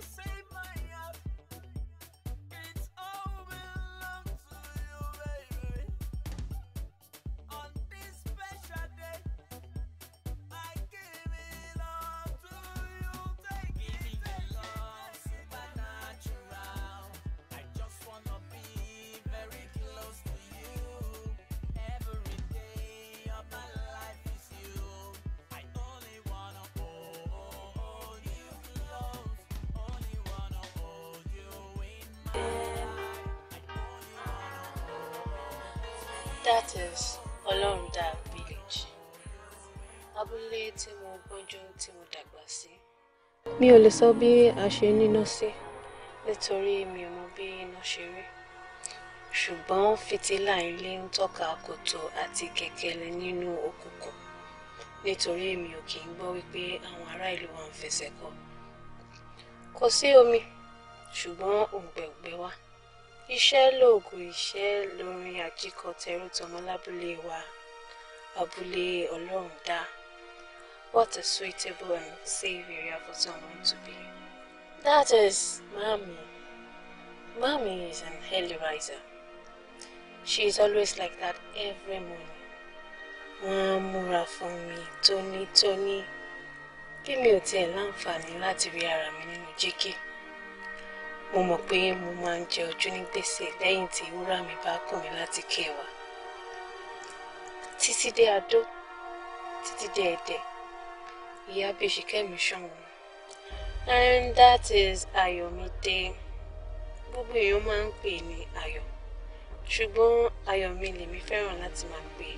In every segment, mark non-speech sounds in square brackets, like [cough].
save my that is Olorunda village abúlé tí mo gbọ́njú tí mo dàgbà sí. mi ò lè sọ bí a ṣe níná sí nítorí mi ò mọ bí iná ṣe rí ṣùgbọ́n fìtílà ilé ń tọ́ka kòtò àti kẹ̀kẹ́lẹ̀ nínú òkùnkùn nítorí èmi ò kì í gbọ́ wípé àwọn ará ìlú wa ń fẹsẹ̀ kọ. kò sí omi ṣùgbọ́n òǹgbẹ̀ògbẹ́ wà iṣẹ́ lóògùn iṣẹ́ lórin àjíkọ tẹrú tọmọ lábúlé wa abúlé ọlọ́run dá what a suitable and safe area for someone to be. That is Mommy. Mommy is an early riser. She is always like that every morning. Wọ́n á múra fún mi tónítóní. Kí mi ò tiẹ̀ láǹfààní láti rí ara mi nínú jíkí mo mọ̀ pé mo máa ń jẹ ojú ní gbèsè lẹ́yìn tí wúrà mi bá kùn mí láti kẹwà títí dé adó títí dé ẹ̀dẹ̀ ìyá bèṣì kẹ́mi ṣọ̀wọ́n and that is ayọ̀mídé gbogbo èèyàn máa ń pè ní ayọ̀ ṣùgbọ́n ayọ̀ mi lèmi fẹ́ràn láti máa pè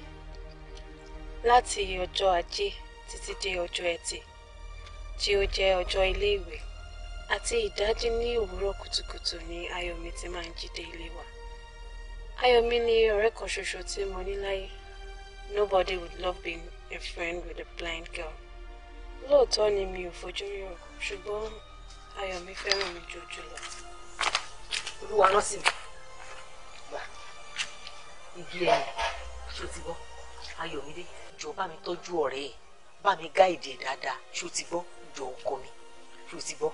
láti ọjọ́ ajé títí dé ọjọ́ ẹtì tí ó jẹ́ ọjọ́ iléèwé àti ìdájí ní òwúrọ̀ kùtùkùtù ni ayọ̀mí ti máa ń jí dé ilé wa ayọ̀mí ni ọ̀rẹ́ kan ṣoṣo tí mo ní láyé nobody would love being a friend with a blind girl lóòótọ́ ni mi ò fojú rí o ṣùgbọ́n ayọ̀mí fẹ́ràn mi jòjò lọ. olúwa náà sì gbà igi ẹ̀yìn ṣó ti gbọ́ ayọ̀mídé jọ bá mi tọ́jú ọ̀rẹ́ bá mi gáìdì dáadáa ṣó ti gbọ́ jọ ọkọ mi ṣó ti gbọ́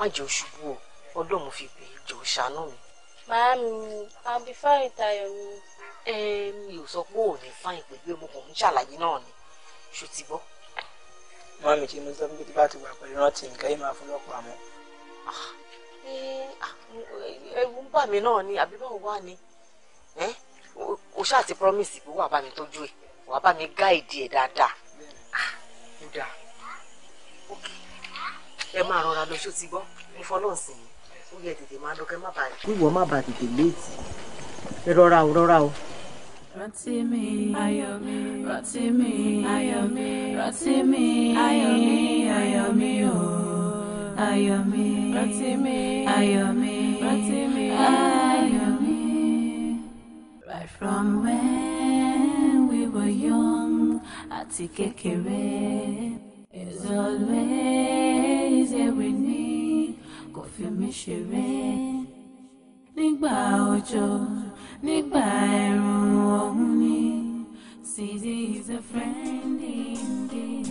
má jẹ́ òṣùbù o ọlọ́run mo fi pè é jọ ṣàánú mi. màámi i'll be fine tayo mi. ẹ mi ò sọ pé ò ní fáìn pẹ̀lú èmo kò ń ṣàlàyé náà ni ṣó ti gbọ́. màámi ṣe mo sọ pé tí bá ti wà pẹ̀lú rántí nǹkan yìí máa fọlọ́pàá mọ́. Ah, ẹ̀rù ń bà mí náà ni àbí báwo wá ni o ṣáà ti promise pé wàá bá mi tọ́jú ẹ̀ wàá bá mi gáìdì ẹ̀ dáadáa. Ah, ó ẹ máa rọra lọ ṣó ti gbọ́ mo fọlọ́n sí i ó yẹ tètè máa lọ kẹ́ má bàa rìn. ìwọ má bàa tètè léètì rọra o rọra o. rántí mi ayọ̀ mi rántí mi ayọ̀ mi rántí mi ayọ̀ mi ayọ̀ mi o ayọ̀ mi rántí mi ayọ̀ mi rántí mi ayọ̀ mi. Right from when we were young, àti kékeré. It's always here with me, Go feel me, ṣeré. Nigba òjò, nígbà ẹ̀rùn ọ̀hún is a friend indeed.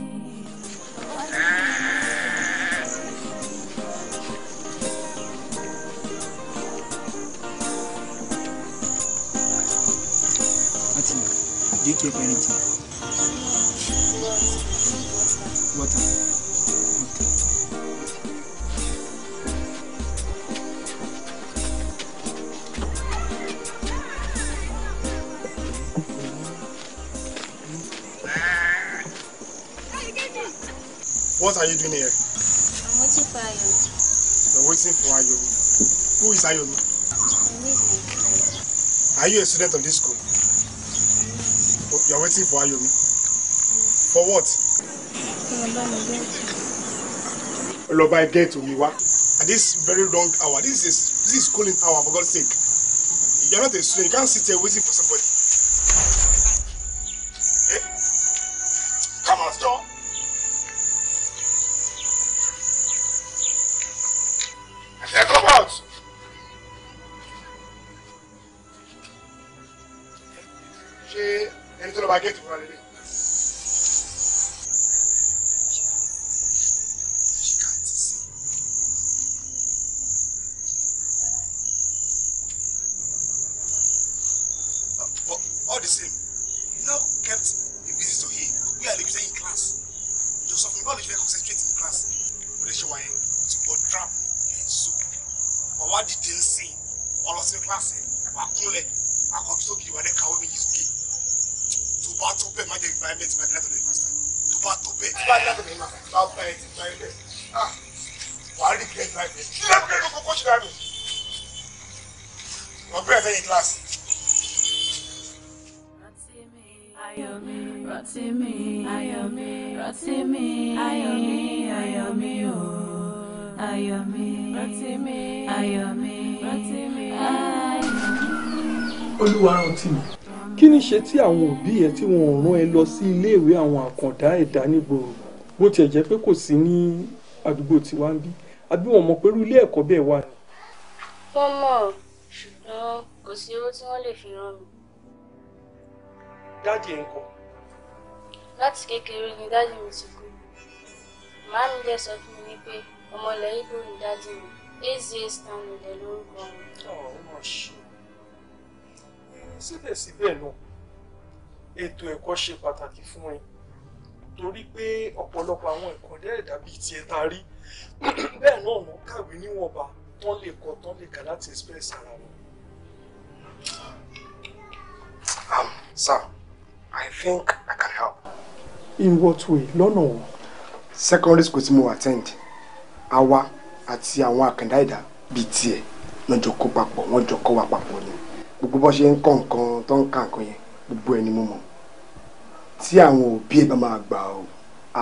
Auntie, do you keep anything? water. What are you doing here? I'm waiting for Ayomi. You're waiting for Ayomi. Who is Ayomi? Ayomi. Are you a student of this school? Oh, you're waiting for Ayomi. For what? lọ bá get omi wá at this very wrong hour this is this is schooling hour for God's sake you are not a student you can't sit here waiting for somebody now kept a visitor here we are living in class just of me bọ́ọ̀lù ìfẹ́ concentrate in class But lè ṣe wáyé ti bọ́ trap ẹ̀ so wà wá dìde ń sìn wọ́n lọ in class ẹ̀ wà kúnlẹ̀ àkọ́bí sókè wà dé kàwé méjì sókè tó to. tó bẹ́ẹ̀ má jẹ́ environment by grant of the master tó bá tó bẹ́ẹ̀ tí bá grant of the master bá bá ẹ̀ ti bá ẹ̀ bẹ́ẹ̀ ah wà á rí great life ẹ̀ kí lẹ́gbẹ̀ẹ́ ló kọ́kọ́ ṣe rárẹ̀ wọ́n bẹ̀rẹ̀ fẹ́ yẹn class. ayọ̀mí rántí mi ayọ̀mí rántí mi ayọ̀mí ayọ̀mí o ayọ̀mí rántí mi ayọ̀mí rántí mi ayọ̀mí. olúwa rántí mi kí ni ṣe tí àwọn òbí ẹ tí wọn ò rán ẹ lọ sí iléèwé àwọn àkàndá ẹ̀dá nígboro bó tiẹ̀ jẹ́ pé kò sí ní àdúgbò tiwa ń bí àbí wọn mọ̀ pé irú ilé ẹ̀kọ́ bẹ́ẹ̀ wà ni. wọ́n mọ̀ ṣùgbọ́n kò sí owó tí wọ́n lè fi rán mi dájì ń kọ. láti kékeré ni dájì mi ti kú màá mi dẹ̀ sọ fún mi ní pé ọmọlẹ̀ ibo ni dájì mi ezie stanley dẹ̀ lórúkọ mi. ọmọ ṣe síbẹ̀síbẹ̀ náà ètò ẹ̀kọ́ ṣe pàtàkì fún ẹ torí pé ọ̀pọ̀lọpọ̀ àwọn ẹ̀kọ́ dẹ́ẹ̀dá bíi tiẹ̀ ta rí [clears throat] bẹ́ẹ̀ náà ló kàwé níwọ̀nba tán lè kọ tán lè kà láti express ara wọn. Um, sir I think I can help. In what way? No, no. Secondary school tí mo attend, àwa at àwọn àkàndá ẹ̀dá bíi tiẹ̀ wọ́n jọ kó papọ̀ wọ́n jọ kọ́ wa papọ̀ ni. Gbogbo bó ṣe ń kọ́ nǹkan tó ń kà nǹkan yẹn gbogbo ẹni mo mọ̀. Tí àwọn òbí ẹ̀ bá máa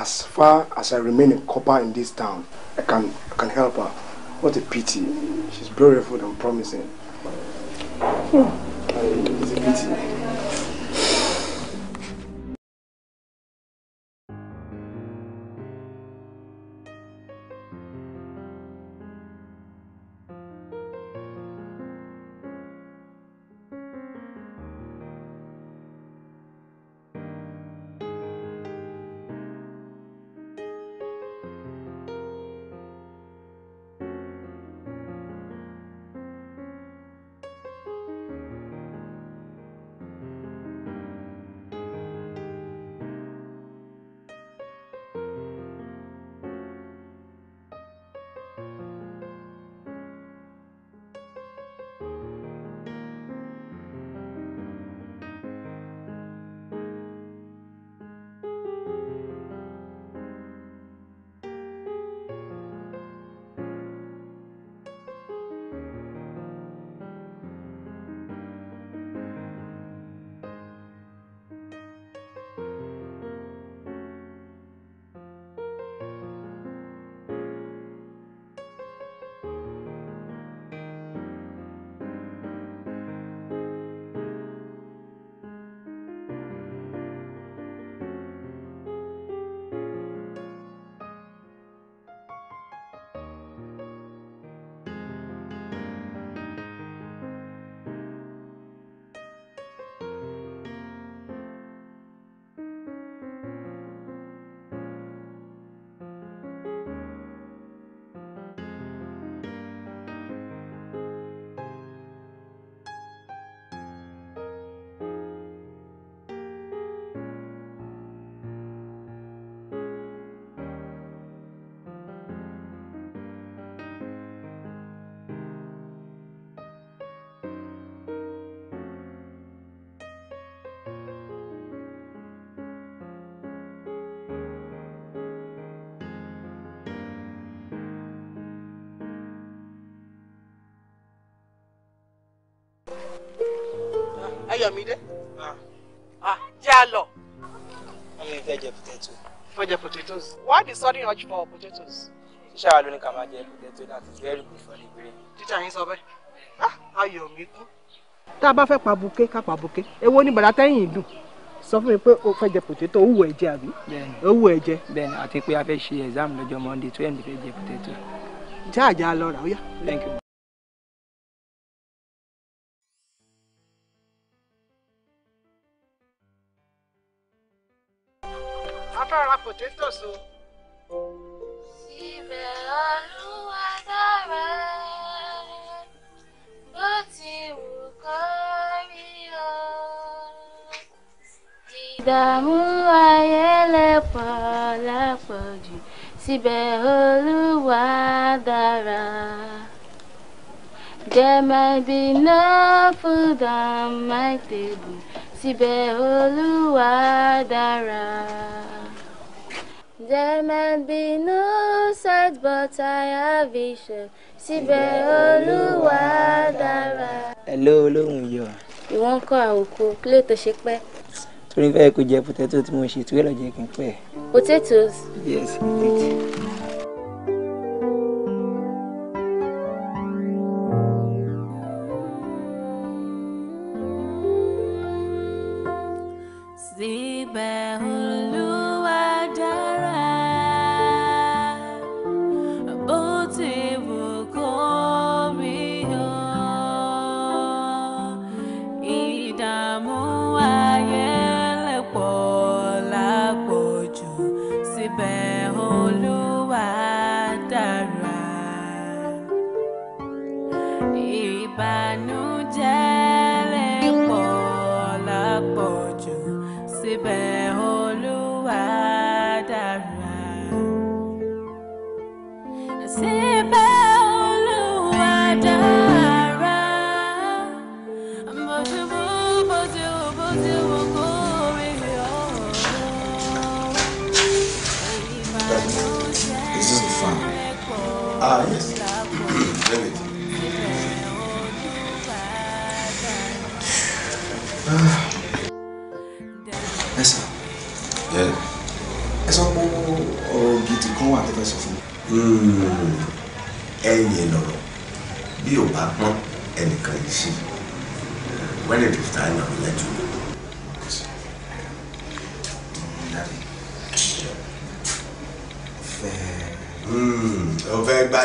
as far as I remain a copper in this town, I can, I can help her. What a pity. She's beautiful and promising. Hmm. it's a pity. Ayọ̀mídé. ah, ah a lọ. Wọ́n mi fẹ́ jẹ potato. Fẹ́ potatoes. Why the sudden urge for potatoes? Tíṣà wa ló ní ká potato that is very good for the brain. Tíṣà yín sọ bẹ́ẹ̀. Ah, Ayọ̀ mi kú. Tá a bá fẹ́ pa buké ká pa buké, èwo ni bàdá tẹ́yìn dùn? Sọ fún mi pé o fẹ́ jẹ potato, owó ẹ̀ jẹ àbí? Bẹ́ẹ̀ni. Owó ẹ̀ jẹ. Bẹ́ẹ̀ni, àti pé a fẹ́ ṣe exam lọ́jọ́ Monday twelve fẹ́ jẹ potato. Jẹ́ àjà lọ rà ó Thank you. síbẹ̀ olúwa dára. There might be no sight, but I have vision. Síbẹ̀ olúwa dára. Hello olóhùn yìí o. Ìwọ́n ń kọ́ àwòkọ kílè tó ṣe pẹ́. Torí fẹ́ kó jẹ potato tí mo ṣe, torí ẹ̀ lọ jẹ́ kí n pẹ́. Potatoes? Yes, I ìdààmú ayé lè pọ̀ lápò jù síbẹ̀.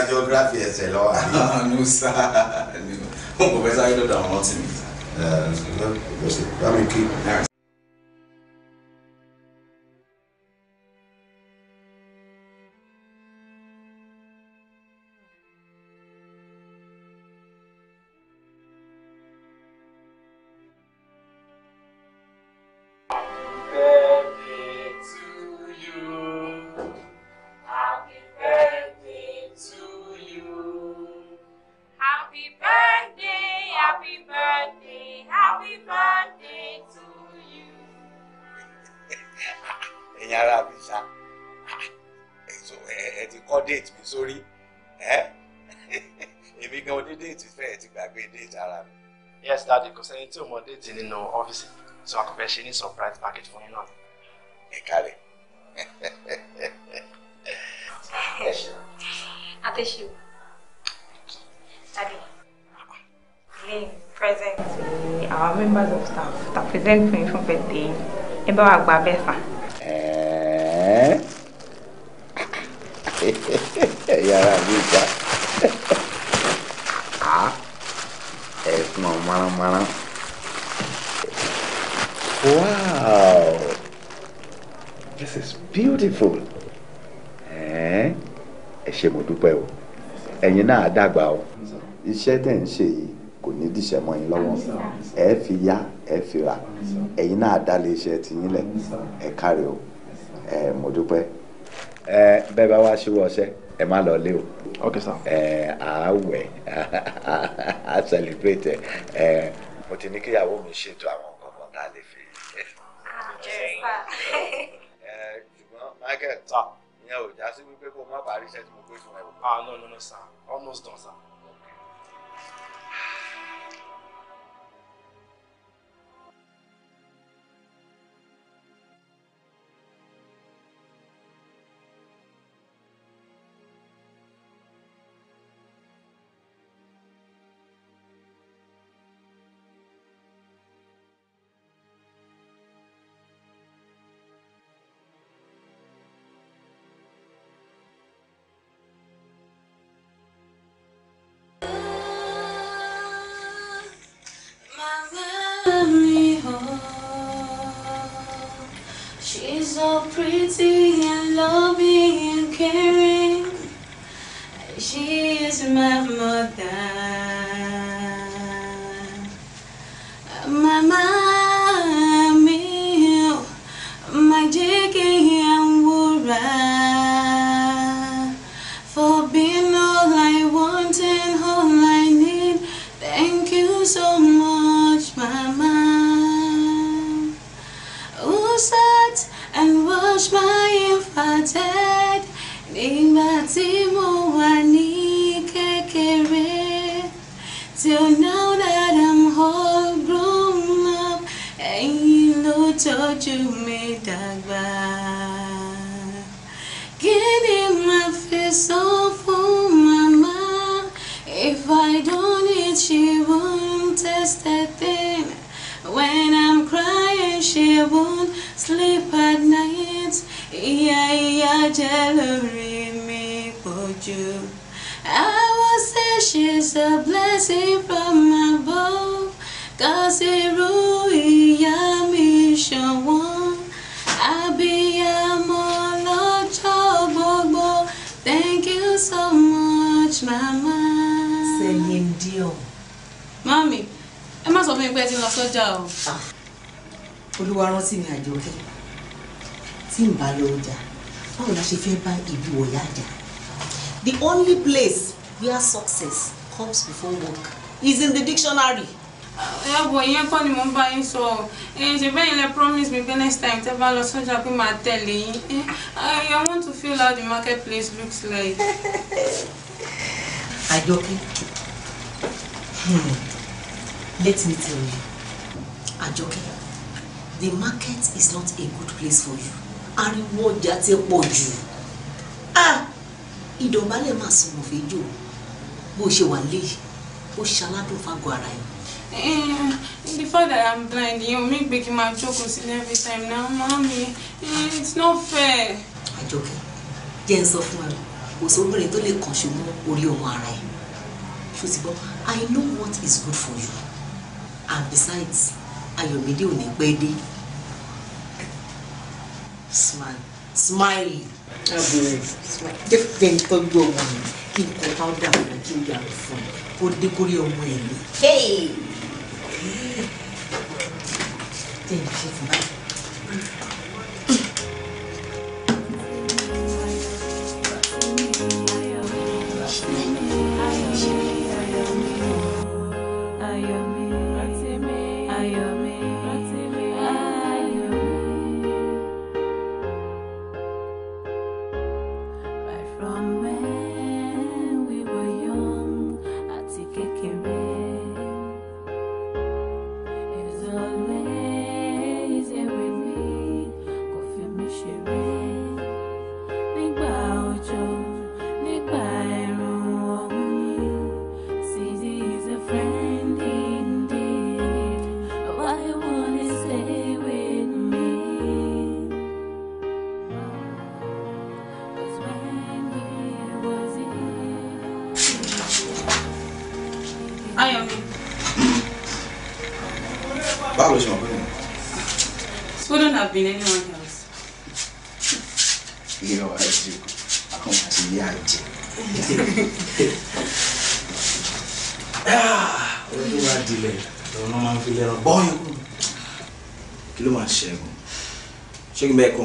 ka geography ẹsẹ̀ lọ wa. no sir no professor yóò dọ̀dọ̀ àwọn ọtí mi. bámi kí. fẹ́ ṣe ní surprise package fún yín náà. ẹ kárẹ̀. adéṣe tàbí lẹ́yìn present Our members of staff to present for you fún bẹ́ẹ̀ tẹ̀yìn ẹ bá wa gba bẹ́ẹ̀ sàn. beautiful ẹ ṣe mo dúpẹ́ o ẹ̀yin náà dàgbà o iṣẹ́ tẹ̀ ń ṣe yìí kò ní dìṣẹ́ mọ́ yín lọ́wọ́ ẹ fi yá ẹ fi rà ẹ̀yin náà dálé iṣẹ́ tiyín lẹ̀ ẹ káre o ẹ mo dúpẹ́ ẹ bẹ́ẹ̀ bá wá ṣíwọ́ ọṣẹ́ ẹ má lọ lé o ok sir ẹ àá a àá [laughs] celebrate ẹ mo ti ní kíyàwó mi ṣètò àwọn. kẹ́kẹ́ tà ah. ìyẹn ò já sí wípé kó o má bàa ríṣẹ́ tí mo gbé fún ah no no no sir almost done sir. fẹ́ bá ìlú ọ̀yá jà the only place where success comes before work is in the dictionary. ẹ wo ìyẹn kọ́ ni mo ń bá yín sọ ọ ṣe bẹ́ẹ̀ lẹ promise me pé next time tẹ́ bá lọ sọ́jà pé màá tẹ̀lé yín I want to feel how the market place looks like. [laughs] Àjọkẹ́ hmm. let me tell you Àjọkẹ́ the market is not a good place for you ariwo ọjà ti pọ̀ jù dọ̀bálẹ̀ máa sùn mọ̀ fẹ́jọ́ bó ṣe wà lé ó ṣaládùn fágọ ara ẹ̀. the eh, eh, that i'm blind you make pé kí n máa every time now mami eh, it's not fair. àjọkẹ́ jẹ́ ń sọ fún ẹ kò sóbìnrin tó lè kàn ṣùgbọ́n orí ọmọ ara ẹ̀ ṣùgbọ́n i know what is good for you and besides ayọ̀mídé ò ní pẹ́ dé smile smile abèrè jẹ́ ń tọ́jú ọmọ mi kí n kọ páúdà ọ̀dọ̀ kí n yà á fún un kó dé kórí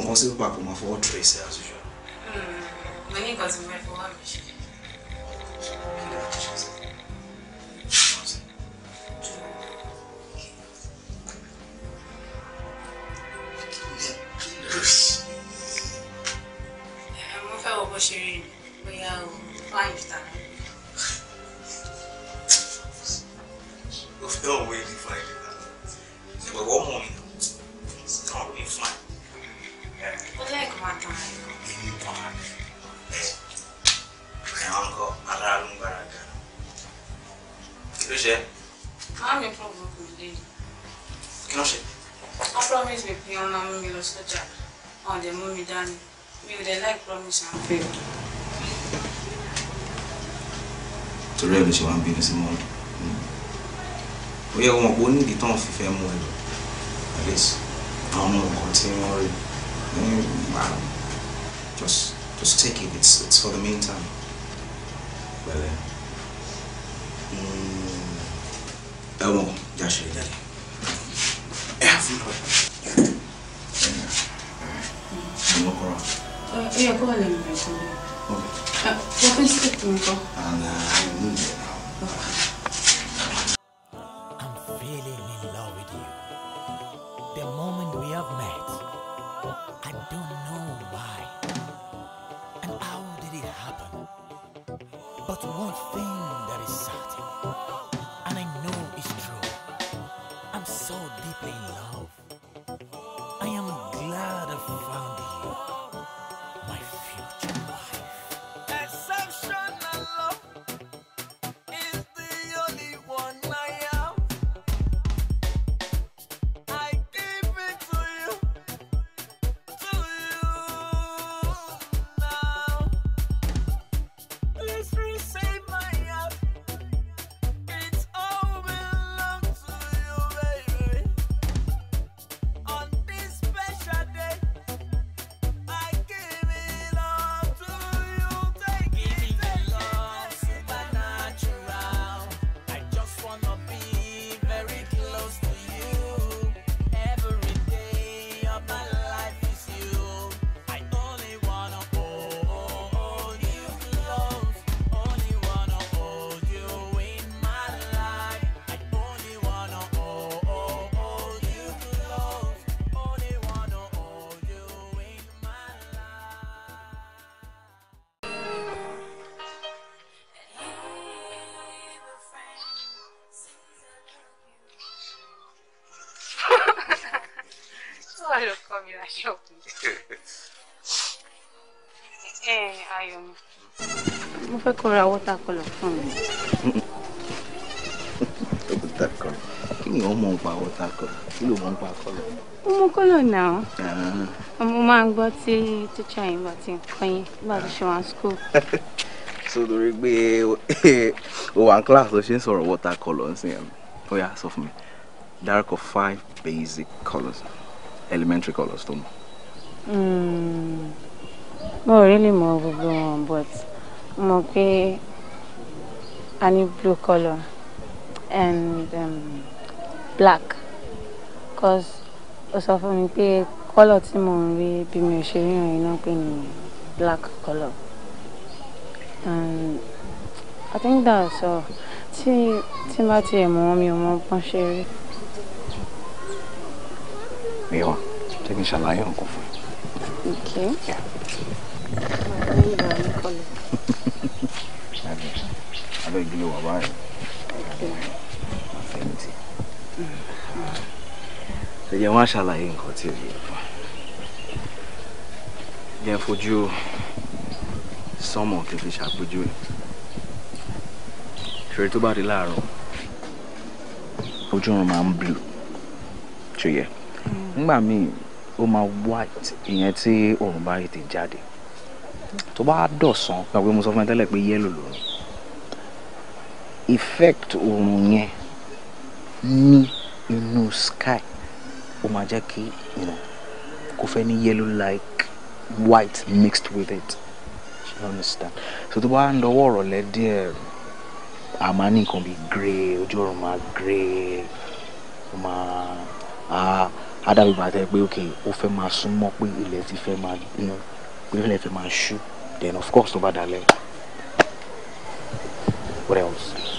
nǹkan sí pípa kò máa fọwọ́ trace bínú sí mọ́ọ̀dù ó yẹ wọn pé ó nídìí tán fi mú ẹ lọ at àwọn nǹkan tí wọ́n rí eh, just just take it it's, it's for the meantime. fẹ́ kó ra watercolor fún mi. watercolor kí ni wọ́n mọ̀ ń pa watercolor kí ló mọ̀ ń pa color. mo mọ color náà ah. mo máa ń gbọ́ tí tíṣà yín bá ti ń kọ́ bá ti ṣe wọn school. [laughs] so lórí gbé [laughs] o class ló ṣe ń sọ̀rọ̀ watercolor nsìn yẹn ó yà sọ fún mi dárúkọ five basic colours elementary colours tó mọ̀. Hmm. mo ò rí lè mọ gbogbo wọn but mọ̀ pé a ní blue colour and um, black cause ó sọ fún mi pé colour tí mò ń rí bí mi ò ṣe ríran iná pé ní black colour and I think that so, tí tí bá tiẹ̀ mọ̀ wọ́n mi ò mọ bọ́n ṣe rí. mi wá jẹ́ kí n ṣàlàyé nǹkan fún ẹ. okay bẹ́ẹ̀gì lè wà báyìí àfẹ̀yìntì ṣe jẹ́ wọ́n á ṣàlàyé nǹkan tí ò yẹ fún jẹ́ fojú sọ́mọ̀ kí n fi ṣàpèjú ẹ̀ ṣeré tó bá di láàárọ̀ ojú ọ̀run máa ń blue ṣe yẹ nígbà míì ó máa white ìyẹn tí oòrùn bá yìí ti jáde tó bá dọ̀sán gbàgbé mo sọ fún ẹ tẹ́lẹ̀ pé yẹ́lò lòun effect oòrùn yẹn ní inú sky ó máa jẹ́ kí kò fẹ́ ní yellow like white mixed with it you understand so tó bá ń dọwọ́ ọ̀rọ̀lẹ́ díẹ̀ a máa ní nǹkan bíi grey ojú ọ̀run máa grey ó máa á dàbí bàtẹ́ pé ok ó fẹ́ máa súnmọ́ pé ilẹ̀ ti fẹ́ máa gbin pé ilẹ̀ fẹ́ máa ṣú then of course tó bá dalẹ̀ what else.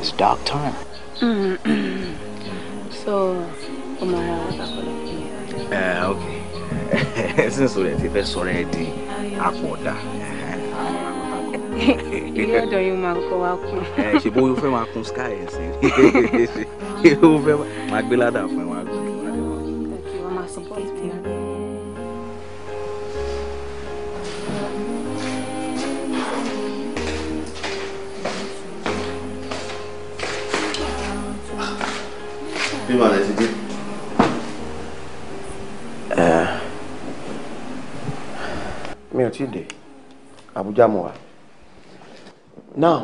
It's dark time. Mm -hmm. [clears throat] So, Omara was a Uh, eh, okay. Since we're at the first already, Akoda. Ilé ọ̀dọ̀ yìí máa kọ́ wa kún. Eh, Ṣèbó yóò fẹ́ máa kún sky ẹ̀ sí. [laughs] Yóò fẹ́ máa gbé ládàá fún ẹ máa gbé. bíbá lẹ ti dé. mi ò tí ì dé Àbújá mo wà now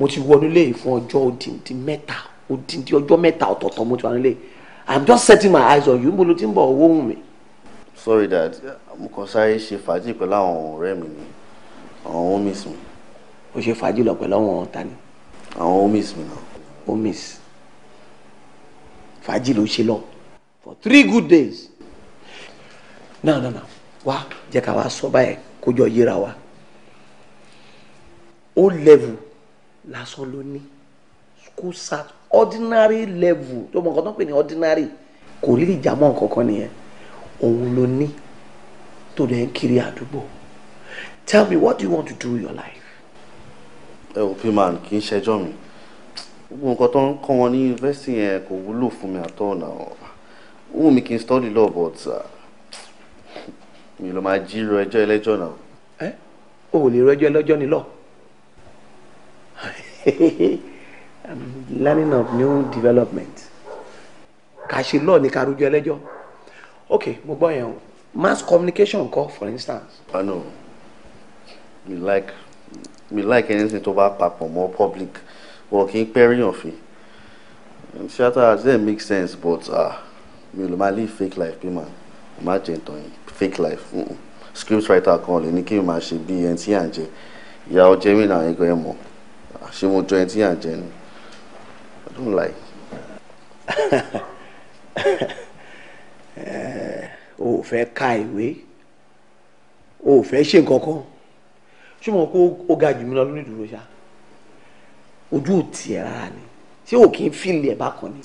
mo ti wọnú ilé yìí fún ọjọ́ òdìndí mẹ́ta òdìndí ọjọ́ mẹ́ta ọ̀tọ̀ọ̀tọ̀ mo ti wà nílé i'm just setting my eyes on you mo ló ti ń bọ̀ owó wù mí. sorry dad mo kàn sáré ṣe fàájì pẹ̀lú àwọn ọ̀rẹ́ mi ni àwọn homies mi. o ṣe fàájì lọ pẹ̀lú àwọn ọ̀tá ni. àwọn homies mi náà. homies fàájì ló ṣe lọ for three good days náà náà náà wá jẹ́ ká wá sọ báyẹn kójọ yíra wa o level lásán ló ní school sat ordinary level tó mọ̀ nǹkan tó pè ní ordinary kò rí ìjà mọ́ nǹkan kan nìyẹn òun ló ní tó dẹ̀ ń kiri àdúgbò tell me what do you want to do with your life. ẹ ò fi máa kì í ṣẹjọ́ mi gbogbo nǹkan tó ń kọ́ wọn ní yunifásitì yẹn kò wúlò fún mi àtọ́ ọ̀nà wù mí kí n study law but uh, mi ló máa jírò ẹjọ́ ẹlẹ́jọ́ náà. ẹ o ò lè rẹjọ́ ẹlẹ́jọ́ ní law [laughs] learning of new development kà ṣe law ní ká rújọ́ ẹlẹ́jọ́ ok mo gbọ́ yẹn o mass communication kọ́ for instance. i know me like me like anything tó bá papọ̀ mọ́ public but kì í pẹ́rí yàn fi theatre arts make sense but ah, ò lè máa fake life bí Imagine má fake life script writer kan lè ní kí n máa ṣe bí ẹni tí yà ń jẹ ìyá ọjẹ mi náà ah, mo jọ ẹni tí I don't like. [laughs] o ò Kai ka ìwé o ò fẹ́ ṣe nǹkan kan ṣé mo kó o ga jù mí lọ lónìí dúró ojú ò tiẹ̀ rárá ni ṣé o kì í fìlì ẹ̀ bákan ni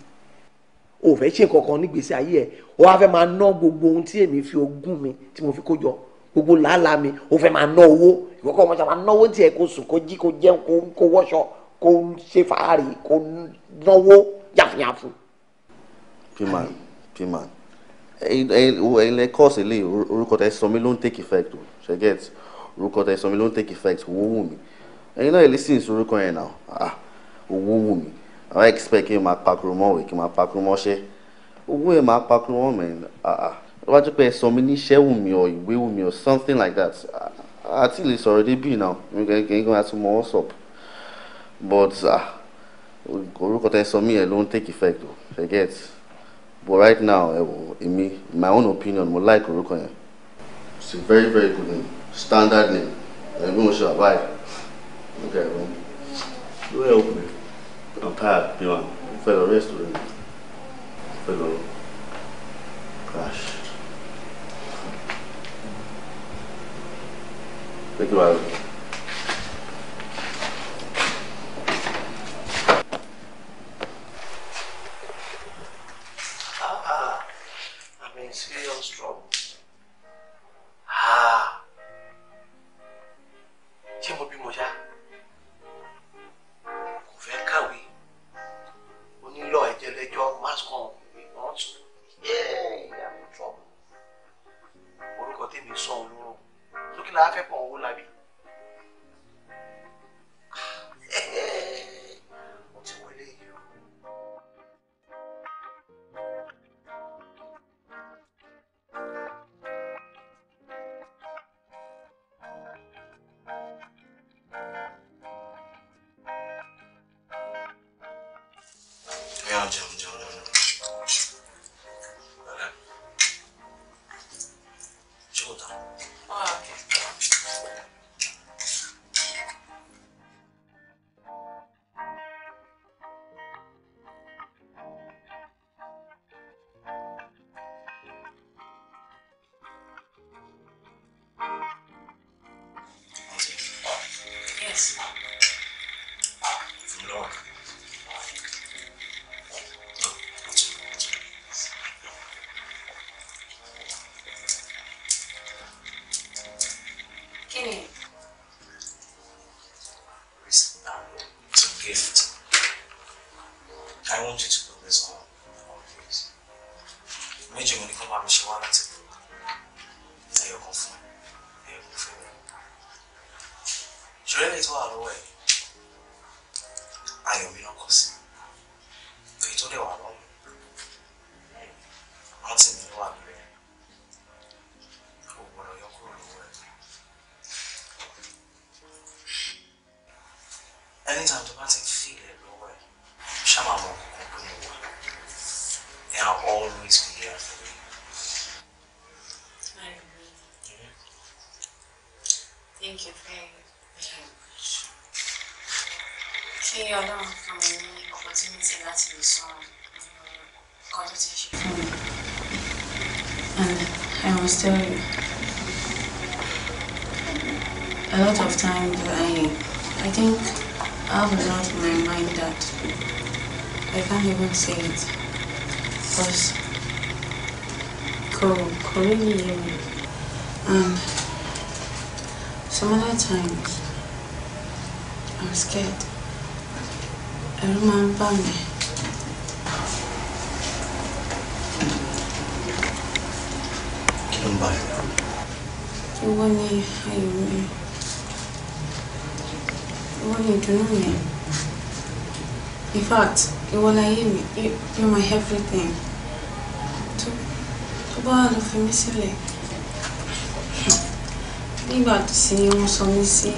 o fẹ́ ṣe kankan nígbèsè ayé ẹ̀ o wá fẹ́ máa ná gbogbo ohun tí èmi fi ogún mi tí mo fi kó jọ gbogbo làálàá mi o fẹ́ máa ná owó ìkọ́kọ́ ọmọ sábà náwó tiẹ̀ kó sùn kó jí kó jẹun kó kó wọṣọ kó ṣe fàárì kó náwó yàfùyàfù. piman piman ẹyin lẹ kọ́ọ̀sì lè orúkọ tẹ sọmi ló ń take effect o ṣe get orúkọ tẹ sọmi ló ń take effect wọ́n wù mí. You ẹ̀yin náà ìlísìn ìsorúkọ yẹn náà ah owó wù mí àwọn expect kí n máa pakuru mọ́ òwe kí n máa pakuru mọ́ ṣẹ́ owó yẹn máa pakuru mọ́ mi ah ah wọ́n ti pẹ́ sọ mi níṣẹ́ wù mí or ìwé wù mí or something like that àti lè sọ̀rọ̀ débì náà nǹkan kan àti mọ̀ what's up but ah, orúkọ tẹ́ sọ mí yẹn ló ń take effect o forget but right now ẹ my own opinion mo like orúkọ yẹn it's a very very good name standard name ẹ bí mo ṣe àbáyé. Look at him. You help me. I'm tired, you know. Fellow restaurant. Fellow crash. Thank you, Alan. off. I don't ní opportunity láti lè sọ nǹkan tó ti ṣe fún mi. And I was tell you, a lot of times I, I think I have lost my mind that I can't even say it because kò kò really yé mi. And some other times i was scared. ẹ̀rù máa ń bà mí. kí ló ń bá ẹ. owó ni ayọ̀ mi owó ni ìdùnnú mi in fact ìwọ láyé mi you're my everything tó bá wà lọ fi mí sílẹ̀ nígbà tí wọ́n sọ mí sí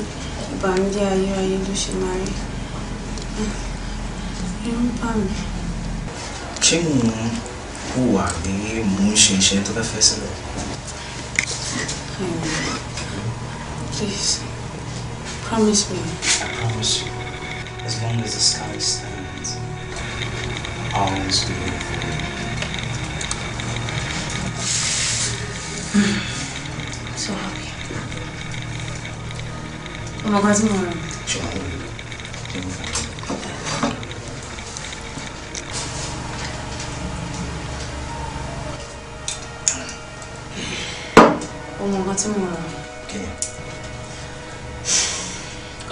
ìbànújẹ́ ayérayé ló ṣe máa rí. ń bà mí. ṣé mò ń hùwà bí mò Please, promise me. I promise you. As long as the sky stands, I'll always be here for you. [sighs] So happy. Oh my God, tomorrow.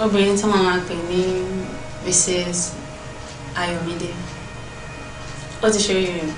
obìnrin tí wọ́n máa pè ní Mrs. Ayọ̀mídé ó ti ṣe oríire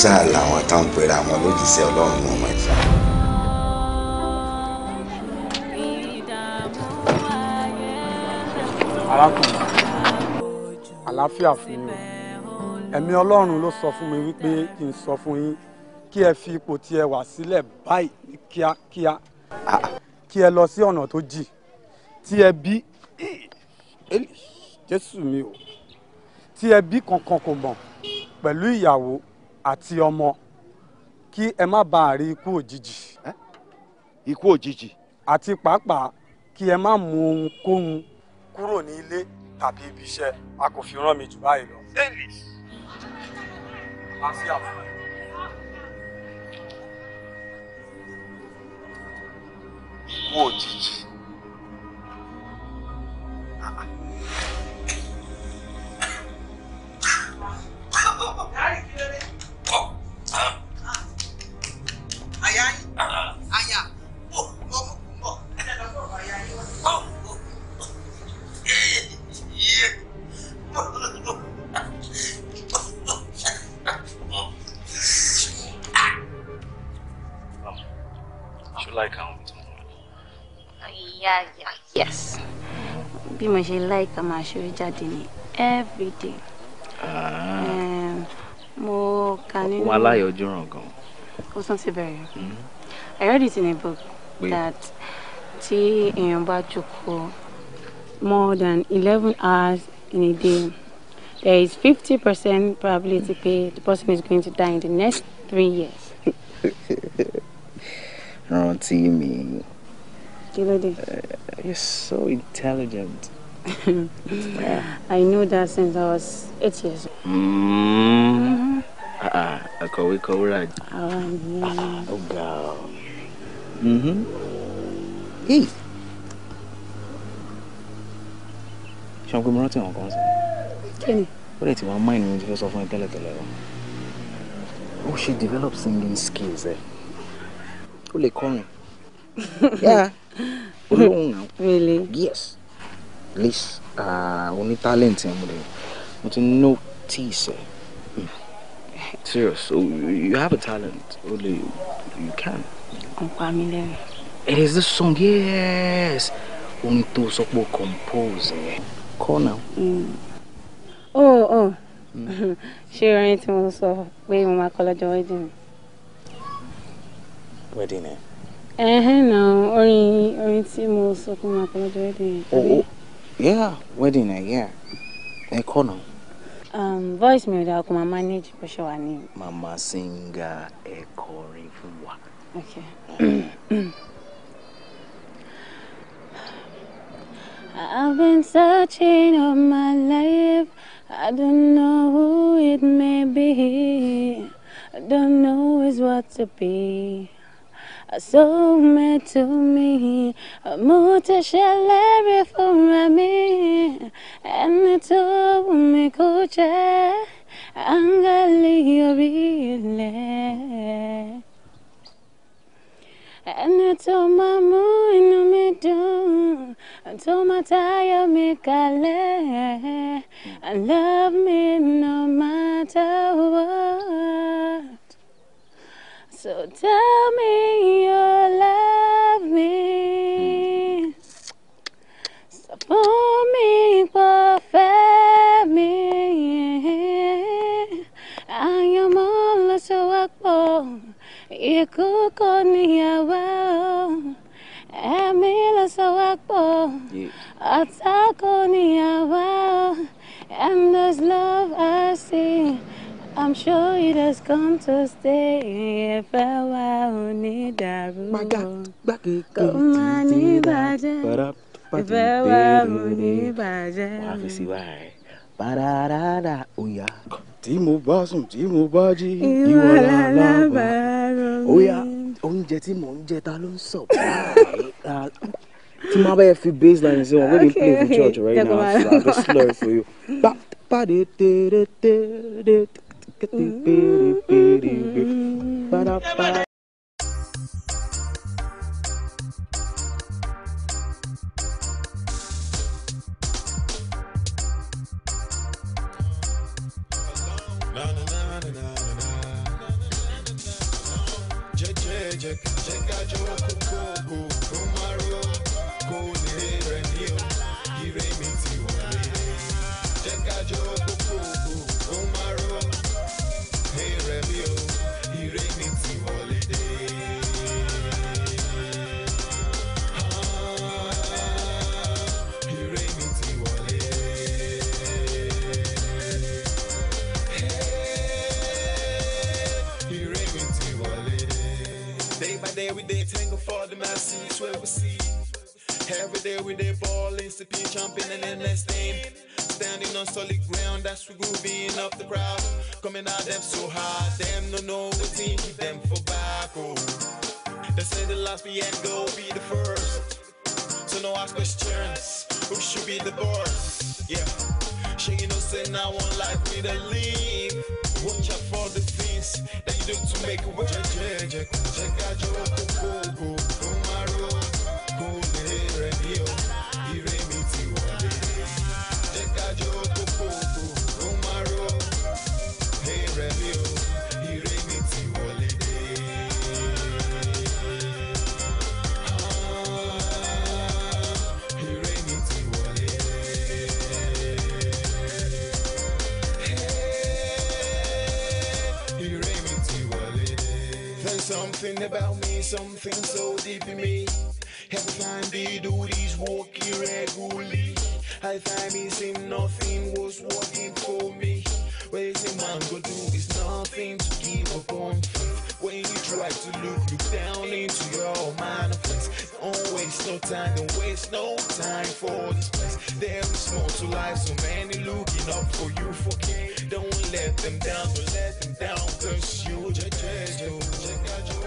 ṣáà làwọn tó ń pera wọn lójíṣẹ́ ọlọ́run wọn wọ̀nyí. arákùnrin àlàáfíà fún yín ẹ̀mí ọlọ́run ló sọ fún mi wípé kí n sọ fún yín kí ẹ fi ipò tí ẹ wà sílẹ̀ báyìí kíákíá ah. kí ẹ lọ sí ọ̀nà tó jì tí ẹ bí jésù mi o tí ẹ bí kankan kò mọ̀ pẹ̀lú ìyàwó àti ọmọ kí ẹ má bàa rí ikú òjijì. ikú òjijì. àti pàápàá kí ẹ má mú ohunkóhun kúrò ní ilé tàbí ibi iṣẹ́ a kò fi rán mi jù báyìí lọ. ikú òjijì. Dari mo ṣe like máa ṣeré jáde ní everyday. Ah. mo kà nínú. wọn aláyọjú ràn gan. ó tún ti bẹ̀rẹ̀. Hmm. I read it in a book Wait. that tí èèyàn bá jókòó more than eleven hours in a day there is fifty percent probability pé the person is going to die in the next three years. [laughs] rántí mi. kí ló dé. Eh, you're so intelligent. I knew that since I was eight years old. Mm. Akọ̀wé Kọ́wúrà. Ah, ó ga ah. Oh wọn Mhm. Hey. rántí àwọn kan sọ? Kí ni? Ó lè ti wá máìnì mi ti fẹ́ sọ fún ẹ tẹ́lẹ̀tẹ́lẹ̀ o. Ó ṣe develop singing skills ẹ̀. Ó lè kọrin. [laughs] Yá. Olóhùn náà. Really? Yes least uh, o ní talent yẹn mo dẹ̀ mo ti notice ẹ̀ serious so you have a talent only you can. ọ̀pá mi it is this song yes orin tó so compose yẹn kọ́ hmm. oh oh She [laughs] orin tí mo sọ pé my college wedding mi. wedding ẹ. Eh, no. Only, only tí mo sọ pé mo máa kọ lọ́jọ́ wedding eh? Yeah, wedding na yeah. Ẹ kọ́ náà. Um, voice mi ò dáa kó máa manage bó ṣe wà ní. Màmá Singa ẹ kọrin Okay. [clears throat] I've been searching all my life. I don't know who it may be. I don't know is what to be. to me, me. I'm for And And it. my moon asome my mutashalerifumami enitubumikuche angaliyorile enitomamuinumidu ntomatayomikale love me no matter what so tell me you love me. So for me, perfect me. I am all so akbo. Iku koni awao. Emi la so akbo. Atako ni awao. And this love I see. I'm sure it has come to stay if I were only daru. Kò má ní bàjẹ́, ìfẹ́ wa ò ní bàjẹ́. Wàá fi sí báyìí, bàdàdàdà òyà. Tí mo bá sùn, tí mo bá jí, ìwọ lálábàárò mi. Óyá oúnjẹ tí mò ń jẹ ta ló ń sọ tí máa bá yẹ fi baseline sí wọn wey dey play for church right now so i go slow it for you. Everybody. JJ, JJ, Every day we dey ballin', sippin', jumpin' and endless team. Standing on solid ground, that's we grooving up the crowd. Coming at them so hard, them no know we team, keep them for back. Oh. They say the last we had go be the first. So no ask questions, who should be the boss? Yeah. ain't no say now one life we me to leave. Watch out for the things that you do to make it work. Check, out your something about me, something so deep in me. Every time they do this work irregularly, I find me seem nothing was working for me. Waiting man go do is nothing to give up on faith. When you try to look, look down into your mind face. Don't waste no time, don't waste no time for this place. There is more to life, so many looking up for you for Don't let them down, don't let them down, cause you just, just, just, just, just, just, just, just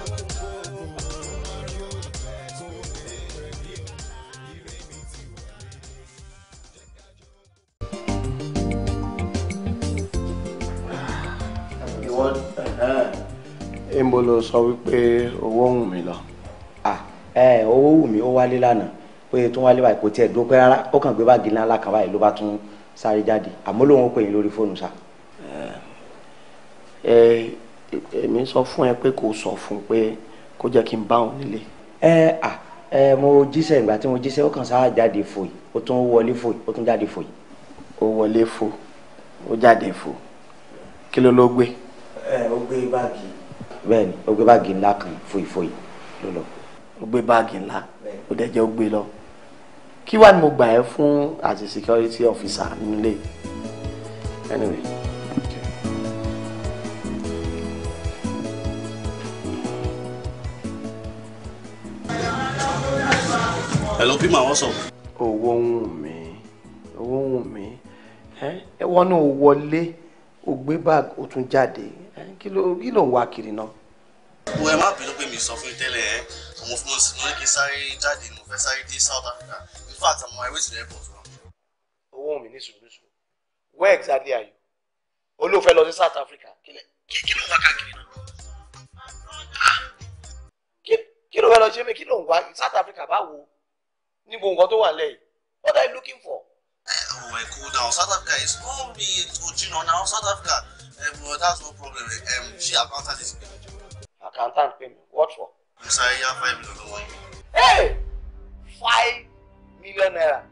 níbo ló sọ wípé owó wù mí lọ. owó wù mí ó wálé lánàá pé tó wálé báyìí kò tiẹ̀ dúró pé rárá ó kàn gbé báàgì ńlá ńlá kan báyìí ló bá tún sáré jáde àmọ́ lòun ó pè yín lórí fóònù sá. èmi sọ fún ẹ pé kò sọ fún pé kó jẹ́ kí n bá òun nílé. ẹ à ẹ mo jíṣẹ́ ìgbà tí mo jíṣẹ́ ó kàn sáà jáde fòyì ó tún wọlé fòyì ó tún jáde fòyì. ó wọlé fò ó jáde fò kí ló ló gbé. ẹ ó gbé báàgì bẹ́ẹ̀ ni ó gbé báàgì ńlá kan fòyìfòyì ló lọ. ó gbé báàgì ńlá ó dẹ̀ jẹ́ ó gbé lọ kí wàá ni mo gbà ẹ́ fún as a security officer nílé anyway. Hello, Pima, what's up? Owó ń wù mí, owó ń wù mí. Ẹ wọ́n náà wọlé, ó gbé báàgì, ó tún jáde kí ló kí ló ń wá kiri náà. wo ẹ má bínú pé mi sọ fún yín tẹ́lẹ̀ ẹ mo fún mo ní kí n sáré jáde mo fẹ́ sáré dé South Africa in fact I'm on my way to the airport. owó mi ní sùúrù sùúrù where exactly are you olóòfẹ́ lọ sí South Africa kílẹ̀ kí ló ń wá káàkiri náà. kí ló fẹ́ lọ ṣe mí kí ló ń wá South Africa báwo ní gbogbo nǹkan tó wà lẹ́yìn what are you looking for. ẹ ò ẹ cool down South Africa is no oh, be to oh, jìnnà now South Africa. Eh, um, well, that's no problem. Eh. Um, she accountant is paying. Accountant payment? What for? I'm sorry, you have five million to Hey! Five million naira.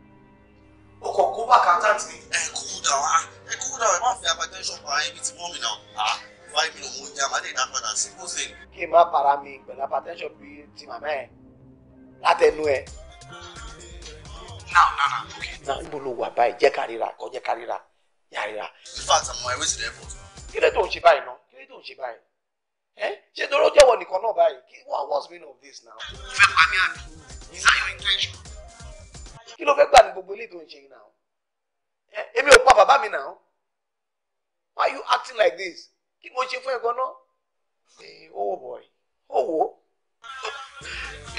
O kò kó bá accountant ni. Ẹ eh, kúrú dà wá. Ẹ kúrú dà wá. Má fi hypertension pa ibi tí wọ́n mi náà. Ah, five million mo ń jẹ́ àmàlẹ́ ìdá that. sí pósè. Kí n má para mi pẹ̀lú hypertension bí ti màmá ẹ̀ látẹnu ẹ̀. Now, now, now, okay. Now, you ló wà báyìí? Jẹ́ ká ríra, kọ́ jẹ́ ká ríra, In fact, I'm always my way the airport kí lè tó ń ṣe báyìí náà kí lè tó ń ṣe báyìí ẹ ṣé tó lójú ọwọ́ nìkan náà báyìí kí wọn what's the of this now. o fẹ́ pa mí àbí is that your intention. kí ló fẹ́ gbà ní gbogbo ilé tó ń ṣe yìí náà èmi ò pa bàbá mi náà why you acting like this kí mo ṣe fún ẹ gan náà. Eh, oh boy oh wo.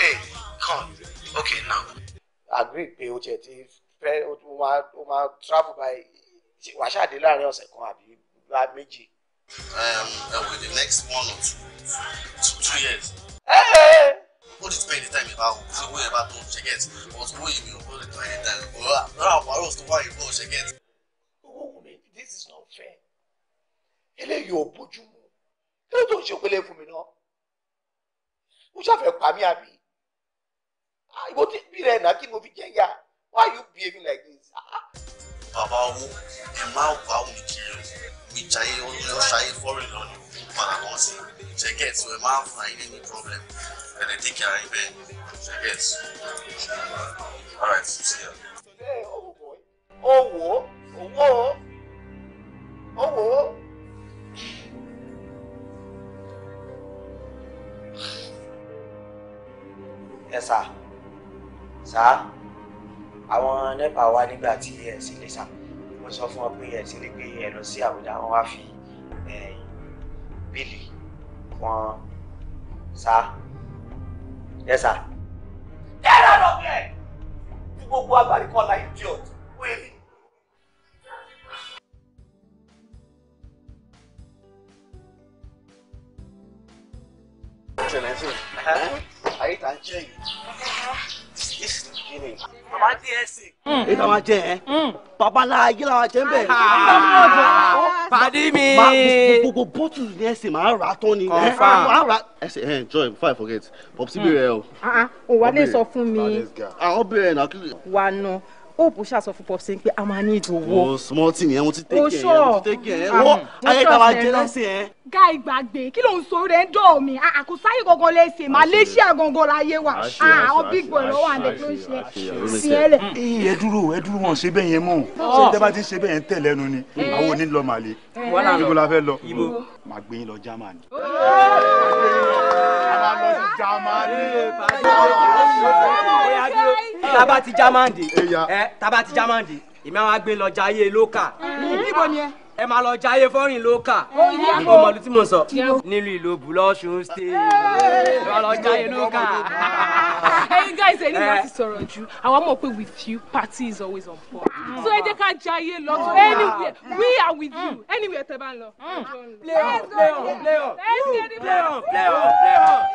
hey come okay now. agree pé o jẹ ti fẹ́ o máa travel by wàṣà dé láàrin ọ̀sẹ̀ kan àbí gba méjì. ẹ wẹ̀ the next one or two two, two years. ó ti pẹ́ anytime ìbá wò ṣé owó yẹn bá tó ṣe get but owó yìí mi ò gbọ́dọ̀ tó anytime ọ̀rọ̀ àwọn àpárọ̀ tó wà yìí bọ̀ ṣe get. owó wù mí this is not fair eléyìí ò bójú mu kí ló tó ń ṣe pélé fún mi náà ó ṣàfẹ́ pa mí àbí ah, ìwọ tí bí rẹ̀ náà kí ni mo fi jẹ́ yá why you behaving like this. Ah, ah. bàbá owó ẹ má wà ó ní kiri ìjayé ó ṣayé fọ́rìn lọ ni padà wọ́n sí ṣẹ́gẹ̀t wẹ̀ máa ń fún ayé ní problem ẹ̀dẹ̀ tí kì í ayé bẹ́ẹ̀ ṣẹ́gẹ̀t alright see ya. owó owó owó. ẹ sá sá àwọn nepa wá nígbà tí ẹ sì lè sá sọ fún wọn pé ẹ ti lè gbé ẹ lọ sí àbújá wọn wá fi bíìlì wọn sá yẹ sá. ẹ lọ lọ bẹ́ẹ̀ ní gbogbo agbárí kan la idiot wẹẹrì. Excellency, a you touching? baba dsc. e ta ma jẹ ẹ baba la ayé la ma jẹ bẹ́ẹ̀. pàdí mi. gbogbo bọ́tù ní ẹsẹ̀ máa rà tán ni. kọ́fà ẹsẹ̀ ẹ̀ forget popsi bí rẹ o. o wa lè sọ fún mi. àwọn bẹ̀rẹ̀ náà kí. wà á nà hope ṣáà sọ fún popsi pé a máa ní ìdòwò. o small thing yẹn mo ti tẹ́kẹ̀ yẹn mo ti tẹ́kẹ̀ yẹn wọ́n ayé ta ma jẹ lẹ́sẹ̀ guy gbàgbé kí ló ń sọ rẹ ń dọ̀ mí àkùsáyé ah, ah, gangan lè ṣe malaysia gangan láyé wa ah, àwọn big boy lọ́wọ́ àndẹ̀ tó ń ṣe sí ẹlẹ̀. ẹ dúró ẹ dúró wọn ṣe bẹ́ẹ̀ yẹn mọ́ oh. ṣé tẹ́ bá ti ń ṣe bẹ́ẹ̀ yẹn tẹ̀ lẹ́nu ni eh. àwọn ò ní lọ màlẹ́ eh. ibo la fẹ́ lọ màá gbé yín lọ germany. tábà oh. eh, ti germany dé tábà ti germany dé èmi àwọn agbé lọ jayé lókà. níbo ni ẹ ẹ máa lọ jayé fọ́rin lókà ìbò mọ̀lú tí mo sọ nílùú Ìlobù lọ́sùn state ẹ máa lọ jayé lókà. ẹyin ah. guys ẹni máa ti sọ̀rọ̀ jù àwa mọ̀ pé with you party is always on point so ẹ jẹ́ ká jayé lọ to anywhere we are with you anywhere tẹ́ bá ń lọ. Hmm. play on play on play on play on play on play on.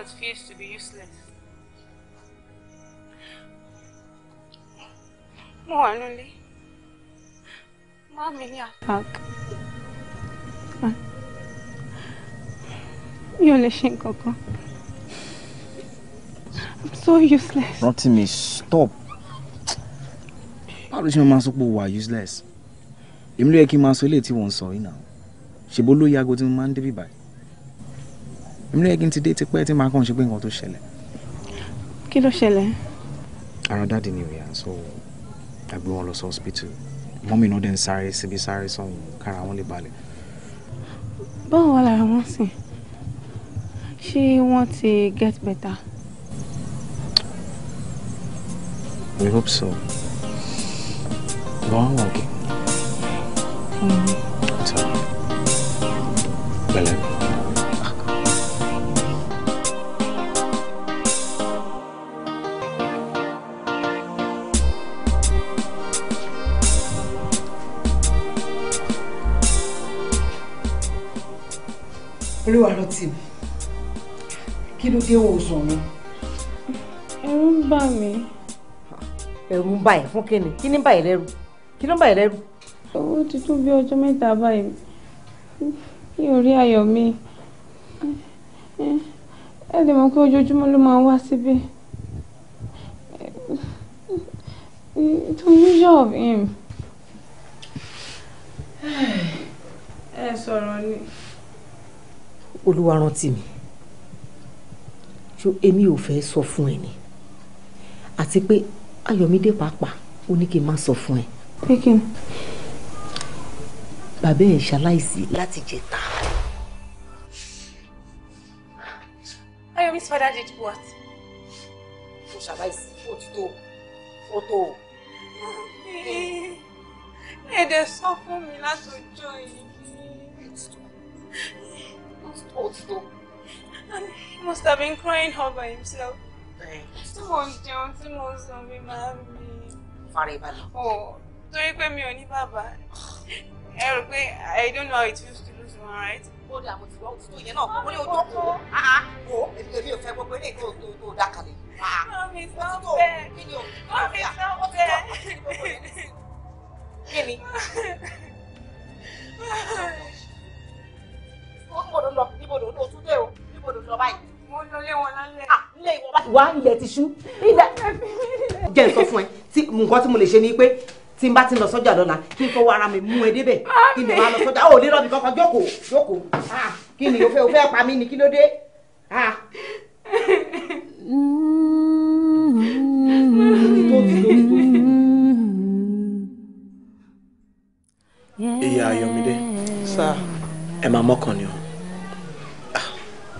an excuse to be useless. Mo Mami ní attack. Mi ò lè I'm so useless. Rotimi, stop. Báwo ló ṣe máa sọ pé o wà useless? Èmi ló yẹ kí n máa sọ eléyìí tí wọ́n ń sọ yìí náà. Ṣèbó ló yago tí mo máa ń débì báyìí èmi náà yẹ́gin ti dé tipẹ́ tí màá kàn ṣe pé nǹkan tó ṣẹlẹ̀. kí ló ṣẹlẹ̀. ara dáàdi ni ìrìn àṣọ àgbé wọn lọ sí hospital mọ́mí náà dẹ̀ ń sáré síbi sáré sọ̀hún kára wọn lè balẹ̀. báwo wà lára wọn sìn ṣé wọ́n ti get better. we hope so. wọ́n wà òkè. pẹ̀lẹ́. Mm-hmm. olúwa lọ tì mí kí ló dé òun sọ̀rọ̀. ẹ̀rù ń bà mí. ẹ̀rù ń bà ẹ́ fún kíni kí ní bà ẹ́ lẹ́rù kí ló ń bà ẹ́ lẹ́rù. owó ti tó bí ọjọ́ mẹ́ta báyìí mi ò rí ayọ̀ mi ẹ lè mọ̀ pé ojoojúmọ́ ló máa wá síbí. It was unusual of him. olúwa rántí mi ṣó èmi ò fẹ́ sọ fún ẹ ni àti pé ayọ̀mídé pàápàá ó ní kí n má sọ fún ẹ. pé kí n. bàbá ẹ̀ ṣaláìsí láti jẹta. all by himself. Tí mo ń jẹun tí mo ń sùn mi Oh, torí pé mi ò ní bàbá. I don't know how it feels to lose one, right? Ó dà mo ti wọ́n tó yẹn náà kó ní ojú ọkọ̀. Ah, ah. Wo èmi ò fẹ́ gbogbo eré tó tó tó dá kalẹ̀. Mami sọ bẹ́ẹ̀. not sọ bẹ́ẹ̀. Kí ni? Ah, [laughs] Ó ń bọ̀dọ̀ lọ, níbo ló tún dé o, níbo ló lọ báyìí? mo lọ lé wọn lálẹ́. Ah, ilé ìwọ bá ti wá ilẹ̀ ti ṣú. jẹ́ n sọ fún ẹ tí nǹkan tí mo lè ṣe ni pé tí n bá ti lọ sọ́jà lọ́la kí n fọwọ́ ara mi mú ẹ débẹ̀ kí n lè máa lọ sọ́jà ó lè rọ̀ kankan jókòó jókòó ah, kí ni o fẹ́ pa mí ni kí ló dé. Ah. ìyá Ayọ̀mídé sá máa mọ́kàn ni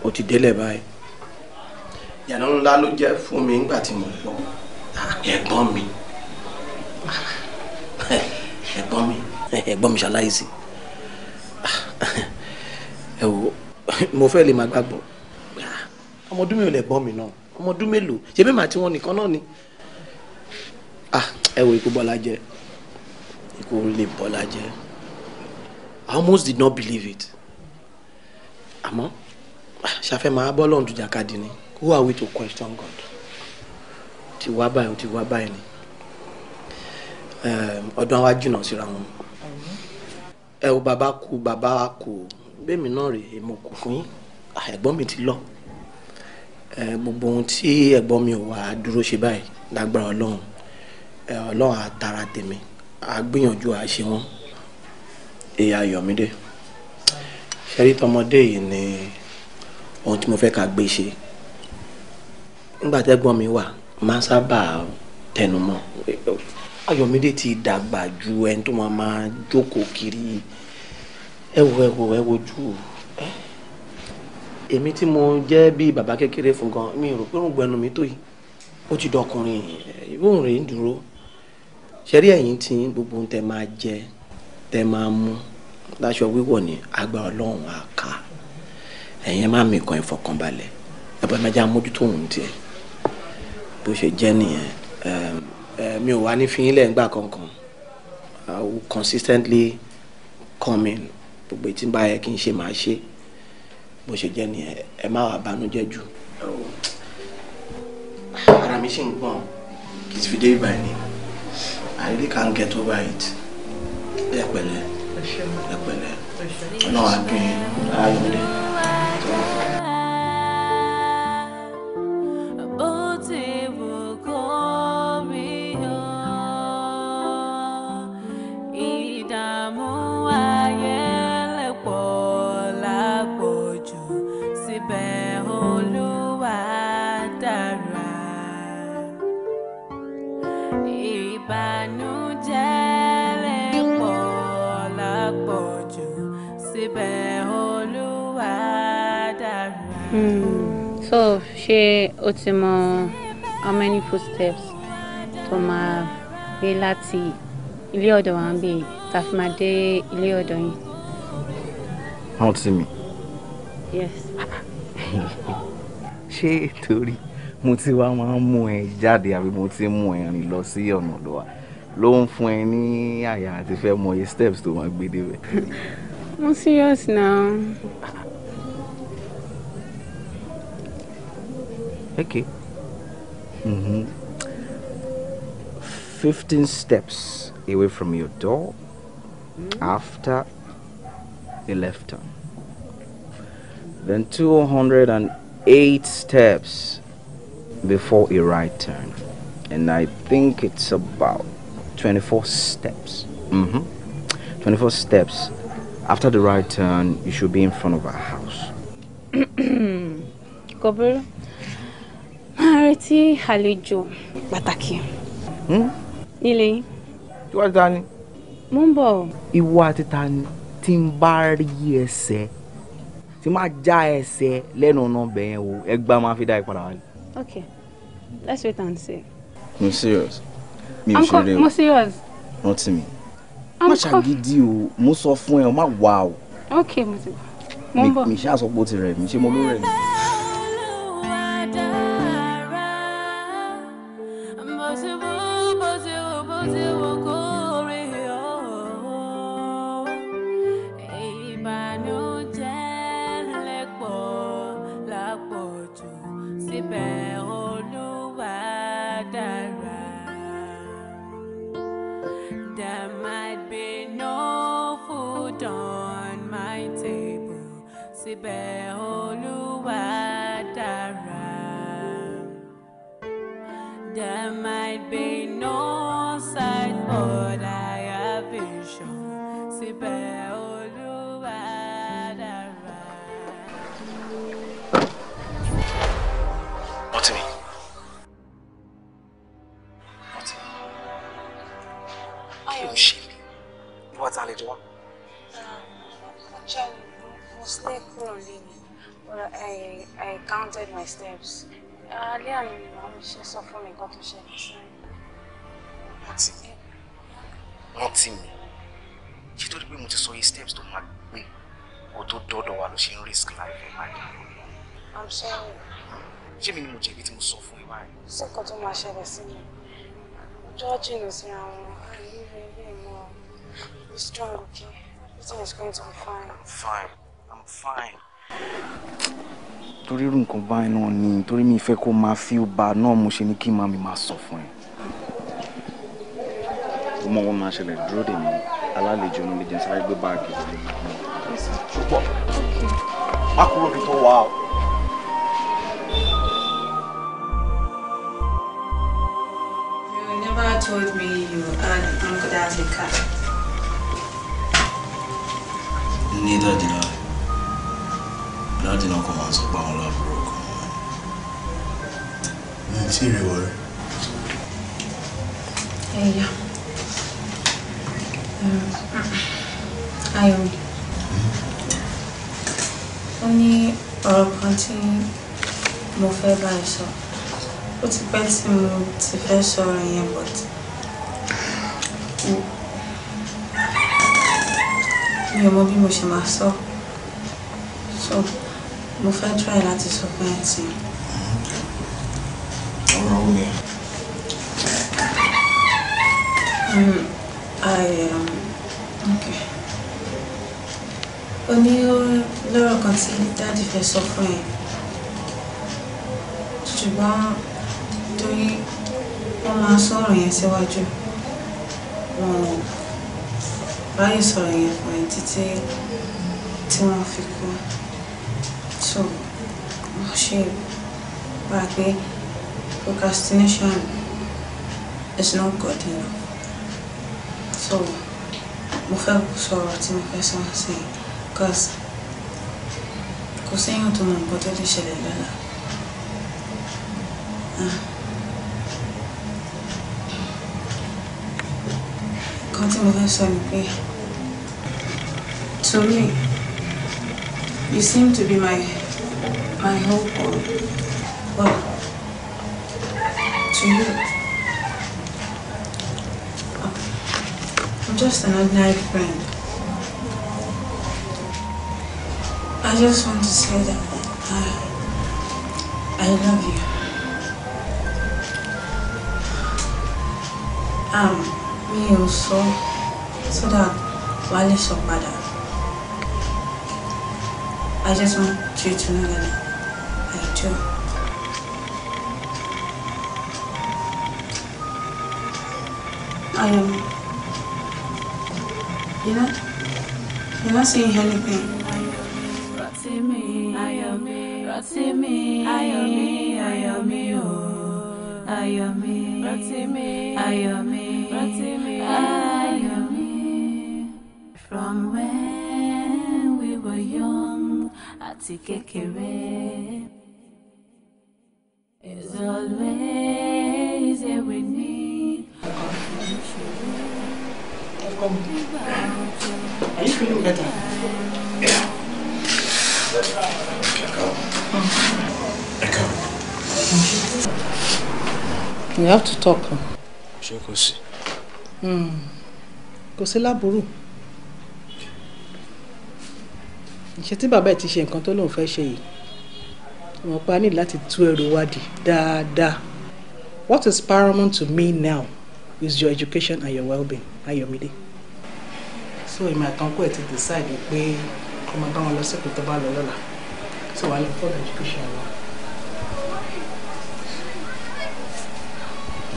ó ti délẹ̀ báyìí ìyànà ńlá ló jẹ́ fún mi nígbà tí mo gbọ́ ẹ̀gbọ́n mi ẹ̀gbọ́n mi ẹ̀gbọ́n mi ṣaláìsí ẹ wo mo fẹ́ lè máa gbàgbọ́ ọmọ ọdún mélòó lẹ̀gbọ́n mi náà ọmọ ọdún mélòó ṣe bí tí wọn nìkan náà ni ẹ wo ikú bọ́lá jẹ́ ikú lè bọ́lá jẹ́ I almost did not believe it àmọ́ ṣàfẹ́ máa bọ́ lọ́run dùjàkadì ni who are we to question God ti wá báyìí ti wá báyìí ni ọdún àwa jìnnà síra wọn ẹ o bàbá kú bàbá kú bẹ́ẹ̀ mi náà rè é mo kù fún yín ẹ̀gbọ́n mi ti lọ gbogbo ohun tí ẹ̀gbọ́n mi ò wá dúró ṣe báyìí lágbára ọlọ́run ọlọ́run àtàrà tèmi àgbìyànjú àṣẹ wọn èyí ayọ̀mídé ṣẹ́rí tọmọdé yìí ni ohun tí mo fẹ́ ká gbé ṣe nígbà tẹ́gbọ́n mi wà máa ń sábà tẹnumọ́ Ayọ̀mídé ti dàgbà ju ẹni tó máa máa jókòó kiri ẹ wo ẹ wo ẹ wojú èmi tí mo jẹ́ bí bàbá kékeré fún gan mi rò pé òǹgbọ́n ẹnu mi tó yìí ó ti dọkùnrin ìbọn rè ń dúró ṣẹ́rí ẹ̀yìn tí gbogbo ń tẹ máa jẹ tẹ máa mú láṣọ wíwọ̀ ní agbára ọlọ́run àká ẹ̀yin ẹ mìkan ìfọkànbalẹ̀ ẹ bá ẹ òun tiẹ̀ bó ṣe jẹ́ nìyẹn eh, mi ò wá ní fi ilẹ̀ ńgbà kankan I will consistently come in gbogbo tí n bá yẹ kí n ṣe máa ṣe bó ṣe jẹ́ nìyẹn ẹ má wàá banújẹ́ jù ara mi ṣì ń gbọ̀n kì í fi dé ibà ni I really can't get over it ẹ pẹ̀lẹ́ ẹ pẹ̀lẹ́ Ọlọ́run á pín in ayọ̀ dé. so ṣé o ti mọ how many footsteps to máa gbé láti ilé ọ̀dọ̀ wa ń bè tá a fi máa dé ilé ọ̀dọ̀ yín. wọ́n ti mi. yes. [laughs] ṣé torí mo ti wá máa ń mú ẹ jáde àbí mo ti mú ẹ rìn lọ sí ọ̀nà lọ́wọ́ ló ń fún ẹ ní àyà àti fẹ́ mọ iye steps tó máa gbé débẹ̀. [laughs] mo serious now. [laughs] Okay. Mm-hmm. 15 steps away from your door mm. after a left turn. Then 208 steps before a right turn. And I think it's about 24 steps. Mm-hmm. 24 steps. After the right turn, you should be in front of our house. [coughs] Corporal, a retí àlejò pàtàkì hmm? nílé yín. tí wàá ti ta ni. mo ń bọ̀. ìwọ àti ta ni tí ń bá rí ẹsẹ̀ tí máa já ẹsẹ̀ lẹ́nu ọ̀nà bẹ̀yẹn o ẹgbàá máa fi dá ìpadà wálé. okay let's wait and see. I'm serious. Mi ò ṣeré o. Mo serious. Rántí mi. Má ṣàgídí o, mo sọ fún ẹ, o má wà o. Ok, mo ti wà. Mo ń bọ̀. Mi ṣáà sọ pé ó ti rẹ̀ mí, ṣé mo ló rẹ̀ mí? síbẹ̀ olúwa dára. There might be no sight, but I have vision. Síbẹ̀ olúwa dára. Mọ̀tìmí. Mọ̀tìmí. Kí ló ń Ìwà ta lè jọ wá? Ọjọ́ wo? step kúrò lémi I I counted my steps alẹ́ àná ni màá mi ṣe sọ fún mi nǹkan tó ṣẹlẹ̀ sí mi. rántí mi rántí mi ṣé tó steps to my. gbé kó tó dọ́dọ̀ wa ló ṣe risk life ẹ̀ máa I'm sorry. She mi ni mo jẹ̀bi tí mo sọ fún ẹ báyìí. ṣé nǹkan tó máa ṣẹlẹ̀ sí mi ojú I'm síra wọn àìlú be strong okay everything is going to be fine. fine fine. torí irú nǹkan báyìí náà ni torí mi fẹ́ kó máa feel bad náà mo ṣe ní kí màmí máa sọ fún ẹ. ó mọ wọn máa ṣẹlẹ̀ dúró dè mí alálejò ní lẹ́jẹ̀ sáré gbé báàgì rẹ̀. má kúrò kí tó wà You never told me you had Uncle Dad's cut. Neither did I dáàdì náà kò máa sọ pé àwọn láàbúrò kan mi ò tí ì rí wọrí. ẹ̀yà ayọ̀ ó ní ọ̀rọ̀ kan tí mo fẹ́ bá ẹ sọ ó ti pẹ́ tí mo ti fẹ́ but mi ò mọ bí mo so. so mo fẹ́ try láti sọ pé ẹ ti. ọ̀rọ̀ wo ni. Mm, um, o ní lọ́rọ̀ kan tí dáàdì fẹ́ sọ fún ẹ ṣùgbọ́n torí wọ́n máa sọ̀rọ̀ yẹn síwájú wọn ò ráyè sọ̀rọ̀ yẹn fún ẹ títí tí wọ́n fi kú. So, she, ṣe procrastination is not good enough. So, we fẹ́ sọ̀rọ̀ tí mo fẹ́ sọ because kò séyàn tó mọ nǹkan tó lè ṣẹlẹ̀ lọ́la. Ah. Nǹkan tí mo fẹ́ to me you seem to be my my whole world well, to you. I'm just an ordinary friend. I just want to say that I, I love you. Um, me also. sọ sọ́dà wálé sọ mother. I just want you to know that Jim. I am. You're not. You're not saying anything. Rotimi, Ayomi, Rotimi, Ayomi, Ayomi, oh, Ayomi, Rotimi, Ayomi, Rotimi, Ayomi. From when we were young, àti kékeré is always there with me. Are you feeling better? Yeah. Eko. We have to talk. Ṣé kò sí? Hmm. Kò sí láburú. Ṣé tí bàbá ẹ̀ ti ṣe nǹkan tó lóun fẹ́ ṣe yìí? wọn pa ní láti tú ẹrù wádìí dáadáa what is paramount to me now is your education and your well-being Ayọ̀mídé so èmi àtọ́nkọ́ ẹ̀ ti decide pé kó máa bá wọn lọ sẹ́kùn tó bá lọ lọ́la so wàá lọ fọ́ọ̀dù education wa.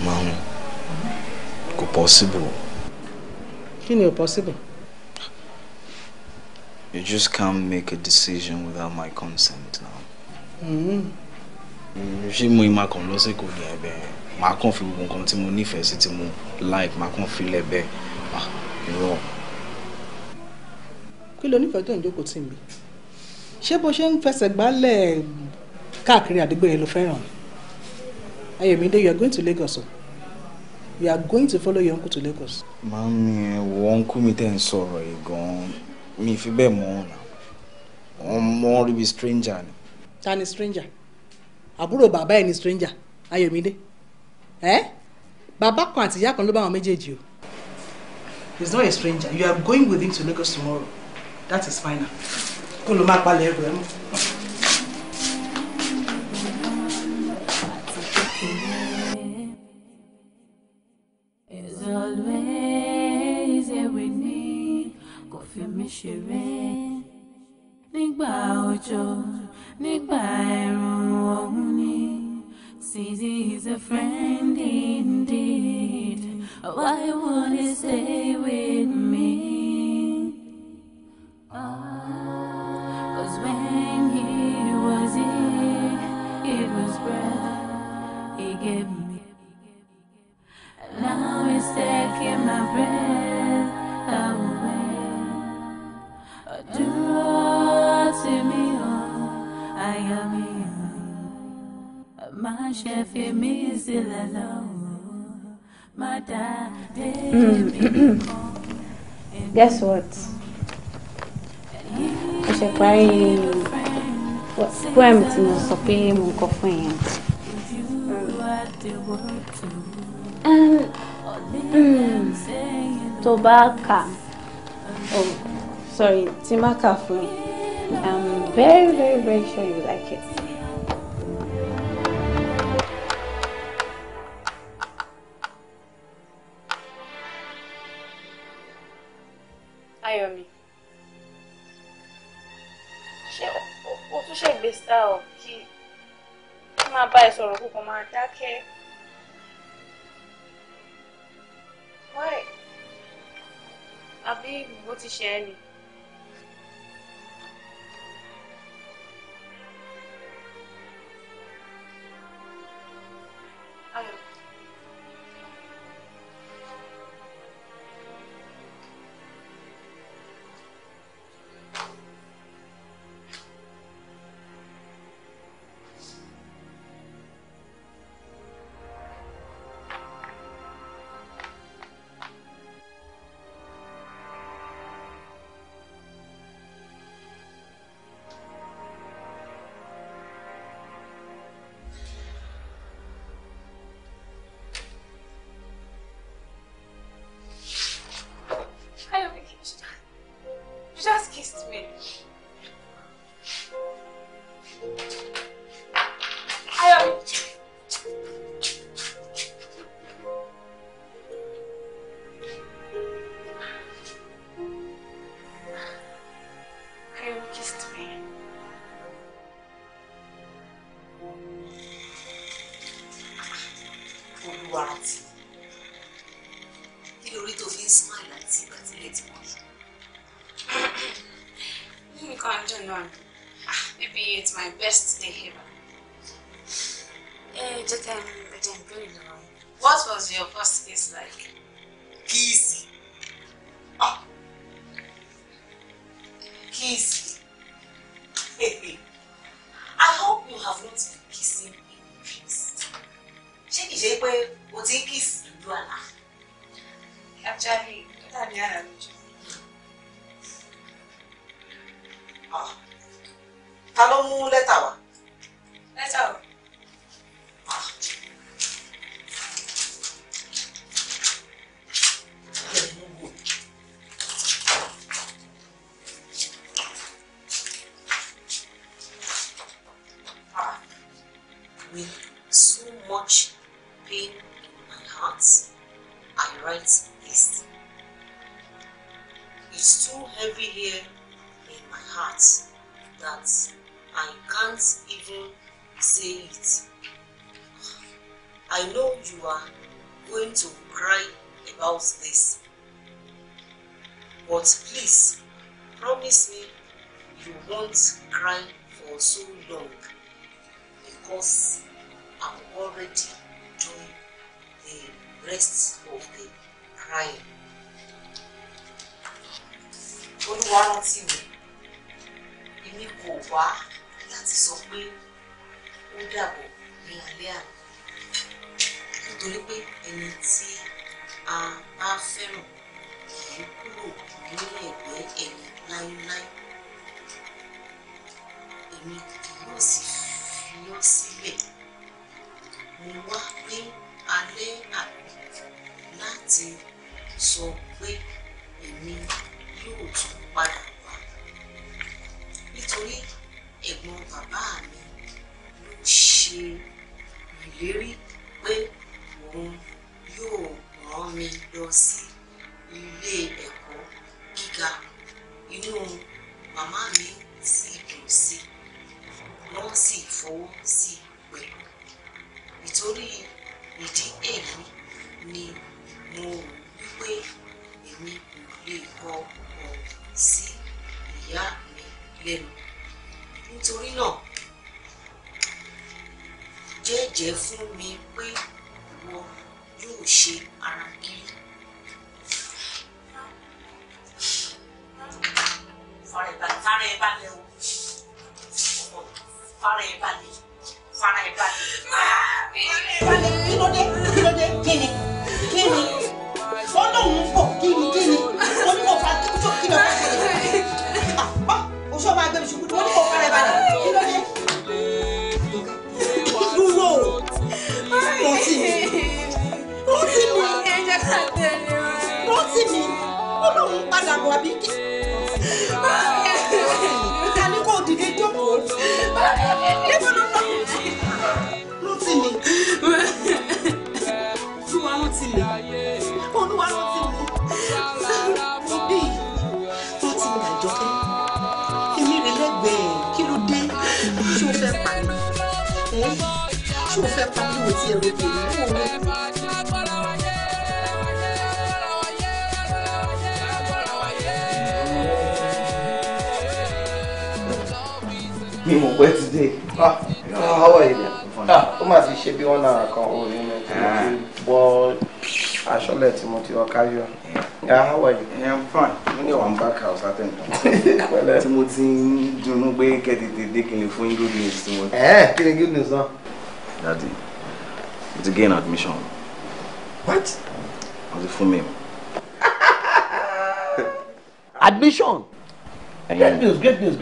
Màmú kò possible. kí ni ò possible. You just can't make a decision without my consent now. Mm. ṣé mo máa kàn lọ sẹ́kọ̀ọ́ ní ẹ̀bẹ̀ máa kàn fi gbogbo nǹkan tí mo nífẹ̀ẹ́ sí tí mo like máa kàn fi lẹ́bẹ̀ ah, irọ́. kí ló nífẹ̀ẹ́ tó ń jókòó tì mí ṣé bó ṣe ń fẹsẹ̀ gbálẹ̀ káàkiri àdúgbò yẹn ló fẹ́ràn ni Ayọ̀mídé you are going to Lagos o oh. you are going to follow your uncle to Lagos. Màámi ẹ wo ọ̀nkú mi tẹ́ ń sọ̀rọ̀ yìí gan-an mi fi bẹ́ẹ̀ mọ̀ ọ́n náà wọ́n mọ̀ ọ́n rí bí stranger ni ta ni stranger àbúrò bàbá ẹ̀ ni stranger Ayọ̀mídé Eh? bàbá kan àti ìyá kan ló bá àwọn méjèèjì o. he is not a stranger you are going with him to Lagos tomorrow that is final kó ló máa palẹ̀ ẹrù ẹ mọ́. nígbà òjò. nípa ẹ̀rùn ọ̀hún ni is a friend indeed why won't he stay with me ah, cause when he was here it was breath he gave me and now he's taking my breath away do to me àyà mi má ṣe fi Guess what? Mo ṣe parí poem tí mo sọ pé mo kọ fún yẹn. Mm. Mm. Tó bá kà, oh sorry, tí má kà fún yẹn. I'm very, very, very sure you like it. Ayomi, Ṣé o tún ṣe gbé style kí kí máa bá ẹ sọ̀rọ̀ kó máa dákẹ́? Why? Àbí mo ti ṣe ẹ ni? 哎。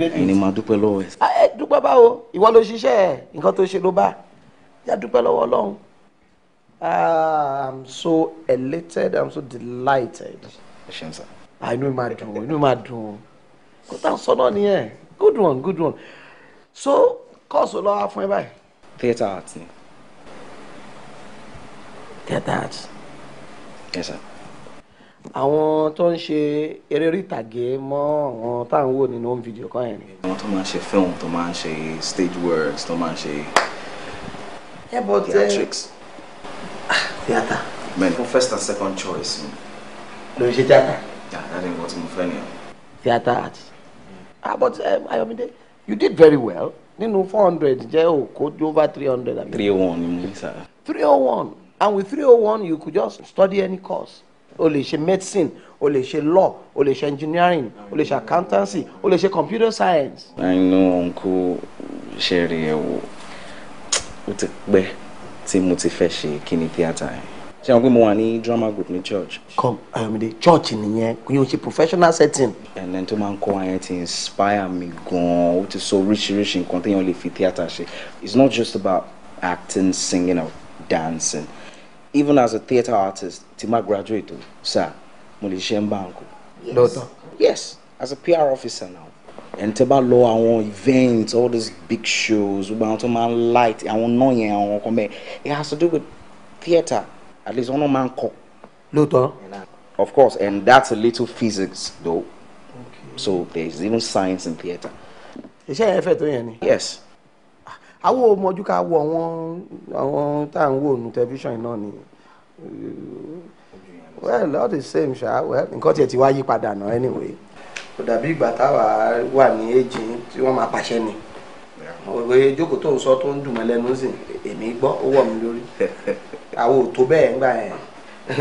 credit. ẹni máa dúpẹ́ lọ́wọ́ ẹ. Ah, eh, dúpẹ́ báwo ìwọ ló ṣiṣẹ́ nǹkan tó ṣe ló bá yá dúpẹ́ lọ́wọ́ ọlọ́run ah, i'm so elated i'm so delighted. ẹ ṣeun sá. Ah, inú mi máa dùn inú mi máa dùn kó tá à sọ náà nìyẹn good one good one so kọ́ọ̀sì ló wá fún ẹ báyìí. theatre arts ni. theatre arts. yes sir àwọn tó ń ṣe eré orí ìtàgé mọ́ àwọn tá à ń wò nínú home video kan yẹn. àwọn tó máa ń ṣe film tó máa ń ṣe stage works tó máa ń ṣe. Eh, theatrics. Ah, theatre. men fún first and second choice. ló ń ṣe theatre. yàrá ni nǹkan tí mo fẹ́ nìyẹn. theatre art. Hmm. ah but eh, Ayọ̀mídé you did very well nínú four hundred jẹ́ òkó over three hundred. three oh one ni mo ní sára. three oh one and with three oh one you could just study any course o lè ṣe medicine o lè ṣe law o lè ṣe engineering o lè ṣe accountancy o lè ṣe computer science. àìnú ònkú ṣe rí ẹ wò ó ti pẹ́ tí mo ti fẹ́ ṣe kíni theatre yẹn ṣé wọn pé mo wà ní drama group ní church. come ayọ̀mídé church nìyẹn kò yóò ṣe professional setting. ẹnlẹ́ tó máa ń kọ́ ayẹyẹ ti inspire mi gan-an ó ti sọ oríṣiríṣi nǹkan téèyàn lè fi theatre ṣe it's not just about acting singing or dancing even as a theatre artist tí máa graduate sir mo lè ṣe yes as a PR officer now ẹni tẹ́ bá lọ àwọn events all these big shows gbogbo àwọn tó máa ń light àwọn náà yẹn àwọn ọkọ mẹ it has to do with theatre at least wọn náà máa ń of course and that's a little physics though okay. so there's even science in theatre. iṣẹ́ yẹn fẹ́ tó yẹn yes àwọn ò mọ̀jú ká wọ àwọn àwọn tá à ń wò ní tẹlifíṣàn náà ni well all the same ṣá well nǹkan tiẹ̀ ti wá yí padà náà anyway. kò dàbí ìgbà táwa wà ní èjì tí wọ́n máa pàṣẹ ni òye ìjókòó tó ń sọ tó ń dùn mọ́ lẹ́nu sí èmi gbọ́ ó wọ̀ mí lórí àwọn ò tó bẹ́ẹ̀ ńgbà yẹn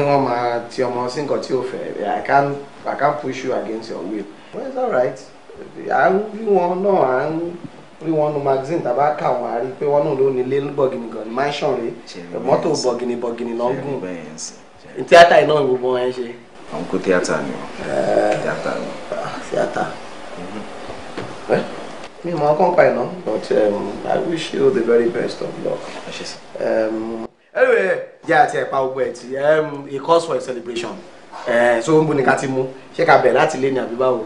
wọ́n máa ti ọmọ sí nǹkan tí ò fẹ́ I can't I can't push you against your will. well it's alright à ń rí wọn náà à ń rí wọn nu magazine tàbá kà wọn a pé wọn náà ló ní ilé bọ̀gìnì gan ní mansion rẹ̀ mọ́tò bọ̀gìnì bọ̀gìnì ló ń gùn ní tíátà iná gbogbo wọn ń ṣe. àwọn kó tíátà ni o tíátà ni. Ah, tíátà mhm. mi mọ ọkàn pa iná but um, I wish you the very best of luck. Um, anyway jẹ́ àti ẹ̀pá ogun ẹ̀ tí um, a celebration ẹ so ń bu ni ká ti mú ṣé ká bẹ̀rẹ̀ láti lé ní àbí báwo.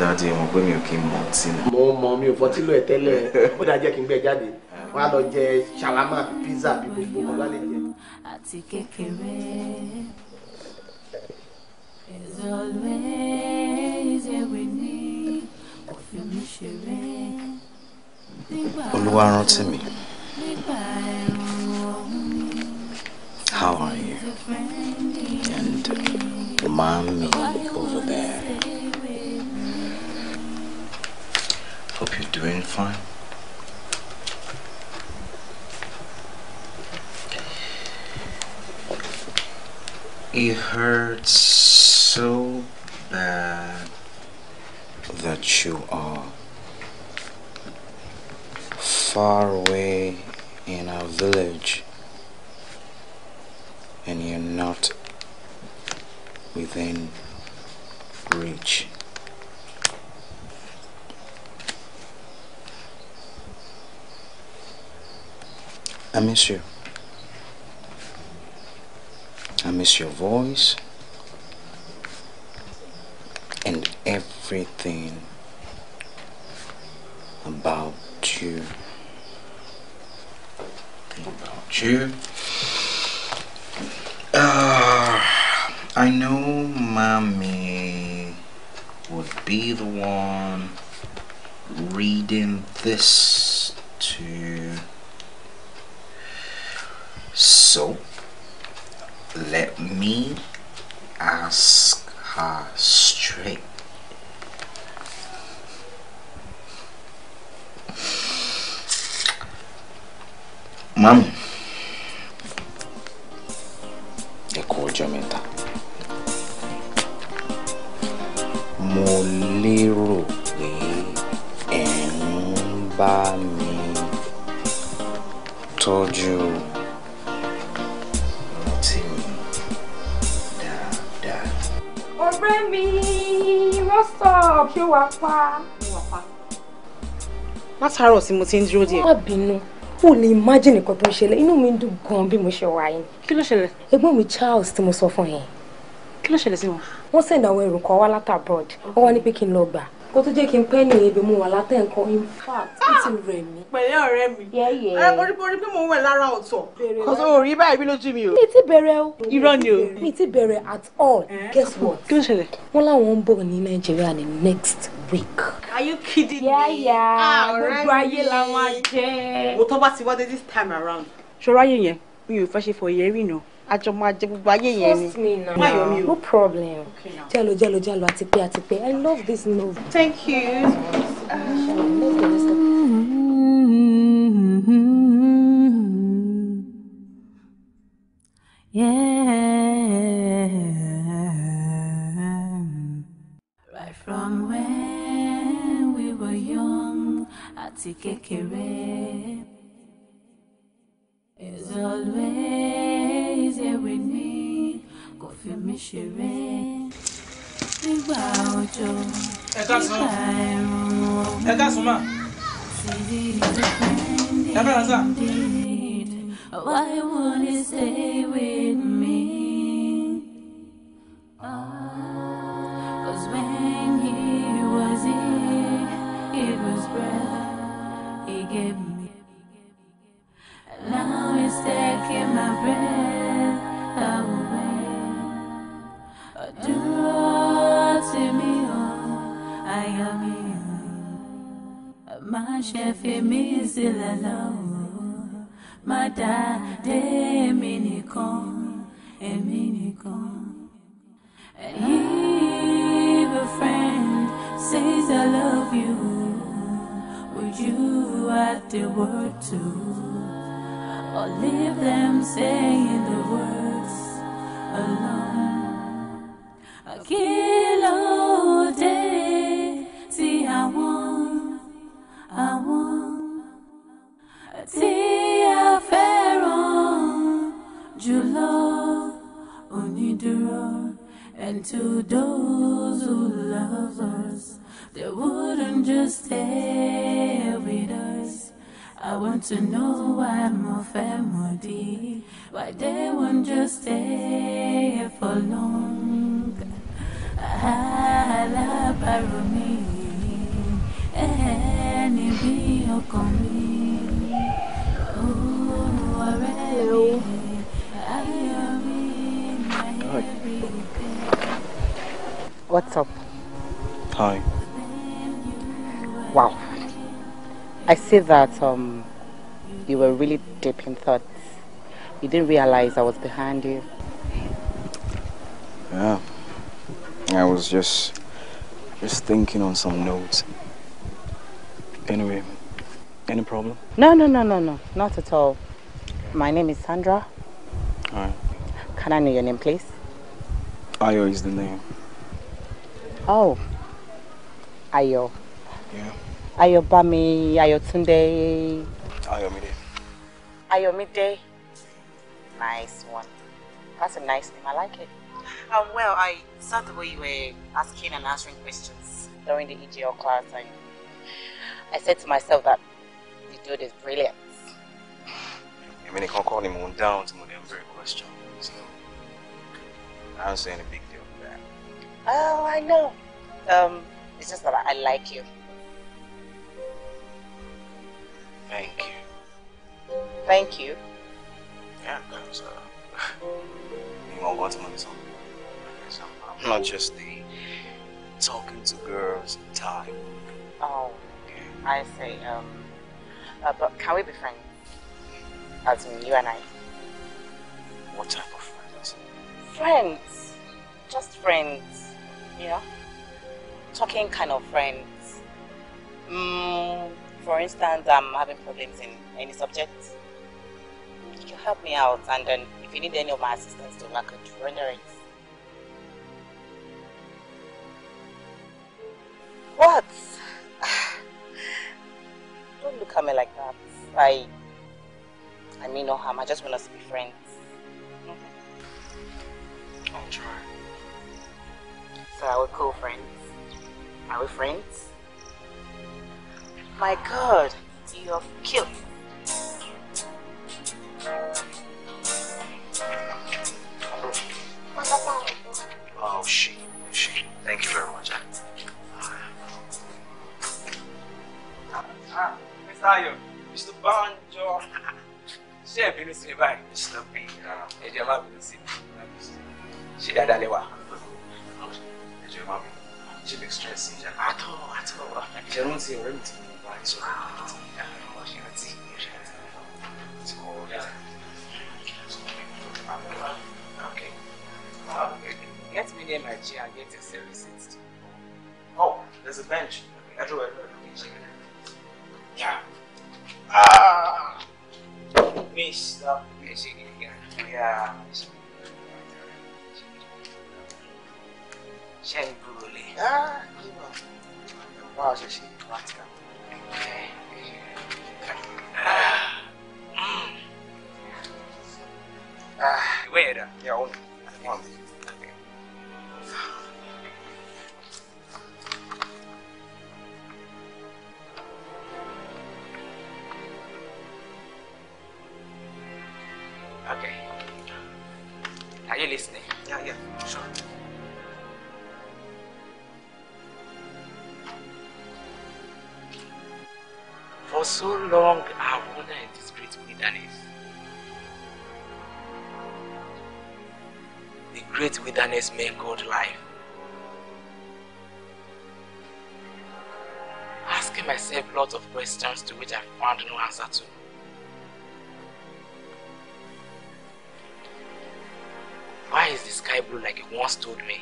dáadé mo pé mi ò kí n mọ ọtí náà. mo mọ mi ò fọtí lọ ẹ tẹ́lẹ̀ ó dáa jẹ́ kí n gbẹ jáde wọn á lọ jẹ ṣàlámà pizza bí gbogbo wọn bá lè jẹ. àti kékeré is always a winning kò fi ṣeré. olúwa rántí mi. How are you? And. Uh, mommy over there. Hope you're doing fine. It hurts so bad that you are far away in our village and you're not within reach. I miss you. I miss your voice and everything about you. About you. Uh, I know mommy would be the one reading this to so let me ask her straight mommy called your mẹ́ta mo lérò pé ẹ̀ ń bá mi tọ́jú rántí mi dáadáa. ọ̀rẹ́ mi what's up kí wàá pa. látàárọ̀ tí mo ti ń dúró díẹ̀. má bínú o lè imagine nǹkan tó ń ṣẹlẹ̀ inú mi ń dùn gan bí mo ṣe wà yìí. kí ló ṣẹlẹ̀. ẹ̀gbọ́n mi Charles tí mo sọ fún yẹn kí ló ṣẹlẹ̀ sí wọn. wọ́n send àwọn ẹrù kan wá láti abroad wọ́n wá ní pé kí n lọ gbà kó tó jẹ́ kí n pẹ́ ní ebi mu wà látẹ̀ nǹkan in fact ó ti rẹ̀ mí. pẹ̀lẹ́ ọ̀rẹ́ mi orí orí pé mò ń wẹ̀ lára ọ̀tọ̀ kò tó rí báyìí bí lójú mi o. mi ti bẹ̀rẹ̀ o. irọ́ ni o. mi ti bẹ̀rẹ̀ at all guess what. kí ló ṣẹlẹ̀. wọ́n láwọn ń bọ̀ ní nàìjíríà ní next week. are you kidding me. yẹ́yà ah, gbogbo ayé la máa jẹ́. òótọ́ bá ti wá dé this time around. ṣọ́ra ayé yẹn mi ò fẹ́ ṣe for yẹ́rì náà àjọmọ ajẹ gbogbo ayé yẹn ni no problem jalo jalo jalo Ati pé ati pé i love this move. thank you. Yeah. Right from when we were young, àti kékeré is always here with me kò fi mí ṣeré nígbà òjò nígbà ẹ̀rùn ọ̀hún. ẹ Why won't you stay with me? Ah, Cause when he was here, he was breath, he gave Now it's taking my breath away. Dúró tì mí o, àyà mi o. Má is se fi mí sílẹ̀ lọ́wọ́. Má dá dé èmi nìkan, èmi nìkan. If a friend says I love you, would you add the word to? or leave them saying the words alone. kilo day, dé tí àwọn àwọn tí a fẹ́ràn jùlọ onídùúró. And to those who love us, they wouldn't just stay want to know why more family, why they won't just stay for long. What's up? Hi. Wow. I see that um, you were really deep in thoughts. You didn't realize I was behind you. Yeah. I was just just thinking on some notes. Anyway, any problem? No, no, no, no, no. Not at all. My name is Sandra. Hi. Can I know your name, please? Ayo is the name. Oh. Ayo. Yeah. Ayo Bami, Ayo Tunde, Ayomide. Ayomide. Nice one. That's a nice name. I like it. Um, well, I saw the way you were asking and answering questions during the EGL class, and I said to myself that the dude is brilliant. I mean, he can call him on down to my very question, so I don't say any big deal with that. Oh, I know. Um, it's just that I like you. Thank you. Thank you. Yeah, because uh, [laughs] you know what I'm I'm not just the talking to girls type. Oh, I say. Um, uh, but can we be friends? As in you and I. What type of friends? Friends, just friends. You know, talking kind of friends. Hmm for instance, I'm having problems in any subject, you help me out and then if you need any of my assistance to I could render it. What? [sighs] Don't look at me like that. I I mean no harm. I just want us to be friends. Mm-hmm. I'll try. So are we cool friends? Are we friends? My God, you're cute. Oh, she, she. Thank you very much. Ah, Mr. Ayo, Mr. Banjo. she ẹ bínú sí mi báyìí? Mr. B. Ah, ẹ jẹ́ má bínú sí mi. Ṣé dáadáa lẹ́wà? Ẹ jẹ́ má bínú. Ṣé mi stress ìjà? Àtọ̀ àtọ̀. Ìṣẹ̀rùn ti ọ̀rẹ́ mi ti mú. Get me near my chair and get a service seat. Oh, there's a bench. I drew a Yeah. Ah. Mr. Yeah. Shall we Ah, you know. Wow, she's practical. Where? Yeah, One. Okay. Are you listening? Yeah, yeah, sure. For so long, I wandered in this great wilderness. The great wilderness men God life. Asking myself lots of questions to which I found no answer to. Why is the sky blue like it once told me?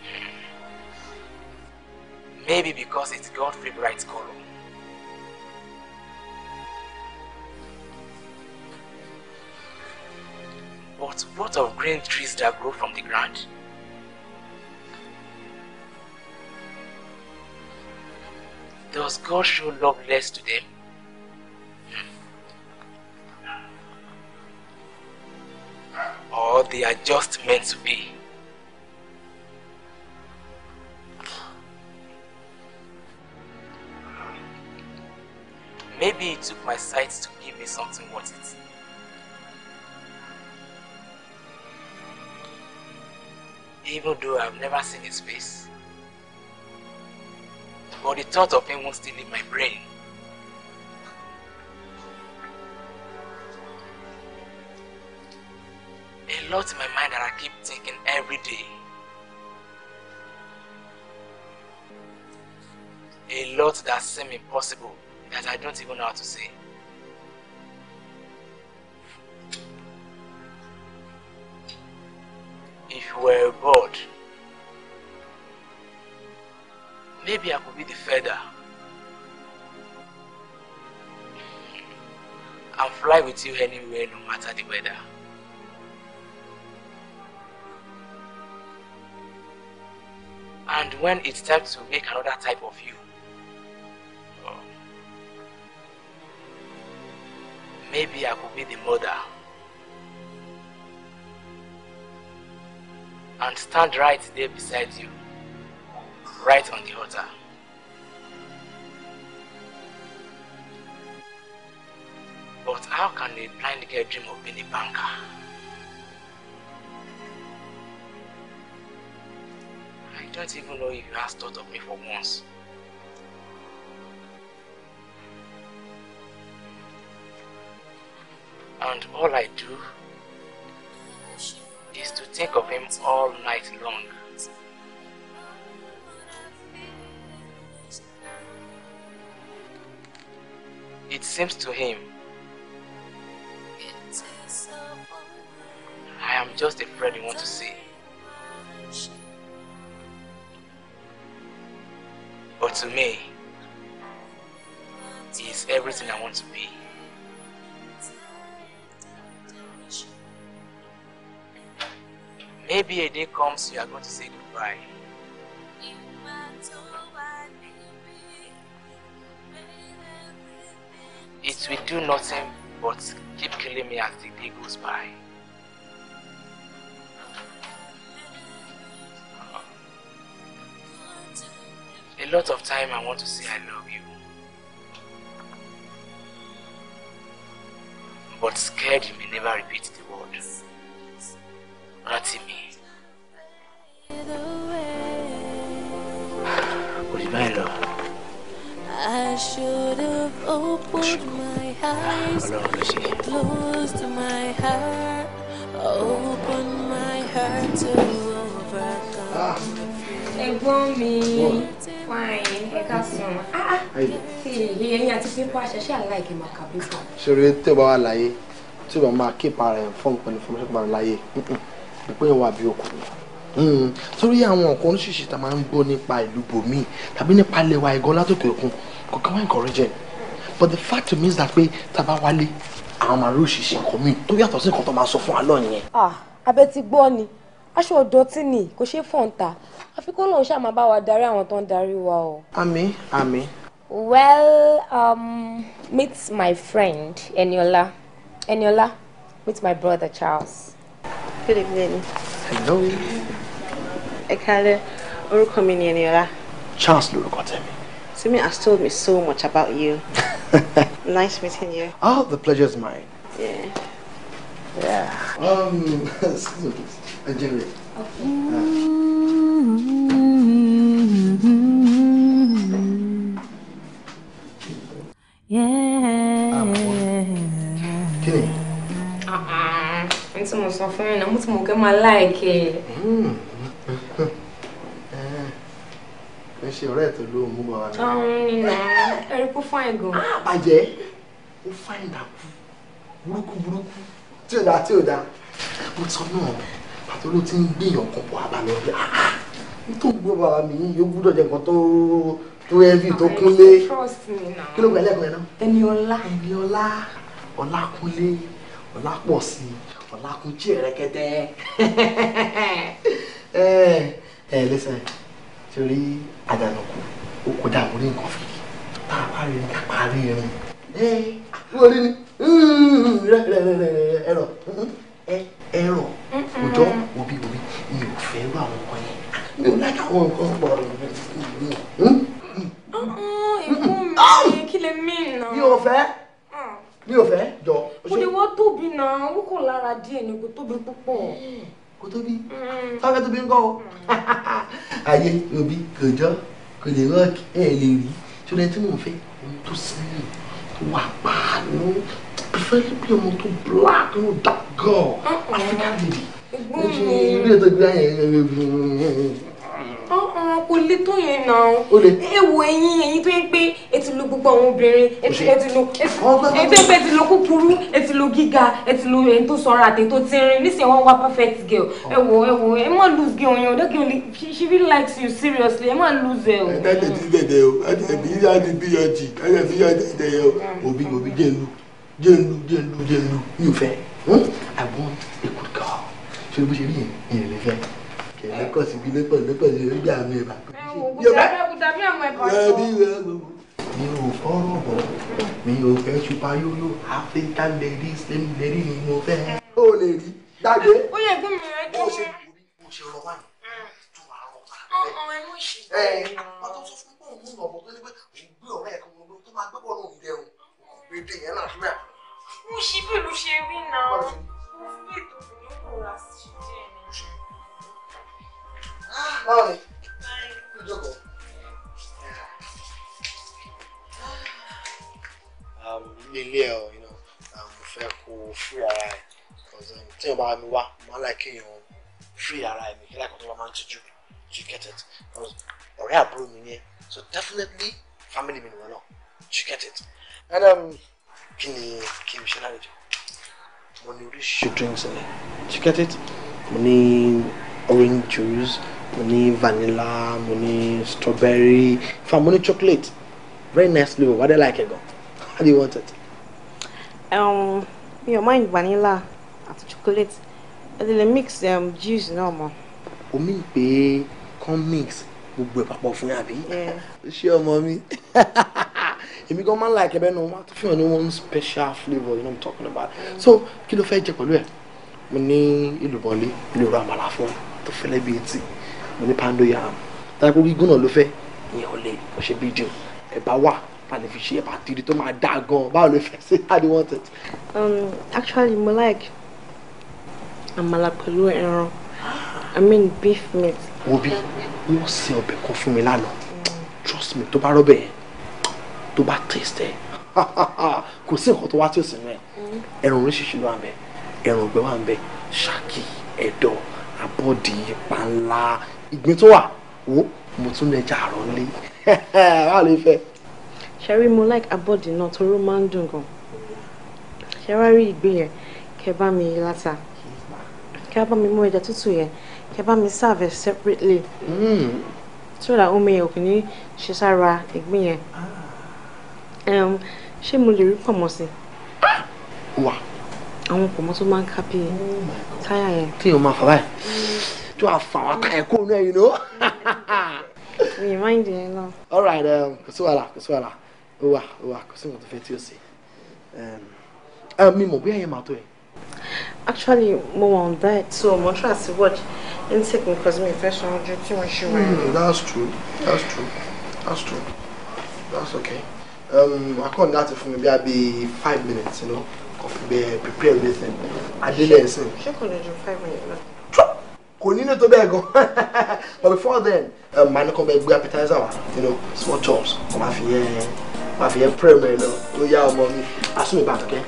Hmm. Maybe because it's God's favorite color. But what of green trees that grow from the ground? Does God show love less to them? Hmm. Or they are just meant to be? Maybe he took my sight to give me something worth it. Even though I've never seen his face. But the thought of him won't still in my brain. A lot in my mind that I keep thinking every day. A lot that seem impossible that I don't even know how to say. If you were a bird, maybe I could be the feather and fly with you anywhere, no matter the weather. And when it's time to make another type of you, Maybe I could be the mother. And stand right there beside you, right on the altar. But how can a blind girl dream of being a banker? I don't even know if you have thought of me for once. And all I do is to think of him all night long. It seems to him, I am just afraid you want to see. But to me, he is everything I want to be. maybe a day comes you are going to say goodbye. It will do nothing but keep killing me as the day goes by. A lot of time I want to say I love you. But scared you may never repeat the word. me kò sí báyìí lọ. I should have opened my eyes, ah, closed my heart, opened my heart to overcome. Ẹ̀gbọ́n mi, fine, ẹ̀ka sùn. Ṣé ẹ̀yin àti pípọ̀ àṣẹṣẹ́ àláìkè máa kà pípọ̀? Ṣé orí tí o bá wà láyé tí o bá máa kí ìpara ẹ̀ fún ìpinnu fún ìṣẹ́gun láyé? Ìpínyẹ̀wò àbí okùn. Hmm. torí àwọn nǹkan oríṣiríṣi tá a máa ń gbọ́ nípa ìlú bòmí tàbí nípa ilẹ̀ wa ìgan látòkè òkun kò kí wọ́n encouraging but the fact means that pé tá a bá wálé àwọn máa rí òṣìṣẹ́ nǹkan míì tó yàtọ̀ sí nǹkan tó máa sọ fún wa lọ́ọ̀ yẹn. abẹ ah, ti gbọ́ ni aṣọ ọ̀dọ́tí ni kò ṣeé fọ̀ǹta àfi kó lóun ṣáà máa bá wa darí àwọn tó ń darí wa o. àmín àmín. well um, meet my friend Eniola Eniola meet my brother Charles. good evening. hello ẹ kálẹ́ orúkọ mi ni Eniola. Charles lorúkọ tèmi. Simi has told me so much about you. [laughs] nice meeting you. Oh, the pleasure is mine. Yeah. Yeah. Um, excuse me, Engineer. Yeah. Um, kí ni? Ah ah, n tí mo sọ I'm yín náà, mo ti mọ̀ ẹ ṣe ọ̀rẹ́ ẹ̀ tó ló mú bàbá mi. ọ̀hún nìyà ẹ̀rí kó fún ẹ̀ gan. àbàjẹ́ ah, ó fáìn dàkú burúkú burúkú tí ò dáa tí ò dáa mo sọ náà pàtó ló ti ń gbìyàn kan bọ̀ àbàlọ́ bí i ah, ah, tó gbọ́ bàbá mi yóò gbúdọ̀ jẹ́ nǹkan tó tó heavy tó kúnlé kí ló gbẹ́lẹ́ kan náà. ẹni ọlá ẹni ọlá ọlá kúnlé ọlá pọ̀ sí ọlá kúnjẹ́ rẹ́kẹ́tẹ́. [laughs] ẹ ẹ lẹ́sẹ̀ torí àdàlọ́kù ó kọjá àwòrán nǹkan fìdí tá a parí ní kápá rí irin ẹ wọ́n rí ni rẹ rẹ rẹ rẹ ẹrọ ẹrọ òjọ òbí òbí mi ò fẹ́ rú àwọn nǹkan yẹn mi ò lájà àwọn nǹkan pọ̀ mm-hmm. kí lè mí nà. mi ò fẹ́ ah. mi ò fẹ́ jọ. kò lè wọ́n tóbi náà ó kò lára díẹ̀ ni kò tóbi púpọ̀. Mm kó tó bí mm. tọ́fẹ́ tó bí ń kọ́ o mm. [laughs] ayé òbí kò jọ kò lè rọ́ọ̀kì ẹ̀ lè rí ṣọlẹ̀ tí mò ń fẹ́ ohun tó sẹ́yìn tó wà pàánù preferably ọmọ tó black no dark girl African lady. ìgbóni ilé tó gbé ayẹyẹ ọ̀hún ah, kò lè tó yẹn náà o lè ewu ẹyin ẹyin tó yẹ pé ẹ ti gbogbo àwọn obìnrin ẹ ti lo ẹ ti pẹ́ kúkúrú ẹ ti gíga ẹ ti ẹni tó sọ̀rọ̀ àti tó ti nísìnyí wọ́n wá perfect girl ẹ wò ẹ wò ẹ má lose girl yẹn ọ̀dọ́ girl she really likes you seriously ẹ má lose ẹ o. ẹ dájẹ́ ti dẹ̀dẹ̀ o ẹbí yá ni bí yọ jì ẹ fi yọ dẹ̀dẹ̀ o òbí òbí jẹ́ lu jẹ́ lu mi ò fẹ́ hmm? I want a good girl ṣé o bí ṣe rí yẹn ìyẹn lè ẹ kọ síbi lẹpọ lẹpọ ṣe ń gbà mí ẹbà. mi ò fọ́rọ̀ bọ̀ mi ò fẹ́ ṣupa yóyó african lady slim lady ni mo fẹ́. o lè rí dágbé. ó yẹ kí mi rẹ dé. mo ṣe rọ wáyé tó wà rọ wà. ẹ ẹ wọn tó sọ fún bóun mú ọmọ tó ní pé òun gbé ọ̀rẹ́ ẹ kan wọn tó máa gbé bọ́ọ̀lù òun lẹ́hìn òun gbé dé yẹn náà síbẹ̀. mo ṣe bí ìlú ṣe rí náà mo fi ètò ìlú kò rà sí ṣe báwo ni ìjókòó. nílé ẹ ọ mo fẹ́ kó o free ara cause um, tí o bá mi wá my máa kéèyàn free ara ẹ mi kí láìpẹ́ tó bá máa do you get it Cause ọ̀rẹ́ àbúrò mi yẹn so definitely family mi nìwọ náà do you get it and um, ni kí n ṣe lálejò mo ní oríṣiríṣi drinks ẹ do you get it mo orange juice mo ní vanilla mo ní strawberry fa mo ní chocolate very nice flavour What do you like it gan how do you want it. Um, mi ò mind vanilla àti chocolate ẹ lè mix um, juice náà mọ. omi ìpè kan mix gbogbo ẹ̀ papọ̀ fún yàbí. ṣé ọmọ mi [laughs] èmi gan máa ń like ẹbẹ nu wọn tó fi hàn ní one special flavour you know i'm talking about so kí ló fẹ́ jẹ pẹ̀lú ẹ̀ mo ní ìlú bọ̀lì ìlú àmàlà fún tó fẹ́lẹ́ bíi etí mo ní pando yam tàbí gígùn náà ló fẹ́ ìyẹn ò lè ọ̀ṣẹ́ bí jù ẹ̀bá wà láti fi ṣe ẹ̀bá tìrì tó máa dáa gan báwo ló fẹ́ ṣe how do you want it. Um, actually mo like àmàlà pẹ̀lú ẹran i mean beef meat. wo bí wọ́n ṣe ọbẹ̀ kan fún mi lánàá trust me tó bá rọ́bẹ̀ yẹn tó bá taste ẹ̀ [laughs] kò sí nǹkan tó wá tí ò sí mẹ́ ẹran oríṣiríṣi ló wà mẹ́ ẹran ọgbẹ́ wà mẹ́ ṣáàkì ẹ̀dọ̀ abọ́dì panla ìgbín tó wà wò mo tún lẹja àárọ̀ lé wà lè [laughs] fẹ́. ṣẹ́rí mo like abọ́dì náà toró máa ń dùn gan ṣẹ́rá rí ìgbín yẹn kẹ́ bá mi láta kẹ́ bá mi mú ẹja tútù yẹn kẹ́ bá mi serve it separately hmm. so that omi yẹn ò kì ní ṣe sára ìgbín yẹn ṣé mo lè rí pọ̀mọ́ sí. wà. àwọn pọ̀mọ́ tó máa ń kábí oh táyà yẹn. kí ni o máa fà báyìí to have fun ọ̀tá ẹ̀kọ́ náà you know. mi ì mind yẹn náà. all right um, kò sí wàhálà kò sí wàhálà ó wà ó wà kò sí nǹkan tó fẹ́ tí um, mi mọ̀ bóyá yẹn máa tó yẹn. actually mo wà on so mo try to watch intake mi cause mi ì fẹ́ san ojú tí mo ṣe wẹ̀. Hmm, that's true that's true that's true that's okay. Um, I can't that for maybe I'll be five minutes, you know, coffee, prepare everything. I did that. She, she could do five minutes kò nílò tó bẹ́ẹ̀ gan [laughs] but before then um, màá ní kàn bẹ gbé appetizer wa you know small chops kò máa fi yẹn máa fi yẹn pray mẹ́rin lọ ló yá ọmọ mi asúnmi bàtà kẹ́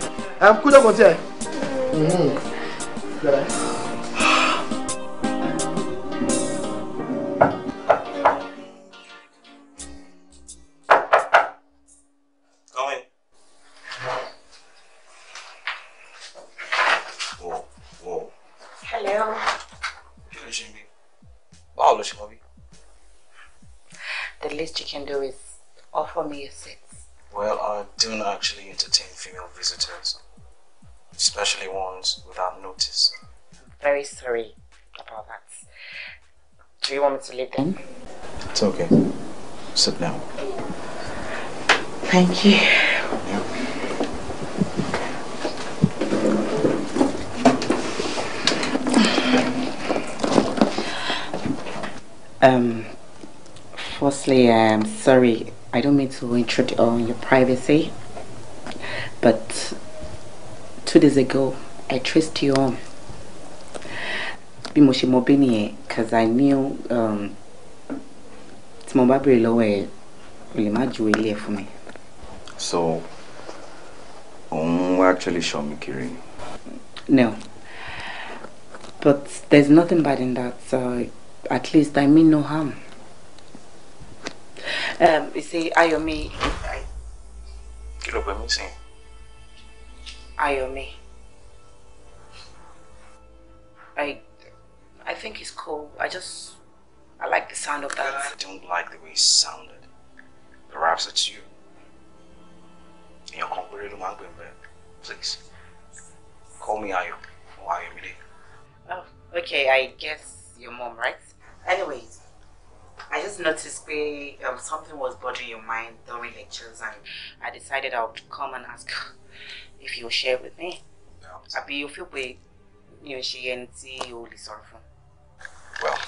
um, kú dọ́kun tiẹ̀. Mm-hmm. least you can do is offer me a seat. Well, I don't actually entertain female visitors, especially ones without notice. I'm very sorry about that. Do you want me to leave then? It's okay. Sit down. Thank you. Yeah. Um, firstly, I'm um, sorry. I don't mean to intrude on your privacy, but two days ago, I traced you on. because I knew um, tí mo you béèrè lọ́wọ́ ẹ̀, So, um, we actually show me kiri. No, but there's nothing bad in that. So, at least I mean no harm. um, you see, Ayomi. I. pè mí sí. Ayọ̀mí. I, I think he's cool. I just, I like the sound of that. I don't like the way he sounded. Perhaps it's you. Èèyàn kan péré ló máa ń pè Please, call me Ayomi. or Ayọ̀mídé. Oh, okay. I guess your mom, right? Anyways, I just noticed pé um, something was bothering your mind during lectures and I decided I would come and ask if you'll share with me. Àbí you feel pé mi ò and see tí o lè sọ̀rọ̀ fún. Well,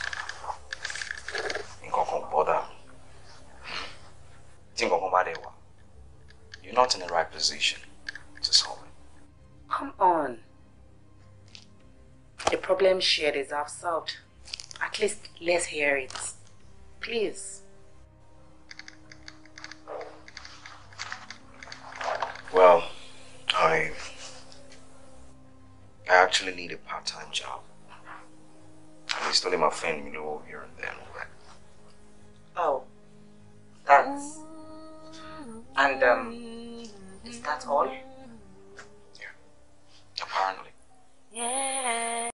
nǹkan kan bother. Think of kan bá dẹ̀ wá you're not in the right position to solve it. Come on. The problem shared is half solved. At least let's hear it. please. Well, I I actually need a part-time job. I'm least only my friend you know here and then. But... Oh, that's and um, is that all? Yeah, apparently. Yeah.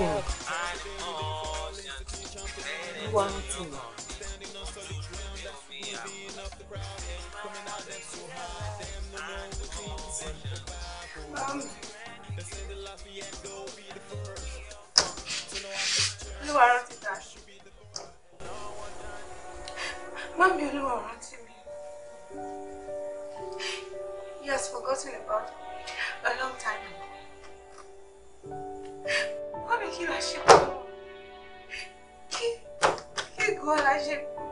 anything. you are Mom. Olúwa rántí ta. Mami Olúwa kí la ṣe kú kí kí gan la ṣe kú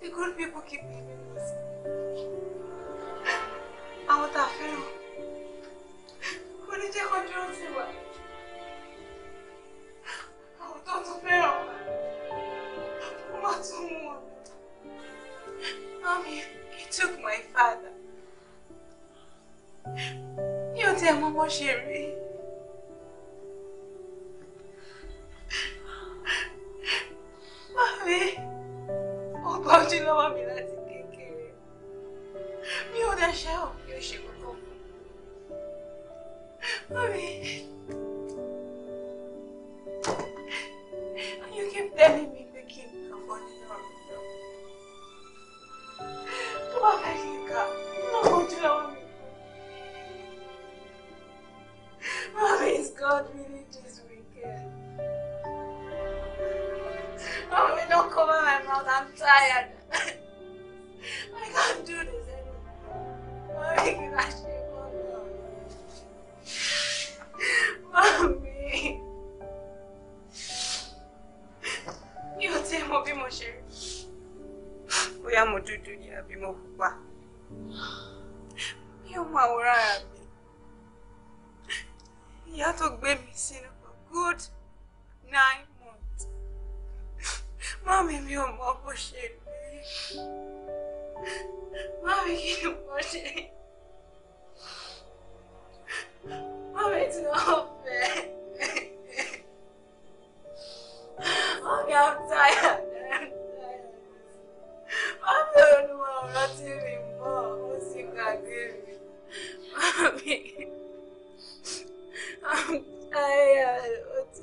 the good people keep leaving us àwọn tá a fẹ́ràn kò ní jẹ́ kó dúró sí wa àwọn tó tún fẹ́ràn wa ó má tún mú wọn. Mommy, he took my father. You tell mama Sherry. mi ó gba ojú lọ́wọ́ mi láti kékeré mi ò dẹ̀ ṣe ò mi ò ṣe kókó mami you keep telling me pé kí n lọ́kọ́ nínú ọ̀rọ̀ náà tó bá fẹ́ kí n kà lọ́kọ́ ojú lọ́wọ́ mi mami is God me. Mom, I don't cover my mouth. I'm tired. I can't do this anymore. Mommy, give a shit. Mommy. Mi ò tí mọ bí mo ṣe rí. Bóyá mo dúdú ni àbí mo pupa. Mi ò mọ àwòrán ara for good night. Mami mi ò mọ bó Mami kí ni mo ṣe? Mami tí wọ́n fẹ́. Mami I'm tired. Mami olúwa ọ̀rọ̀ tí mi mọ̀, ó sì gbàgbé mi. Mami I'm tired. Ó ti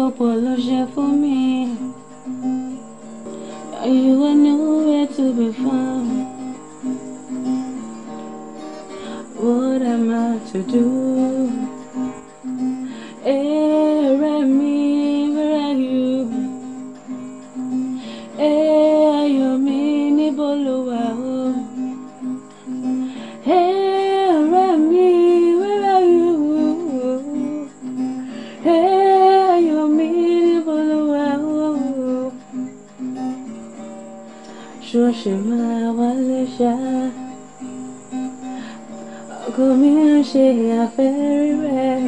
so pollution for me. Now you are nowhere to be found. What am I to do? ṣe máa wálé ṣá ọkọ mi ń a àfẹ́rí rẹ̀.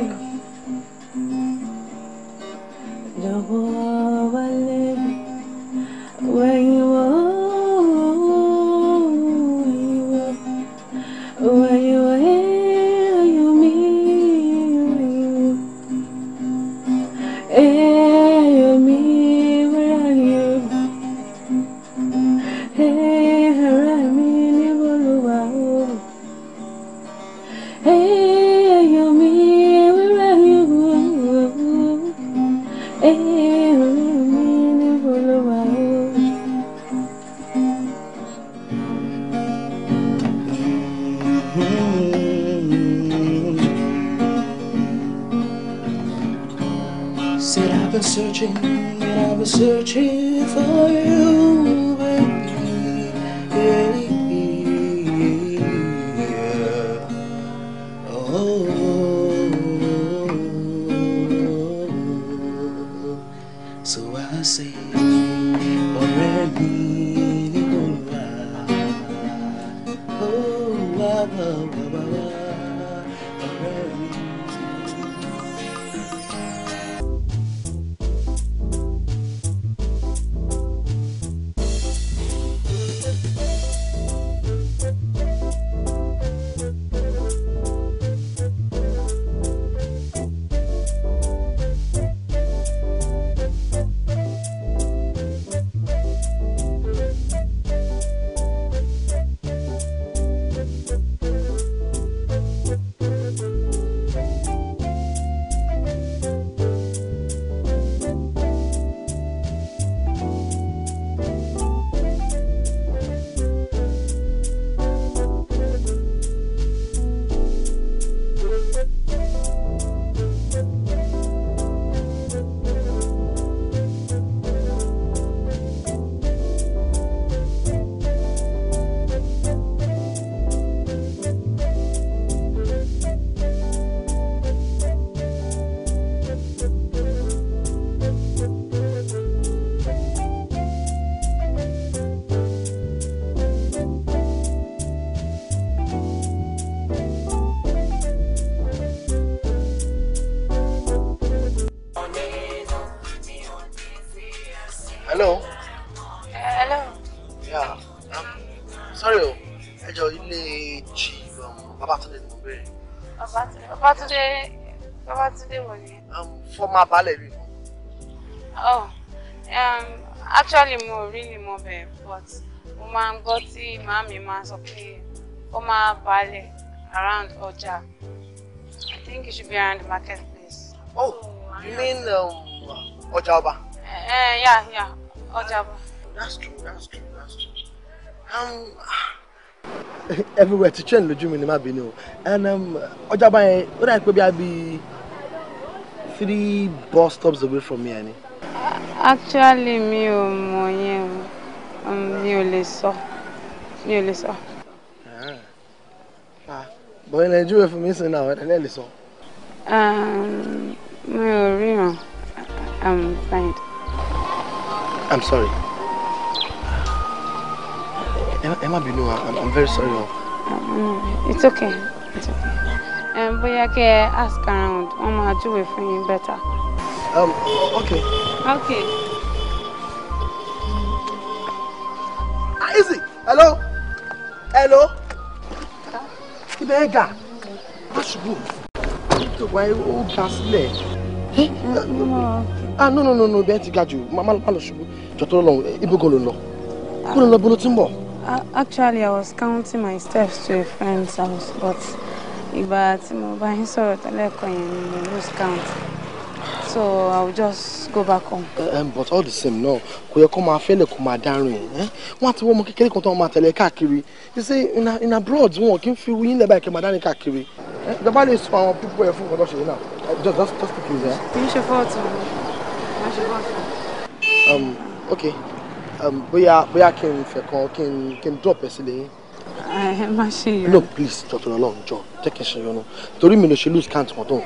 máa balẹ̀ rí. oh um, actually mo rí ni mo bẹ̀ but mo máa ń gbọ́ tí màámi máa sọ pé ó máa balẹ̀ around ọjà i think it should be around the market place. oh you mean um, ọjà ọba. ẹ ẹ yà yà ọjà ọba. that's true that's true that's true. Um, everywhere ti change lójú mi ni má bínú and um, ọjà ọba yẹn ó dàbí pé bí a bí three bus stops away from here ni. actually me, ò um, yẹn o um, mi ò Ah, sọ mi ò lè sọ. bọ̀yìn nàìjíríà fún mi sìn náà ẹ̀rẹ́ lẹ́ẹ̀lì sọ. mi ò i'm blind. i'm sorry. ẹ má bínú i'm very sorry. Oh. Um, it's okay it's okay bóyá kẹ́ ẹ ask around wọ́n máa júwèé fún yín better. Um, okay. Okay. Ah, easy. Hello. Hello. Ibẹ̀ ga. Má ṣubú. Ìtòwá ó ga sílẹ̀. Ah no no no no bẹ́ẹ̀ ti ga jù má lọ ṣubú. Jọ̀tọ́ lọ ibùgọ́ ló lọ. Kúrò lọ bolo tí ń uh, Actually, I was counting my steps to a friend's house, but ìgbà tí mo bá yín sọ̀rọ̀ tẹ́lẹ̀ yẹn ni mo lose count so i will just go back home. Uh, um, but all the same náà kò yẹ kó máa fẹ́lẹ̀ kó máa dárìn ẹ̀ eh? wọ́n àti wọ́n ọmọ kékeré kan tó wọ́n máa tẹ̀lé káàkiri you see in, a, in abroad wọn kì í fi wíyín lẹ́bàá ìkẹ́ máa dárìn káàkiri ìjọba lè sọ àwọn pípọ̀ ẹ̀ fún ọ̀dọ́ ṣe yìí náà just just just take it easy. kì í ṣe fọ́ọ̀tù mi ṣe fọ́ọ̀tù. Um, okay um, bóyá bóyá kí n fẹ̀ kan kí n kí n drop ẹ̀ sílẹ̀ yín ẹ eh, má ṣe yọ. no please jọ tó lọ lọrun jọ jẹ́ kí n ṣe yọnu torí mi ló ṣe lose count kan tó ń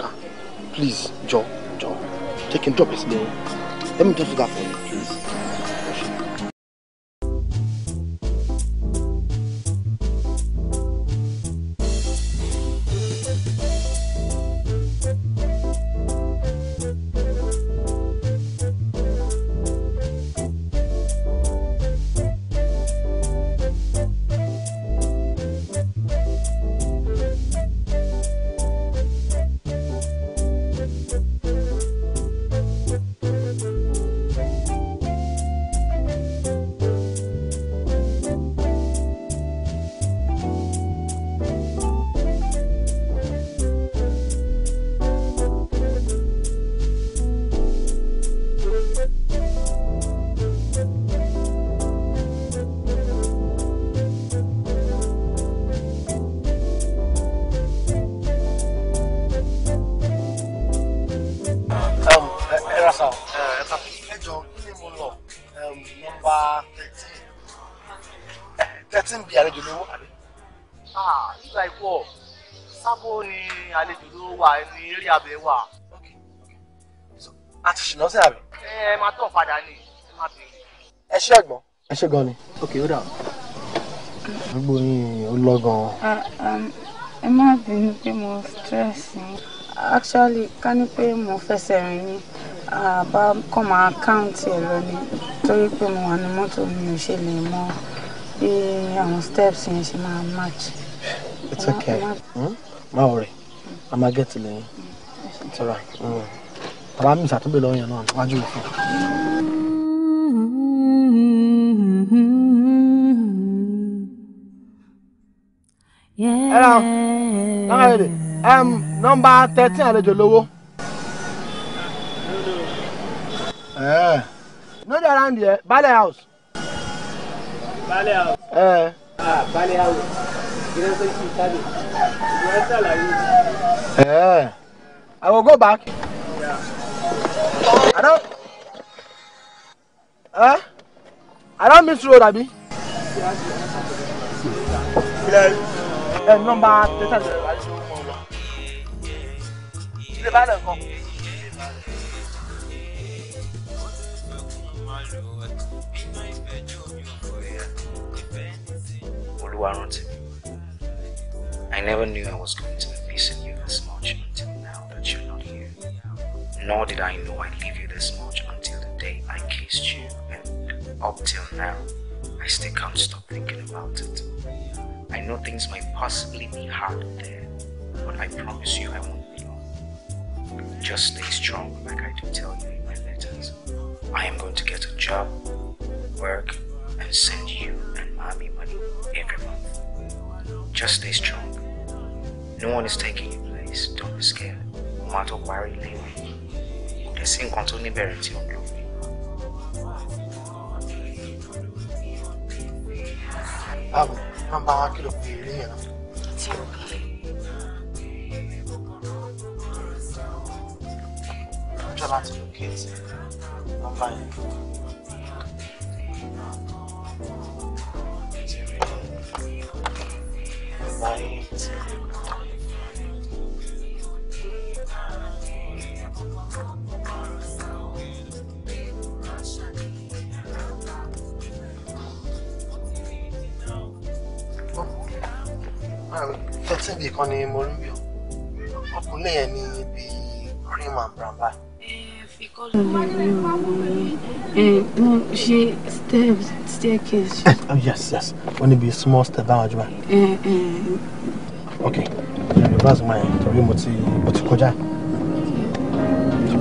please jọ jọ jẹ́ kí n drop ẹ sílẹ̀ yẹn let me just do that for you. wà ní eré abẹ wà. a ti ṣìnà sí àbí. ẹ máa tọ̀ padà ni ẹ máa bèrè. ẹ ṣé ẹ̀gbọ́n. ẹ ṣé gan ni. ok ó dà. gbogbo yín ó lọ gan. Um, ẹ má bínú pé mo stress yín actually ká ní pé mo fẹsẹ̀ rìn ni àbá kàn máa káùntì ẹ̀ lọ ni torí pé mo wà ní mọ́tò mi ò ṣe lè mọ bí àwọn steps yẹn ṣe máa match. it's okay má hmm? wọrẹ a máa gẹ́tì lẹ́yìn tọ́ra bàbá mi ìṣàtúnbẹ̀ lọ́wọ́ yẹn náà wájú mi fún un. ẹ ra lọ́kàlẹ́dẹ̀ nọ́mbà thirteen àlejò lówó. Eh. no dey around here baale house. baale house. Eh. ah baale house. Yeah. I will go back. Yeah. I don't. Huh? I don't miss road, Abi. Yeah. Yeah, number. The balance. Olúwa rántí mi. I never knew I was going to be missing you this much until now that you're not here. Nor did I know I'd leave you this much until the day I kissed you, and up till now, I still can't stop thinking about it. I know things might possibly be hard there, but I promise you I won't be long. Just stay strong like I do tell you in my letters. I am going to get a job, work, and send you and mommy money every month. Just stay strong. No one is taking your place. Don't be scared. Mo máa tó parí ilé ìwé. Kò dẹ̀ sí nǹkan tó níbẹ̀rẹ̀ to the ń I'm Báwo ló ń bá wá kìlọ̀ pé eré yẹn náà? Tí o kì í. Ọjọ́ láti lókè tí nọ́mbà yẹn. everybody. Fẹ́tí bì kan ni mo rí bí o. Ọkùnrin yẹn ni bíi cream and brown bag. Ẹ fi kọ́ lórí ọ̀rọ̀ ṣe steps staircase. Eh, oh, yes, yes. When it be small step down, Ajuma. Eh, eh. Okay. Yeah, your my remote, but you could. You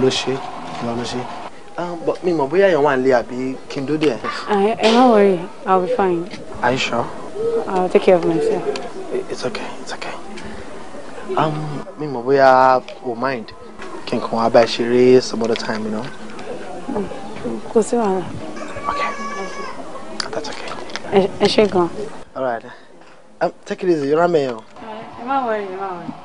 ló ṣe ìwà ló ṣe. Ah, mi mọ̀ bóyá èèyàn wà nílé àbí kí n dóde ẹ̀. Ah, ẹ má worry i will be fine. are you sure. i will take care of myself. it's okay it's okay. Um, mi mọ̀ bóyá o mind kí n kàn wá bá ẹ ṣeré some other time you know. kò sí wàhálà. okay that's okay. ẹ ṣe gan. all right um, take it easy you're right man. ẹ má worry ẹ má worry.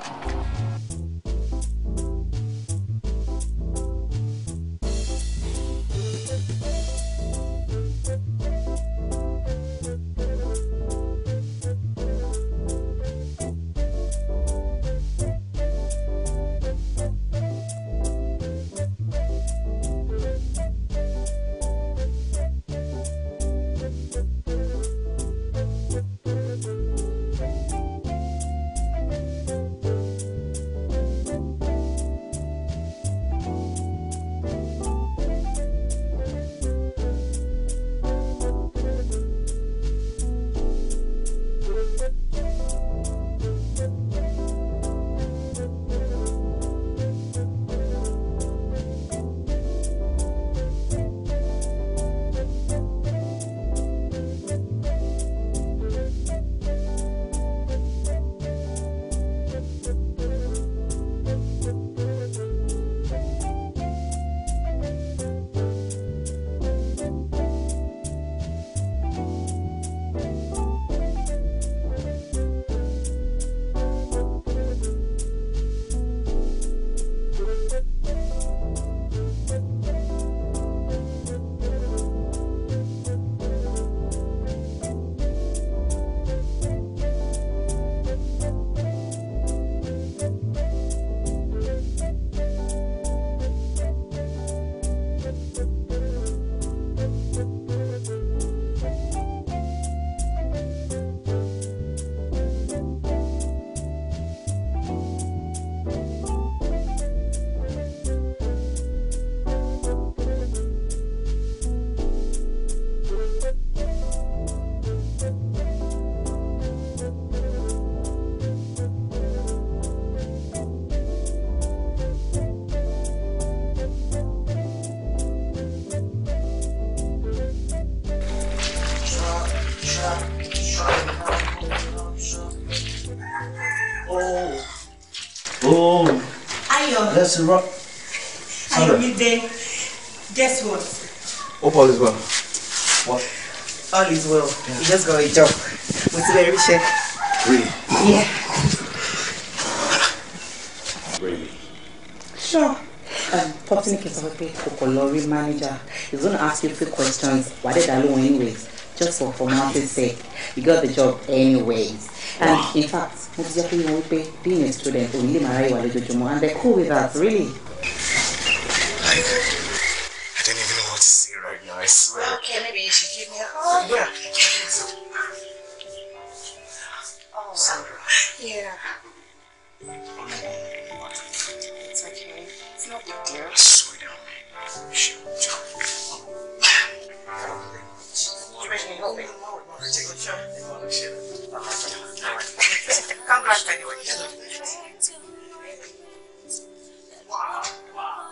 rock. Sandra. I mean, then, guess what? Hope all is well. What? All is well. Yeah. You just got a job. What's very rich? Really? Yeah. Really? Sure. Um, Popsnick is our Kokolori manager. He's going to ask you a few questions. Why did I lose, anyways? Just for formality's sake. You got the job anyways. and in fact mo ti jẹ́ being a student òun lè máa ráyè and they're cool with that really. Like, I don't even know what to say right now, I swear. Okay, maybe you should give me a hug. Yeah. Oh, Sandra. Yeah. Oh, crushed anyway. Wow. Wow.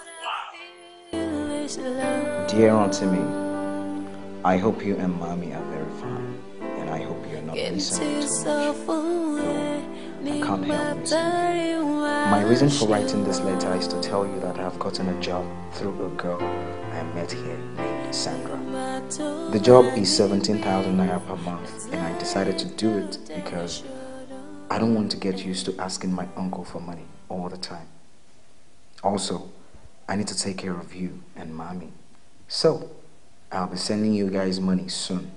Wow. Dear unto me, I hope you and mommy are very fine, and I hope you're not listening too much. No, I can't help it. My reason for writing this letter is to tell you that I have gotten a job through a girl I met here named Sandra. The job is 17,000 naira per month, and I decided to do it because I don't want to get used to asking my uncle for money all the time. Also, I need to take care of you and mommy. So, I'll be sending you guys money soon.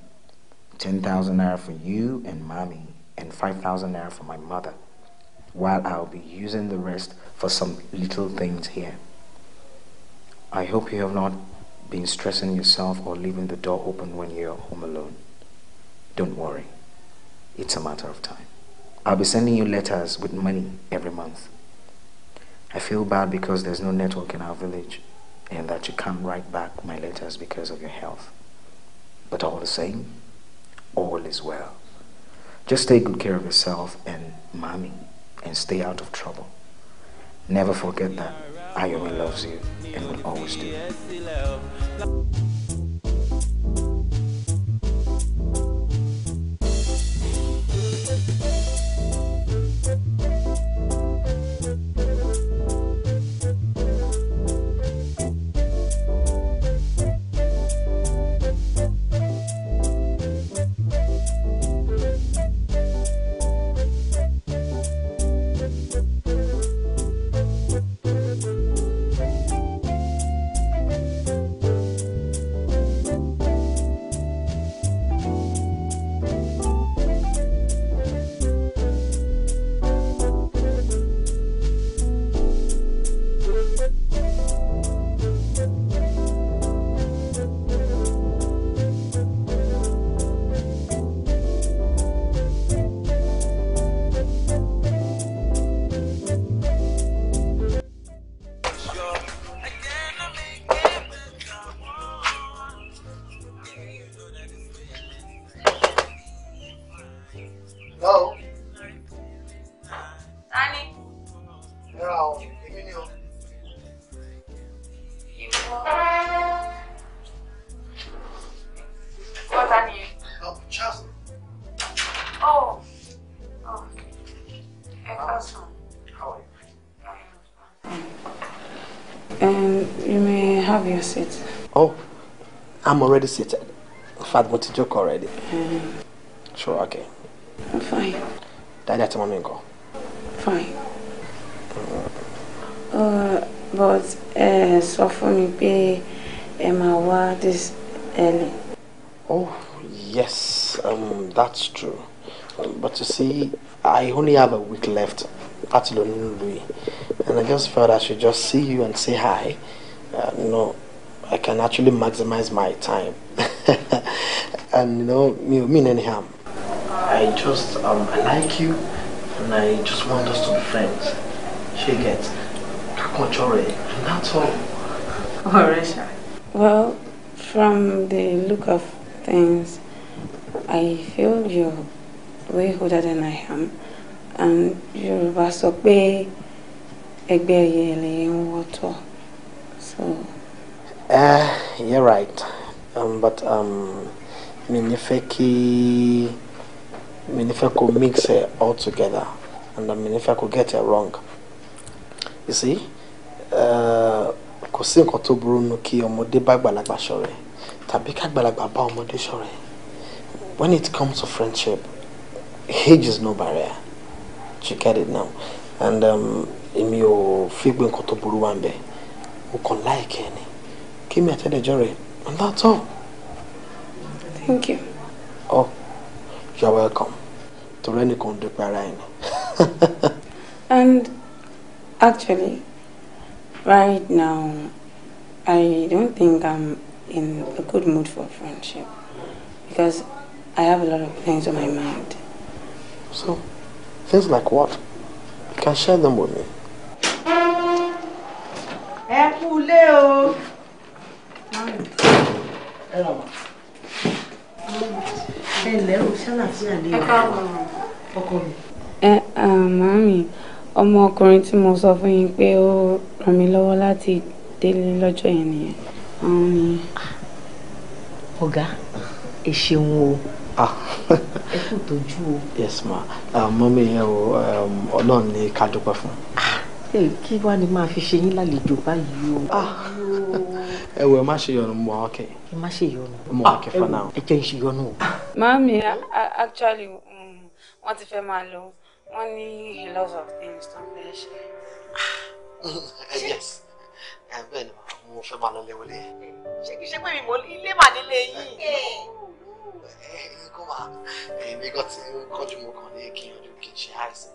10,000 naira for you and mommy and 5,000 naira for my mother. While I'll be using the rest for some little things here. I hope you have not been stressing yourself or leaving the door open when you're home alone. Don't worry. It's a matter of time. I'll be sending you letters with money every month. I feel bad because there's no network in our village and that you can't write back my letters because of your health. But all the same, all is well. Just take good care of yourself and mommy and stay out of trouble. Never forget that Ayomi loves you and will always do. I'm already seated. In fact, mo ti jókòó already. Mm. Sure, okay. I'm fine. Daddy àti mommy ńkọ́? Fine. Uh, but ẹ eh, sọ fún mi pé ẹ máa this early. Oh, yes, um, that's true. Um, but you see, I only have a week left at Lolulu, and I just felt I should just see you and say hi. Uh, you know, I can actually maximize my time. [laughs] and you know, me mean any harm. I just um, I like you and I just want us to be friends. She gets Kakonchore, and that's all. [laughs] Alright, Well, from the look of things, I feel you're way older than I am. And you're so pe egbe eye leye n water, so Uh, you're right. Um, but um, mi ní fẹ́ kí mi ní fẹ́ kó mix it all together and I mean if I could get it wrong. You see, eh, kò sí nǹkan tó burú nu kí ọmọdé bá àgbàlagbà ṣọ̀rẹ́ tàbí kágbàlagbà bá ọmọdé ṣọ̀rẹ́. When it comes to friendship, age is no barrier. You get it now. And um, èmi ò fi gbé nǹkan tó burú wá ń bẹ̀. Mo kàn láìkẹ́ me kémi àtẹ́lẹ̀jọ́ jury, and that's all. thank you. oh you're welcome To any ń dúpẹ́ ara [laughs] and actually right now I don't think I'm in a good mood for friendship because I have a lot of things on my mind. So, things like what? You can share them with me ẹ rà wá. ẹ ǹlẹ́ o ṣàlàfíà ni ọkọ mi. ẹ màámi ọmọ ọkùnrin tí mo sọ fún yín pé ó ràn mí lọ́wọ́ láti délé lọ́jọ́ yẹn nìyẹn àwọn ni. ọ̀gá ẹ ṣeun o ẹ kò tójú o. yes ma mọ́mí ẹ o um, ọlọ́run ní ká dúpẹ́ fún un kí wá ni máa fi ṣe yín lálejò báyìí o. Ah. ẹ wọ ẹ má ṣe yọnu mọ ọkẹ. ẹ má ṣe yọnu. mọ ọkẹ fana. ẹ jẹ́ ìṣe yọnu o. màámi actually um, wọ́n ti fẹ́ máa lọ wọ́n ní a lot of things tó ń fẹ́ ṣe. Ah. [laughs] yes bẹ́ẹ̀ ni mo fẹ́ máa lọ léwọlé. ṣé kí ṣe pé mi mọ ilé mà nílé yìí kó wà èmi kan ti kọjú mo kàn ní kí n yọjú kí n ṣe àìsàn.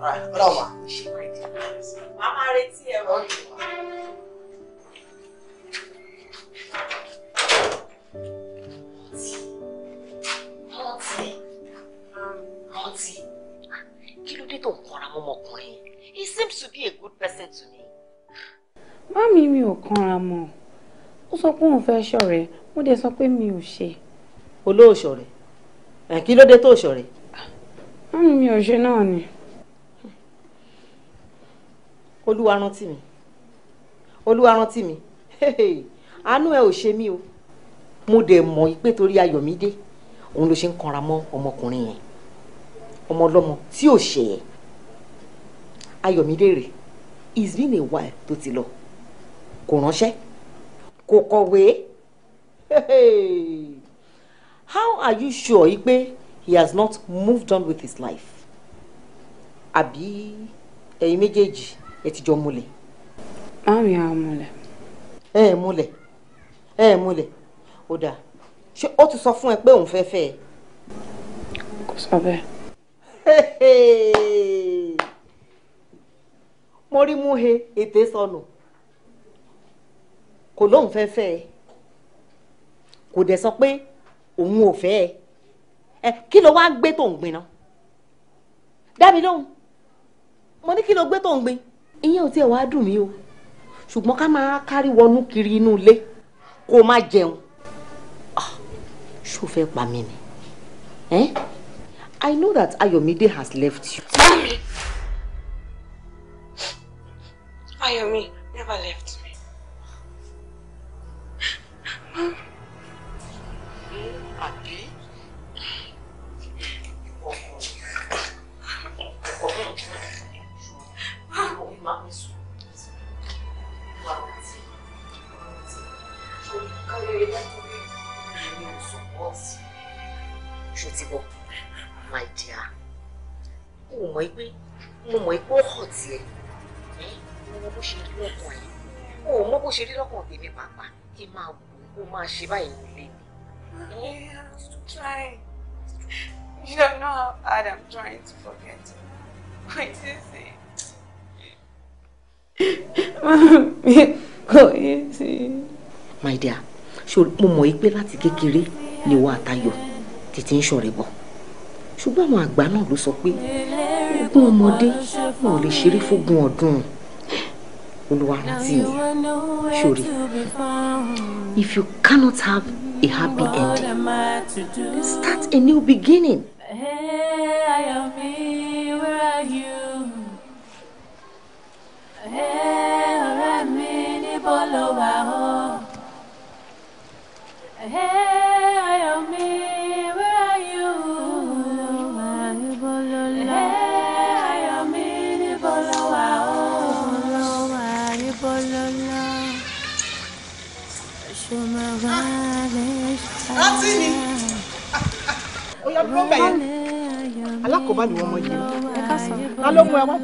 ọlọ́run ma. màá máa retí ẹ wọ́n. rántí kí ló dé tó ń kanra mọ́ ọmọkùnrin yẹn he seems to be a good person to me. mami mi ò kanra mọ́ ó sọ pé òun fẹ́ ṣọ̀rẹ́ mo dẹ̀ sọ pé mi ò ṣe. olóòṣọ̀rẹ́ kí ló dé tó ṣọ̀rẹ́. mami mi ò ṣe náà ni olúwa rántí mi olúwa rántí mi àánú ẹ ò ṣe mí o mo dẹ̀ mọ̀ pé torí ayọ̀mídé òun ló ṣe ń kanra mọ́ ọmọkùnrin yẹn ọmọ ọlọ́mọ tí ò ṣe ẹ̀ ayọ̀mídé rè it's been a while tó ti lọ kò ránṣẹ́ kò kọ̀wé how are you sure yìí pé he has not moved on with his life àbí ẹ̀yin méjèèjì ẹ ti jọ múlẹ̀. mami àwọn múlẹ̀. ẹ ẹ múlẹ̀ ẹ ẹ múlẹ̀ ó dáa ṣé ó ti sọ fún ẹ pé òun fẹ́ fẹ́ ẹ. kò sọ bẹ́ẹ̀. mo rí múhe ètè sọnù kò lóun fẹ́ fẹ́ ẹ kò dẹ̀ sọ pé òun ò fẹ́ ẹ ẹ kí ló wá gbé tó ń gbin náà dá mi lóhùn mo ní kí ló gbé tó ń gbin ìyẹn ò tiẹ̀ wá dùn mí o ṣùgbọ́n ká máa kárí wọnú kiri inú ilé kó o má jẹun ah, ṣó fẹ́ pa mí ni eh? I know that Ayomide has left you. Ayomi never left. ṣe rí lọ́kàn tèmi pàápàá kí n máa wò ó máa ṣe báyìí nílé mi. You don't know how hard I'm trying to forget. What is it? Mami, kò yé sí. My dear, ṣo mo mọ̀ yí pé láti kékeré ni wọ́n àtayọ̀ tètè ń ṣọ̀rẹ́ bọ̀. Ṣùgbọ́n àwọn àgbà náà ló sọ pé ogún ọmọdé wọn ò lè ṣeré fógún ọdún olúwa rántí mi ṣòrí if you cannot have a happy ending start a new beginning. Hey, Hey, ọ̀rẹ́ mi níbo ọtí ni ó yá dúró bẹ̀yẹn ni wọ́n mọ yìí ta ló mú ẹ wá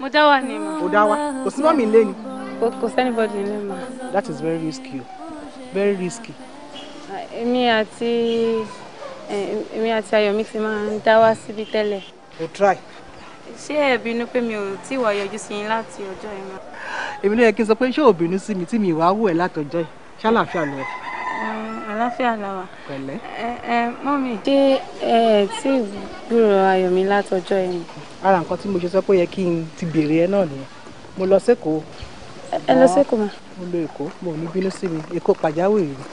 mo dá wà ní ma. dá wa kò sí mọ́mì ilé ni. kò sí anybody ilé ma. that is very risky o very risky. èmi àti èmi àti ayọ̀mí ti máa ń dá wá síbi tẹ́lẹ̀. o try ṣé ẹ bínú pé mi ò tí wàá yọjú sí yín láti ọjọ́ yìí mọ́. èmi ló yẹ kí n sọ pé ṣé ò bínú sí mi tí mi ìwà wò ẹ látọjọ́ yìí ṣàlàáfíà lọ àlàáfíà la wà. pẹ̀lẹ́. ẹ ẹ mọ́mì ṣé ẹ ẹ tí gbúrò ayọ̀ mi látọjọ́ ẹ̀ ni. ara nǹkan tí mo ṣe sọ pé ó yẹ kí n ti béèrè ẹ náà nìyẹn mo lọ sẹ́kọ̀ọ́. ẹ lọ sẹ́kọ̀ọ́ ma. mo lọ èkó mo ò ní bínú sí mi èkó pàjáwìrì ni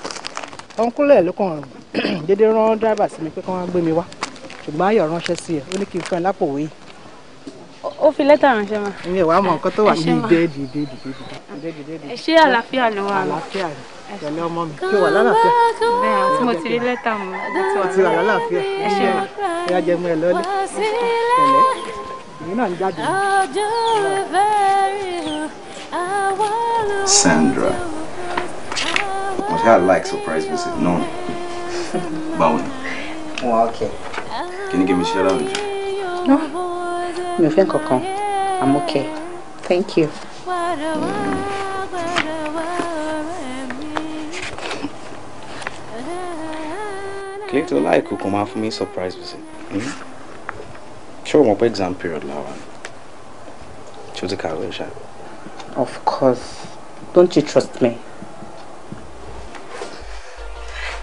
ọ̀nkúnlẹ̀ ló kàn [clears throat] dédé rán dráìvà sí mi pé kí wọ́n gbé mi wá ṣùgbọ́n ayọ̀ ránṣẹ́ sí ẹ ó ní kí n fún ẹ lápò wéyìí ó fi lẹ́tà ránṣẹ́ ma. ìyẹn wàá mọ nǹkan tó wà ní ìdè dìde dìde dìde. ẹ ṣé àlàáfíà ló wà. Sandra mo ṣáà like surprise visit náà báwo ni. wọn á kẹ. kí ni kí mi ṣe lálejò. mi ò I'm okay thank you. Mm. kí like, you come out for me surprise visit ṣé o my exam period now. ṣé o ti kàwé of course don't you trust me.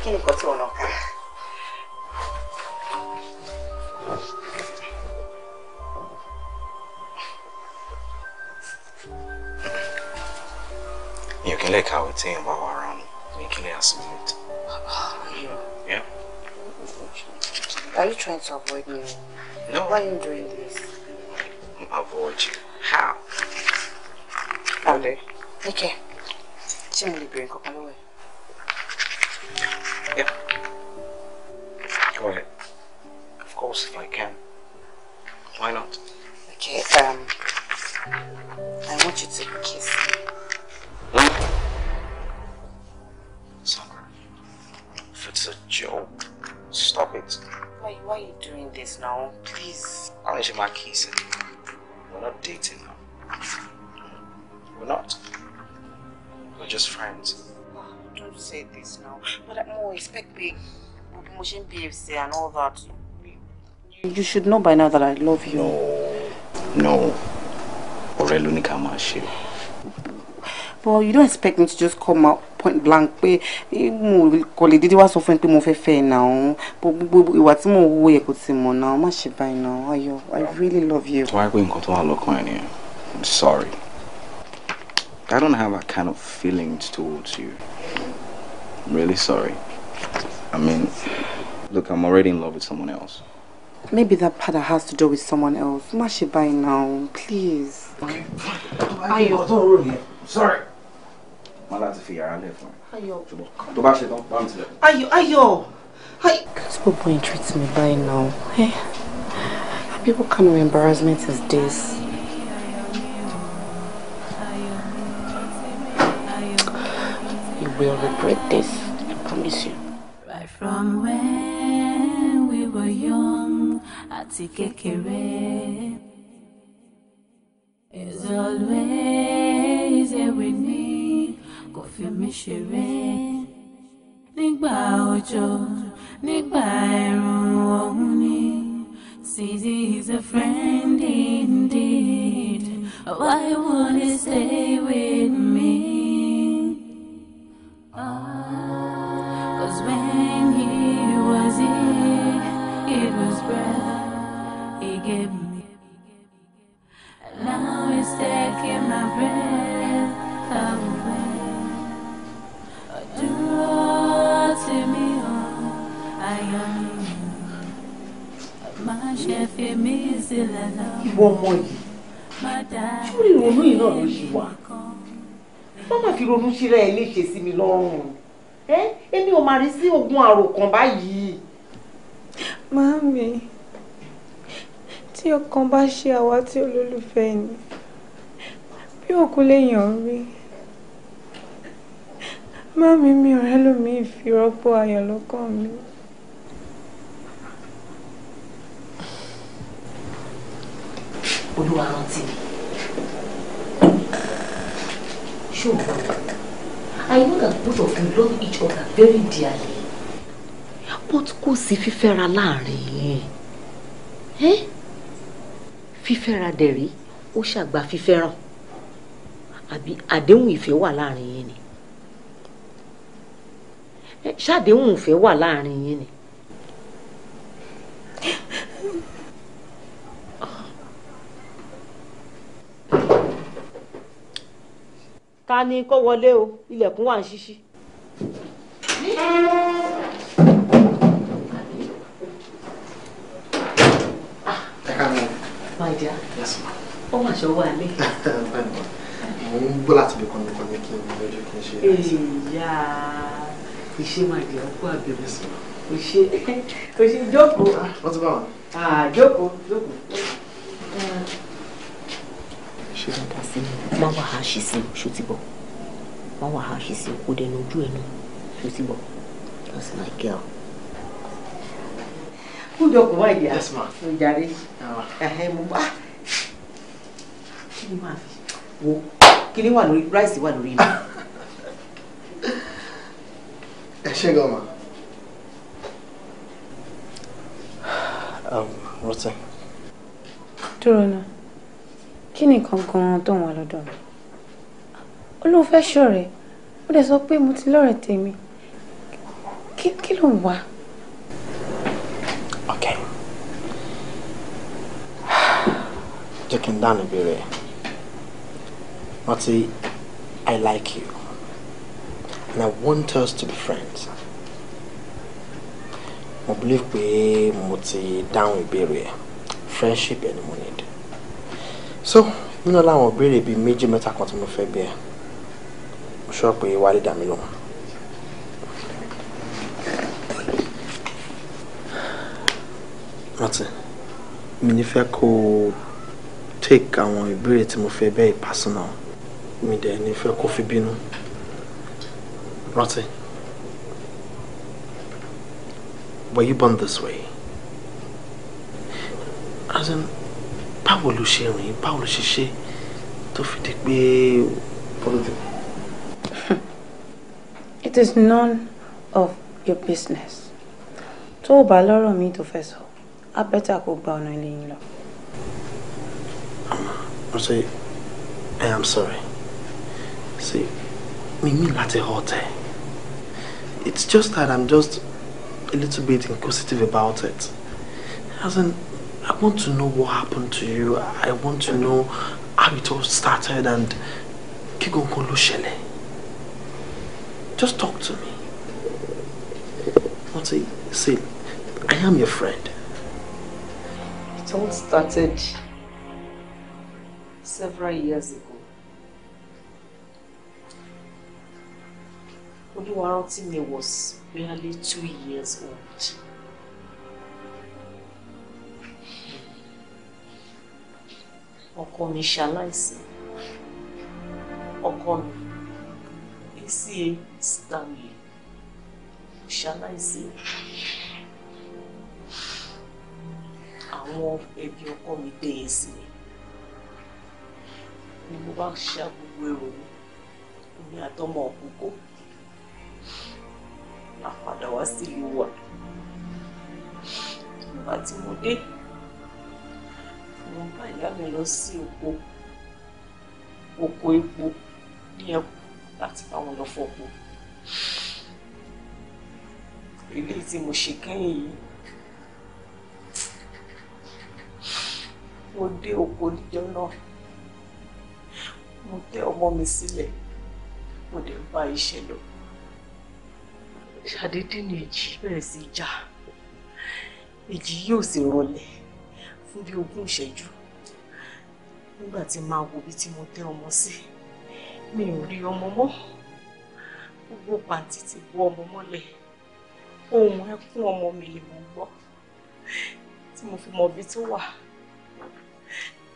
kí ni kò tí ò náà kà. mi ò kí n lè kàwé tí èèyàn bá wà rán mi Are you trying to avoid me? No. Why are you doing this? Avoid you. How? Only. Okay. Jimmy, bring up way. Yeah. Go ahead. Of course, if I can. Why not? Okay, um, ṣe máa kì í we're not dating now we're not we're just friends. Oh, don't say this now but more expect pé mo ṣe ń behave and all that you, you should know by now that I love you. no no ọ̀rẹ́ ló ní but you don't expect me to just come out point blank pé mo kò lè dédé wá sọ fún ẹ pé mo fẹ́ fẹ́ ẹ náà gbogbo ìwà mo wo yẹ kò ti mọ̀ náà má ṣe báyìí náà ayọ̀ i really love you. wáyé pé nǹkan tó wà lọ́kàn ẹ i'm sorry i don't have a kind of feelings towards you i'm really sorry i mean look i'm already in love with someone else. Maybe that part has to do with someone else. Má it by now, please. Okay. Ayọ̀, don't rule Sorry. má láti fi yàrá lẹ̀ fún ayọ̀ tó bá ṣe tán bá mi tilẹ̀. ayọ̀ ayọ̀. This poor boy treats me by now. Eh? Hey? What kind of embarrassment is this? You will regret this, I promise you. Right from when we were young, àti kékeré is always with me kò feel mí ṣeré. nígbà òjò nígbà ẹ̀rùn ọ̀hún ni Sisi a friend indeed why would he stay with me. Ah, Cause when he was here it was breath he gave me. now he's taking my breath away. dúró tèmi o ayọ̀ mi má ṣe fi mí sílẹ̀ náà. ìwọ ọmọ yìí sórí ìrònú yìí náà ló ṣì wà mama fi ronú síra ẹ léṣe sí mi lọ́rùn ẹ èmi ò máa rí sí ogun àròkàn báyìí. Màámi, tí ọkàn bá ṣe àwátì olólùfẹ́ ni, bí òkú lèèyàn rí, Mami mi ò rẹ́lòmíì fi rọ́pò ayọ̀ lọ́kàn mi. Olúwa rántí mi. Sure, I know that both of you love each other very dearly. But kò sí fífẹ́ra láàrin yín. Eh? Fífẹ́ra dẹ̀rí ó ṣàgbà fífẹ́ràn. Àbí àdéhùn ìfẹ́ wà láàrin yín ni ṣàdéhùn ìfẹ́ wà láàrin yín ni. ta ni kó wọlé o ilẹ̀kùn wà ń ṣíṣí. My dear. Yes, ma'am. Ó mà ṣọ́ wà lé. [laughs] Mo ń gbọ́ láti bí kọ́ni kọ́ni kí n lọ́jọ́ kí n ṣe. Èyí yáa iṣẹ́ máa jẹ́ ọkọ àbẹ̀rẹ̀ sí o ṣe o ṣe jókòó. Ah, wọ́n ti bá wọn. Ah, jókòó jókòó. ṣé dáadáa sí i má wà á ṣe sí i ṣó ti bọ̀ má wà á ṣe sí i kó dẹnu ojú ẹ̀ náà ṣó ti bọ̀ that's my girl. kú jókòó wá ìyá mo jàre ah, ẹ̀hẹ́ mo bá kí ni màá fi wo kí ni wà lórí rice wà lórí mi ẹ ṣe gan ma. Um, Rotimi. dúró ná kí ni nǹkan gan-an tó ń wà lọ́dọ̀ mi olóhùn fẹ́ ṣọ̀rẹ́ ó dẹ̀ Que pé mo ti ok jẹ́ kí n dáhùn ìbéèrè ẹ̀ rántí I like you and I want us to be friends. mo believe we mo ti dáhùn ìbéèrè ẹ friendship ẹni money. so you know, ìbéèrè bíi méjì mẹ́ta kan tí mo fẹ́ bí ẹ mo sọ pé wálé dàmí lò wọn. rántí mi ní fẹ́ kó take àwọn ìbéèrè tí mo fẹ́ bẹ́ẹ̀ personal mi dẹ̀ ní fẹ́ kó fi bínú. Rántí. Were you born this way? As in, báwo ló ṣe rìn, báwo ló ṣe ṣe It is none of your business. To o bá lọ́rọ̀ mi tó fẹ́ sọ, á bẹ́tà kó gba ọ̀nà ilé yín lọ. I am sorry. See, mi ní láti họ́ tẹ̀. It's just that I'm just a little bit inquisitive about it. As in, I want to know what happened to you. I want to know how it all started and on Shele. Just talk to me. Mati, see, I am your friend. It all started several years ago. Oluwarotimi was barely two years old. Ọkọ mi ṣaláìsí. Ọkọ mi ACA Stanley ṣaláìsí. Àwọn ẹbí ọkọ mi dẹ̀yẹ e sí mi. Ni mo bá ṣá gbogbo èrò mi, èmi àtọmọ òkúkó àpàdà wá sílùú wa nígbà tí mo dé mo bá ìyá mi lọ sí oko oko epo ní ẹkùn láti bá wọn lọ fọpo eléyìí tí mo ṣe kẹ́yìn yìí mo dé oko níjọ́ náà mo tẹ ọmọ mi sílẹ̀ mo dẹ̀ bá iṣẹ́ lọ ṣàdédé ni èjì bẹ̀rẹ̀ sí í jà èjì yóò sì rọlẹ̀ fún bí ogún ìṣẹ́jú nígbà tí máa wo bí tí mo tẹ ọmọ sí mi ò rí ọmọ mọ́ gbogbo pàǹtí ti wọ ọmọ mọ́lẹ̀ ohun ẹkún ọmọ mi ni mo gbọ́ tí mo fi mọ ibi tó wà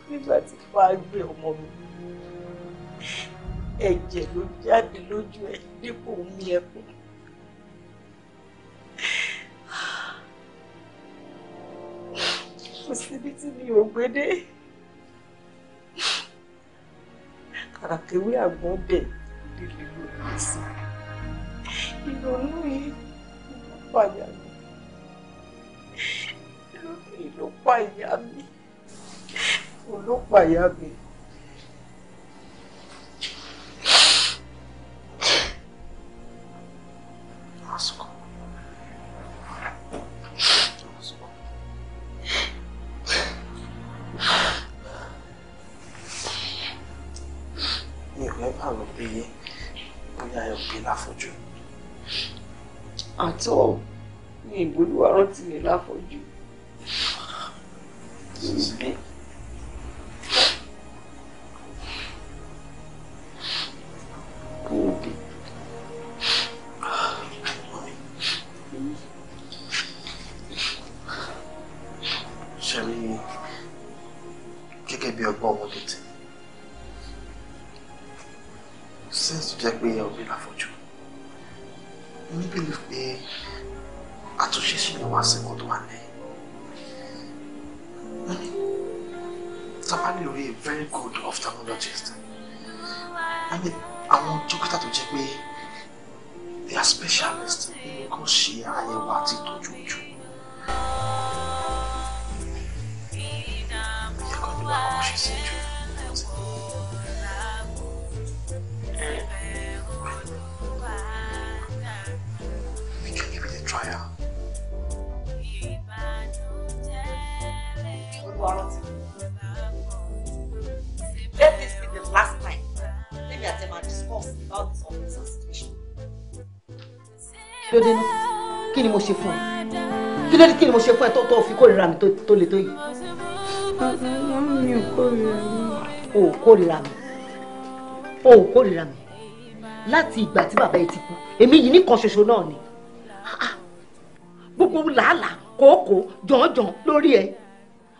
nígbà tí bá gbé ọmọ mi ẹ̀jẹ̀ ló jáde lójú ẹ̀ dípò omi ẹkún kò síbi tí mi ò gbé dé kàkàkéwé àgbọn bẹ̀ lílé lórí sí ìrònú yìí ló pàyà mi ìrònú yìí ló pàyà mi olópàyà mi. ṣe láfọ̀jú. àtọ́ ni ìbolúwa rántí mi láfọ̀jú. ò kórìíra mi láti ìgbà tí bàbá yìí ti kú èmi yìí nìkan ṣoṣo náà ni gbogbo làálàá kòókò jọ̀ọ́jọ̀ọ́ lórí ẹ̀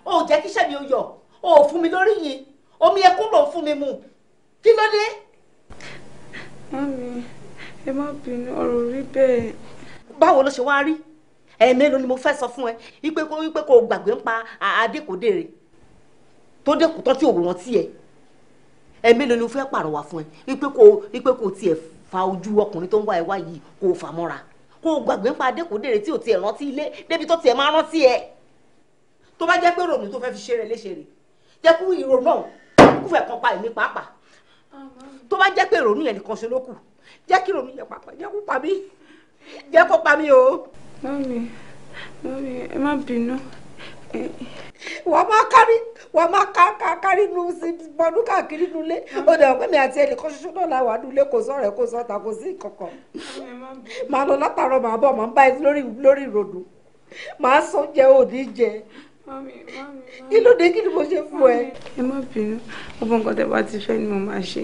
o ò jẹ́ kí iṣẹ́ mi ó yọ o ò fún mi lórí yìí omi ẹkún ló ń fún mi mu kí ló dé. mami ẹ má bínú ọ̀rọ̀ rí bẹ́ẹ̀. báwo ló ṣe wá rí ẹ̀ẹ̀mélòó ni mo fẹ́ sọ fún ẹ wípé kó wípé kó o gbàgbé ń pa adékòdèrè tó dẹ́kun tí òwò rántí ẹ mélòó ni o fẹ́ pàrọwà fún ẹ wípé kò wípé kò tiẹ̀ fa ojú ọkùnrin tó ń wá ẹ wá yìí kò fà mọ́ra kò gbàgbé ń pa adékòdèrè tí ò tiẹ̀ rántí ilé débi tó tiẹ̀ máa rántí ẹ tó bá jẹ́ pé ròmù tó fẹ́ fi ṣe rẹ̀ léṣe rè jẹ́ kú ìrònú ọ̀hún kú fẹ́ kan pa èmi pàápàá tó bá jẹ́ pé ròmù yẹn nìkan ṣe ló kù jẹ́ kí ròmù yẹn pàápàá jẹ́ kó pa mí jẹ́ kó pa mí o. mami mami ẹ má bínú wàá máa kárí wàá máa ká kárí nu bọdún káàkiri nulẹ̀ ó dẹ̀ ọ̀pẹ́ mi àti ẹnì kan ṣoṣo náà láwàá nulẹ̀ kò sọ̀rọ̀ ẹ̀ kò sọ̀tà kò sí kankan màá lọ látàárọ̀ màá bọ̀ màá bá ẹ lórí lórí ìròdù màá sọ jẹ òní jẹ kí ló dé kí ni mo ṣe fún ẹ. ẹ má bínú gbogbo nǹkan tẹ́ bá ti fẹ́ ni mo máa ṣe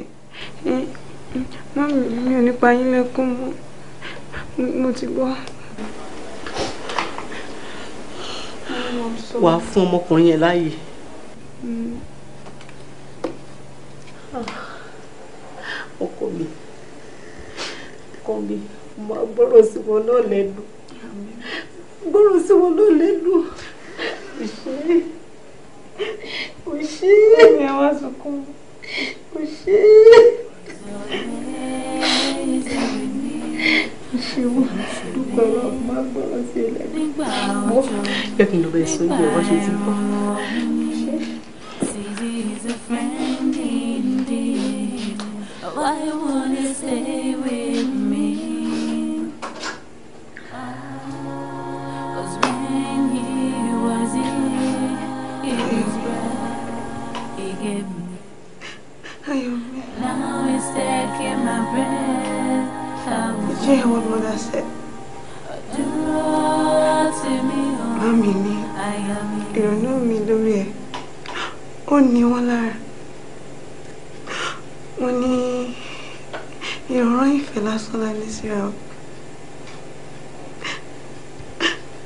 mọ́mí mi ò nípa yín lẹ́kún mọ́ mo ti gbọ́. wà á fún ọmọkùnrin yẹn láàyè. Ah, ọkọ mi ọkọ mi máa gbọ́rọ̀ sí wọn náà lẹ́nu gbọ́rọ̀ sí wọn náà lẹ́nu kò ṣe é kò ṣe é. ṣeun dúpẹ́ ọlọ́run stay with Yeah, what mother said. Mami ni ìrònú mi lórí ẹ̀, ó ní wọ́n lára. Mo ní ìrọ̀rán ìfẹ́ lásán lálẹ́ síra o.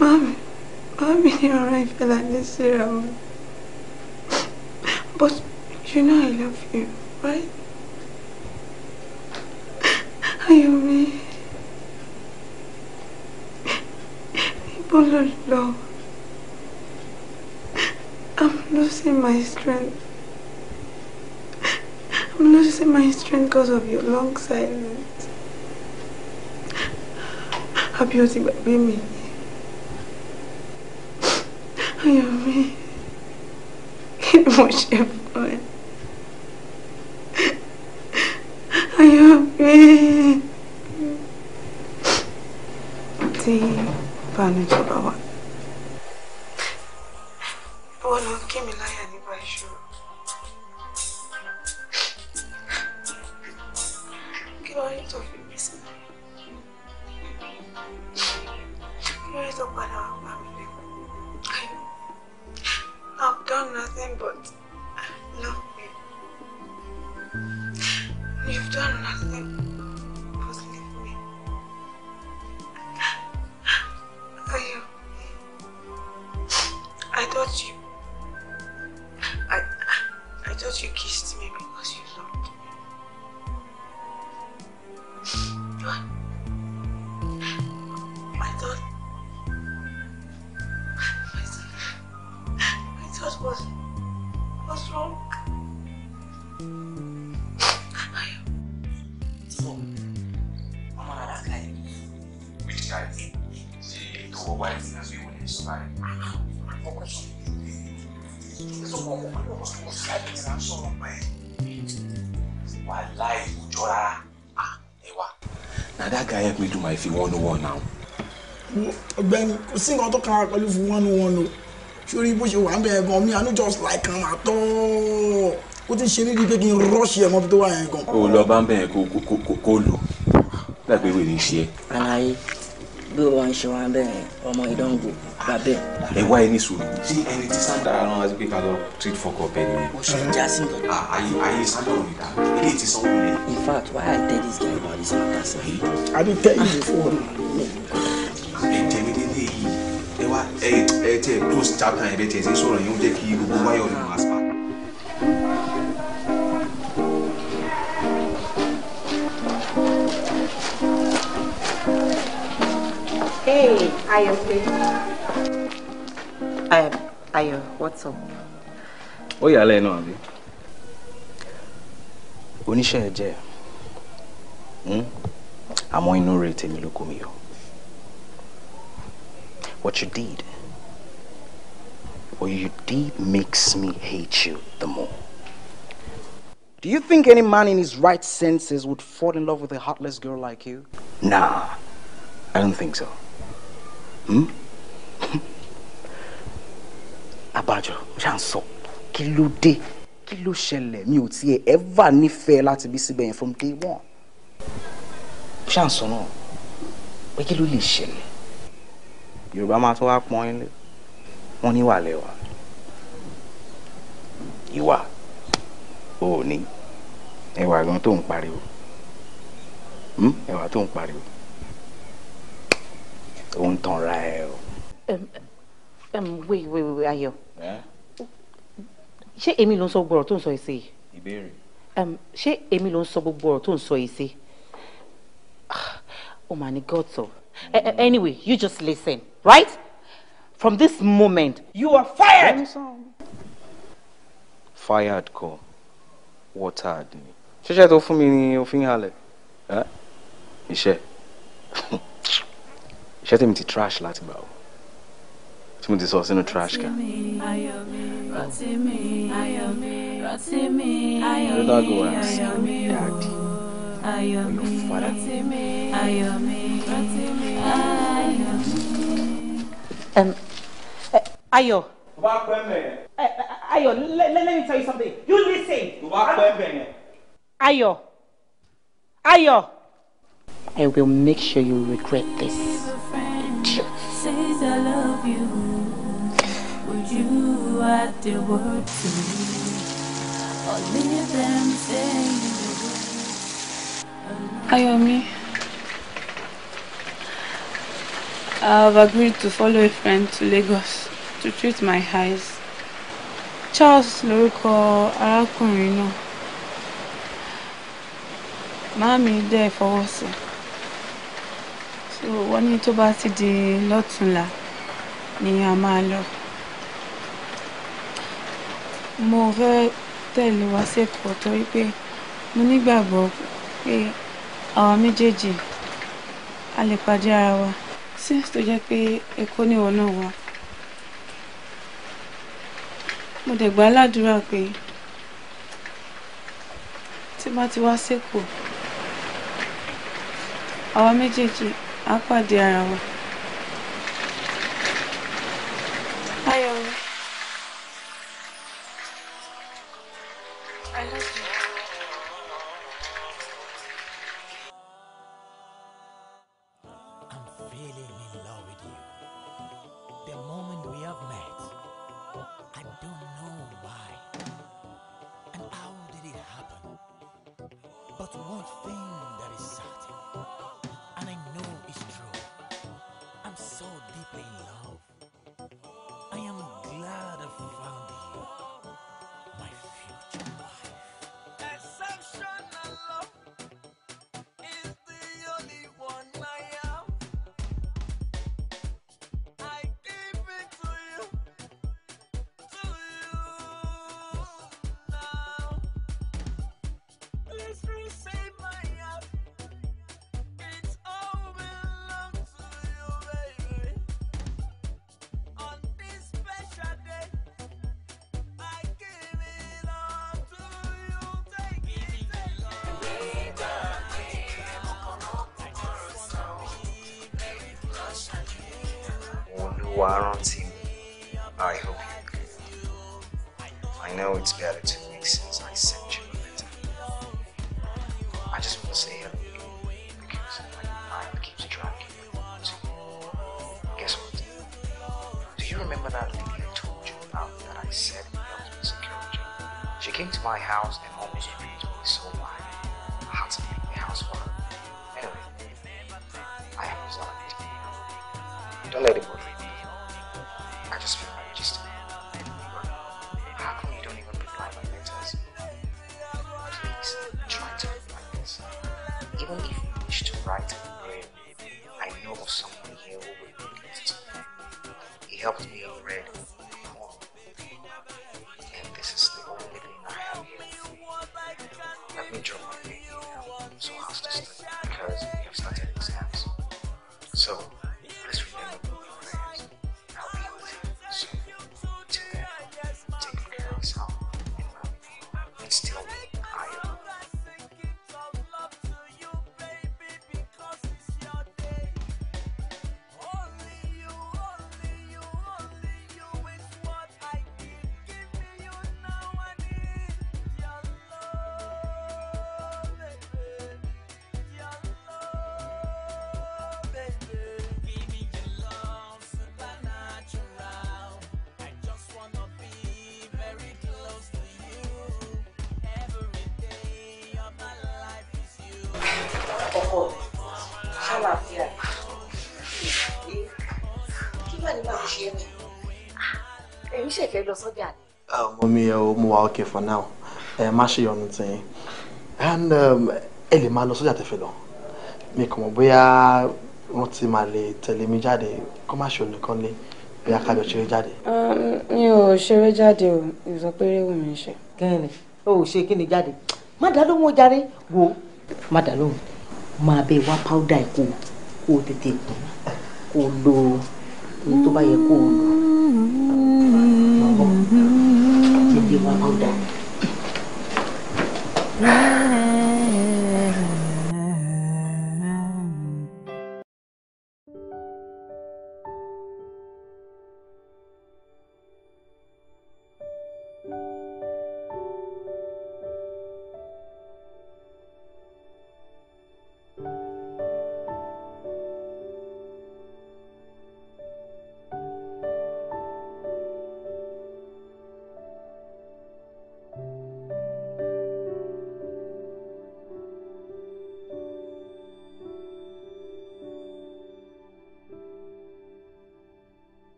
Mami, mami ní ìrọ̀rán ìfẹ́ lálẹ́ síra o. But you know I love you, right? out love. I'm losing my strength. I'm losing my strength because of your long silence. Àbí o ti gbàgbé mi. Ayọ̀ mi. Kí ni ṣàánú ìjọba wá pẹ̀lú fún one one o sórí bó ṣe wà ń bẹ̀ gan mi àánú just like am àtọ́ ó ti ṣe nídìí pé kí n rọ́ọ̀ṣì ẹ̀ mọ́ bí tó wà yẹn gan. o lọ bá ń bẹ̀ kó kó lò láìpẹ́ ìwé ní ṣe alaye bí o wá ń ṣe wá bẹ́ẹ̀ ọmọ ìdánwò lábẹ́. ẹ wá ẹni sùn. ṣé ẹni tí sandra rán wá sí pé ká treat for cup ẹni yẹn. oṣù ìjà sí nǹkan. ayé ayé sandra ò ní ta ilé ti sanwó lẹ. in fact why i tell this guy about this matter sef. i dey tell you before. ẹ tiẹ̀ close chapter yẹn bẹ́ẹ̀ tiẹ̀ ṣe sọ̀rọ̀ yẹn ó jẹ́ kí gbogbo wáyọ̀ ní wàásù. Hey, Ayo, please. Ayo, what's up? Ó yà lẹ́nu àbí? Oníṣẹ́ ẹ jẹ́ hmm? àmọ́ inú rẹ̀ tèmi ló kó mi yọ. What you did or you did makes me hate you the more. Do you think any man in his right senses would fall in love with a heartless girl like you? Nah, I don't think so. Hmm? [laughs] Abájọ, ṣá ń sọ, kí ló dé? Mi utiye tiẹ̀ ni nífẹ̀ẹ́ láti bí síbẹ̀ from day one. Ṣá no, sọ náà, pé kí ló lè ṣẹlẹ̀? Yorùbá máa tó wá wọ́n níwà lẹ́wà ìwà ò ẹwà gan tó ń pariwo hmm? ẹwà tó ń pariwo ó ń tan ra ẹ o. wait wait wait Ayọ̀ ṣé èmi ló ń sọ gbogbo ọ̀rọ̀ tó ń sọ yìí sí. ìbéèrè. ṣé èmi ló ń sọ gbogbo ọ̀rọ̀ tó ń sọ yìí sí. Ah, ó mà ní hmm. anyway you just listen right. From this moment, you are fired. Fired kọ́, watered ni. Ṣíṣẹ́ tó fún mi ni o fi ń halẹ̀. Iṣẹ́ iṣẹ́ tèmi ti trash láti gbà o. Tí mo ti sọ sínú trash kan. You're not going to ask me, Daddy. Your father. Um, Uh, Ayo. Uh, Ayo, let, let, me tell you something. You listen. Ayo. Ayo. I will make sure you regret this. Idiot. Says I love you. Would you add the word to me? Or leave them saying me. I have agreed to follow a friend to Lagos to treat my eyes. Charles lorúkọ arákùnrin náà. Màámi dẹ́ fọwọ́ sí. So wọ́n ní tó bá ti di lọ́túnla ni a máa lọ. Mo fẹ́ tẹ̀lé wa sẹ́kọ̀ọ́ torí pé mo nígbàgbọ́ pé àwa méjèèjì a lè pàdé ara wa since tó jẹ́ pé Èkó ni ìwọ náà wà mo dẹ̀ gbà ládùúrà pé tí bá ti wá sẹ́kọ̀ọ́ àwa méjèèjì á pàdé ara wa. ó wa okay for now ẹ eh, má ṣe yọnu tìyín and um, ẹ lè máa lọ sójà tẹfẹ lọ mi kàn mọ̀ bóyá wọ́n ti máa lè tẹ̀lé mi jáde kó má ṣe onìkan lé bóyá ká lọ ṣeré jáde. Um, mi ò ṣeré jáde o ìsọpẹ́rẹ́ wù mí ṣe. kẹ́hìnrín o ò ṣe kí ni jáde má dá lóhùn ó jàre wo má dá lóhùn máa bẹ wá powder kó o tètè kó o lo ohun tó bá yẹ kó o lò. my own dad.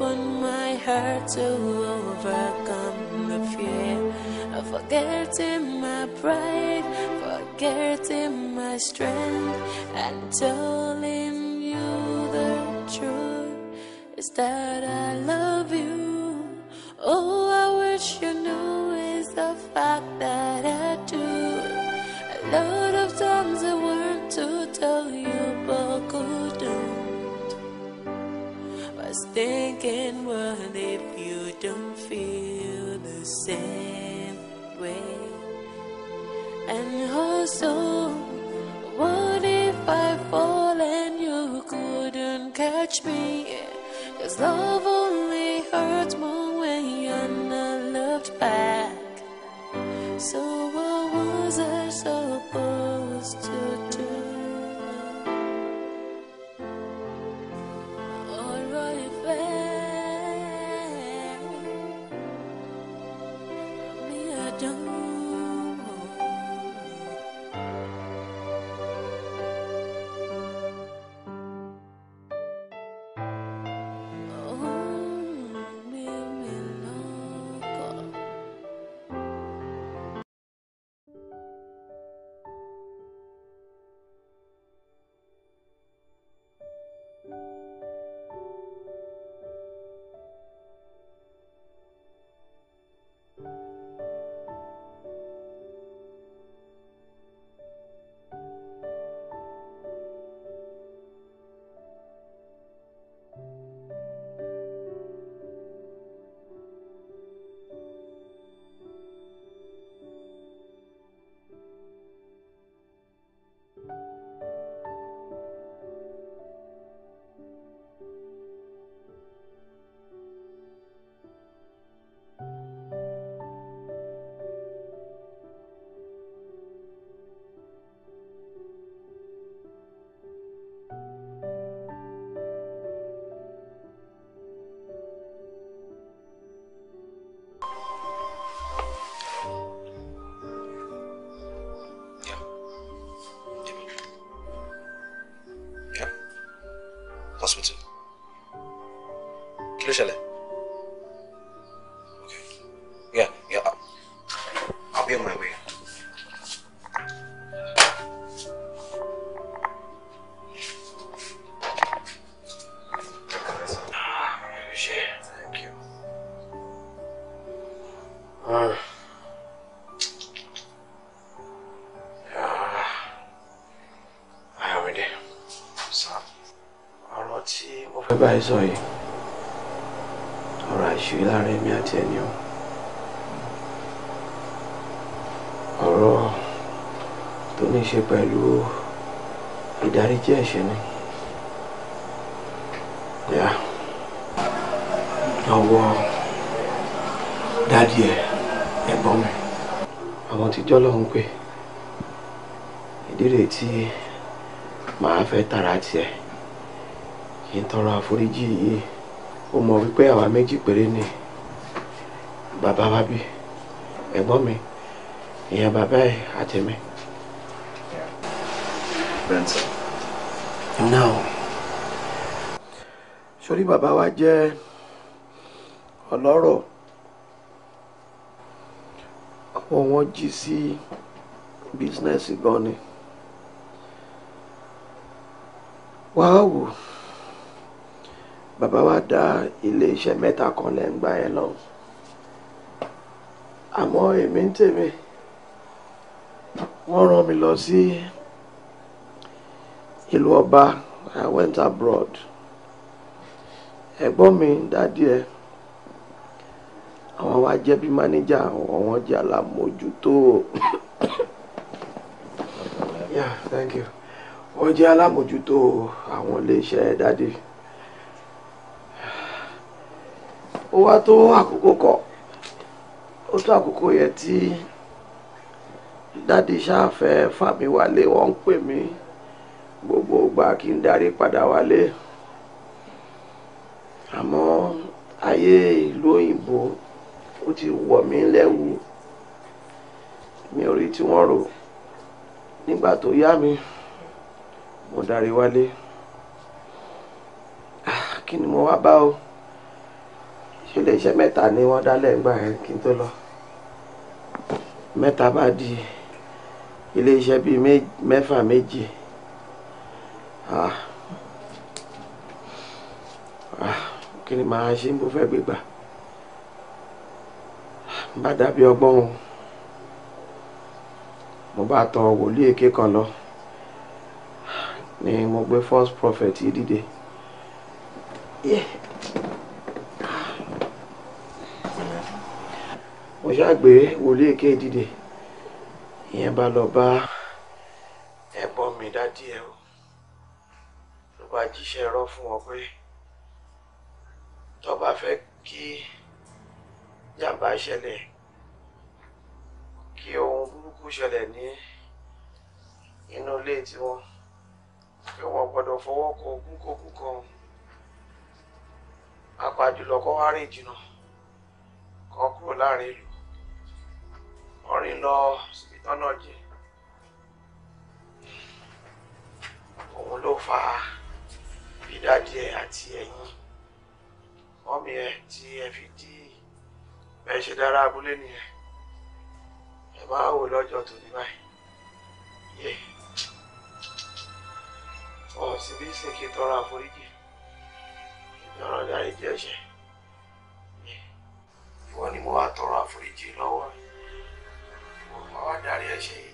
open my heart to overcome the fear of forgetting my pride, forgetting my strength, and telling you the truth is that I love you. Oh, I wish you knew is the fact that I do. A lot of times I want to tell you, but good thinking, what if you don't feel the same way? And also, what if I fall and you couldn't catch me? Cause love only hurts more when you're not loved back. So, what was I supposed to do? ṣe ni. Yeah. Ọwọ́ dádì ẹ̀ ẹ̀gbọ́n mi. Àwọn tíjọ́ lọ́hún pé ìdí rèé tí màá fẹ́ tara tiẹ̀ kí n tọrọ àforíjì yìí ó mọ wípé àwa méjì péré ni bàbá wa bí ẹ̀gbọ́n mi ìyẹn bàbá ẹ̀ àtẹ̀mí. Benson ná o sórí bàbá wa jẹ́ ọlọ́rọ̀ ọwọ́ wọn jí sí bísínẹ́sì gan ni wàá wò bàbá wa dá iléeṣẹ́ mẹ́ta kan lẹ́ngbà yẹn lọ àmọ́ èmi ń tèmi wọ́n rán mi lọ sí. Si ọba I went abroad ẹ̀gbọ́n mi dádì ẹ̀ àwọn wa jẹ́ bí manager, àwọn jẹ́ alámòjútó yeah thank you wọ́n jẹ́ alámòjútó àwọn iléeṣẹ́ dádì ó wá tó àkókò kọ ó tó àkókò yẹn tí dádì ṣáà fẹ́ fà wálé wọ́n ń pè mí gbogbo gbà kí n darí padà wálé àmọ́ ayé ìlú òyìnbó ó ti wọ̀ mí lẹ́wù mi ò rí tí wọ́n rò nígbà tó yá mi mo darí wálé ah, kí ni mo wá bá o ṣe lè ṣe mẹ́ta ni wọ́n dálẹ̀ ńgbà yẹn kí n tó lọ mẹ́ta bá di ilé iṣẹ́ bíi mẹ́fà méje. Ah. Ah, kí ni màá ṣe mo fẹ́ gbégbà bá dàbí ọgbọ́n o mo bá tọ wòlíì èké kan lọ ni mo gbé false prophet yìí dìde. mo ṣàgbé wòlíì èké dìde ìyẹn bá lọ bá ẹ̀gbọ́n mi dádì ẹ̀ wá jíṣẹ́ irọ́ fún wọn pé tó bá fẹ́ kí jàǹbá ṣẹlẹ̀ kí ohun burúkú ṣẹlẹ̀ ní inú ilé tiwọn pé wọn gbọ́dọ̀ fọwọ́ kọ ogúnkógún kan apàjùlọ kọ́ wá rìn jìnnà kọ́ kúrò láàrin ìlú wọ́n lọ síbi tọ́nà jìn òun ló fà á dáàdì ẹ àti ẹ̀yin mọ́mí ẹ tí ẹ fi dí bẹ́ẹ̀ ṣe dára abúlé nìyẹn ẹ máa wò lọ́jọ́ tòní báyìí yé ọ̀ sí bí sèké tọrọ àforíjì ìdọ̀rọ̀ dárí jẹ́ ẹ̀ṣẹ̀ ìwọ ni mo wá tọrọ àforíjì lọ́wọ́ ìwọ máa wá dárí ẹ̀ṣẹ̀ yìí.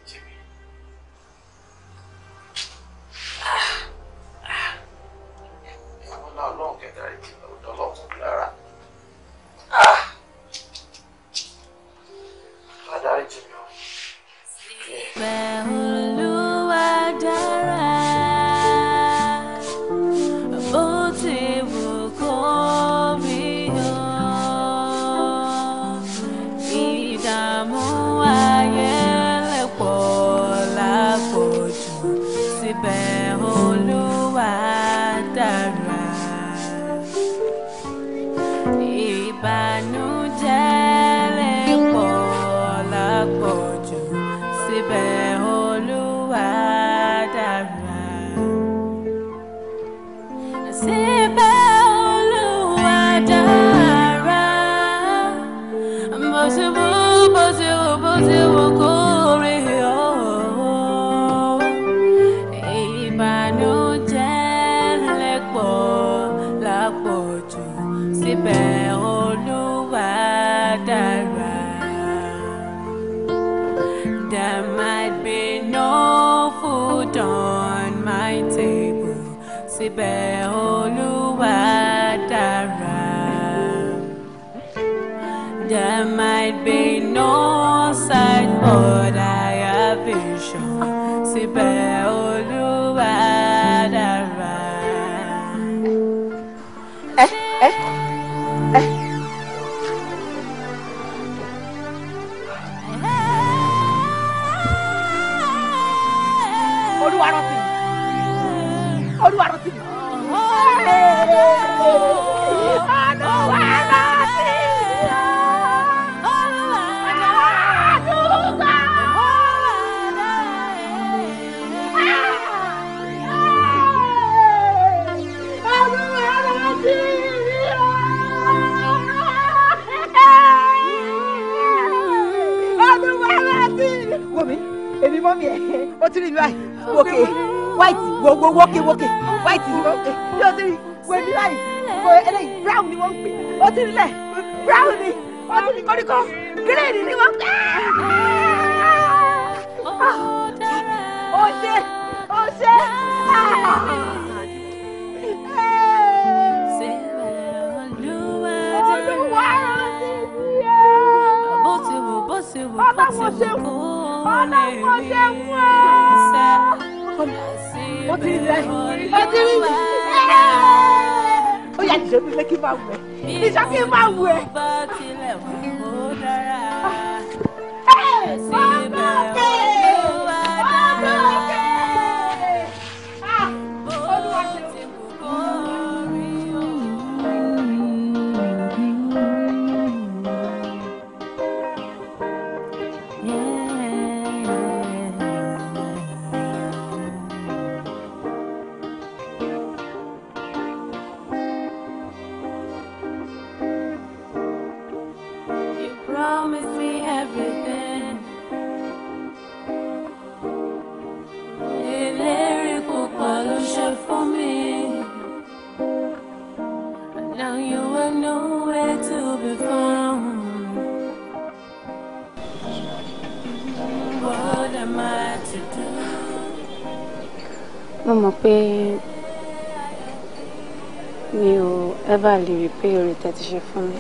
never lè repay oore tẹ́ ti ṣe fún mi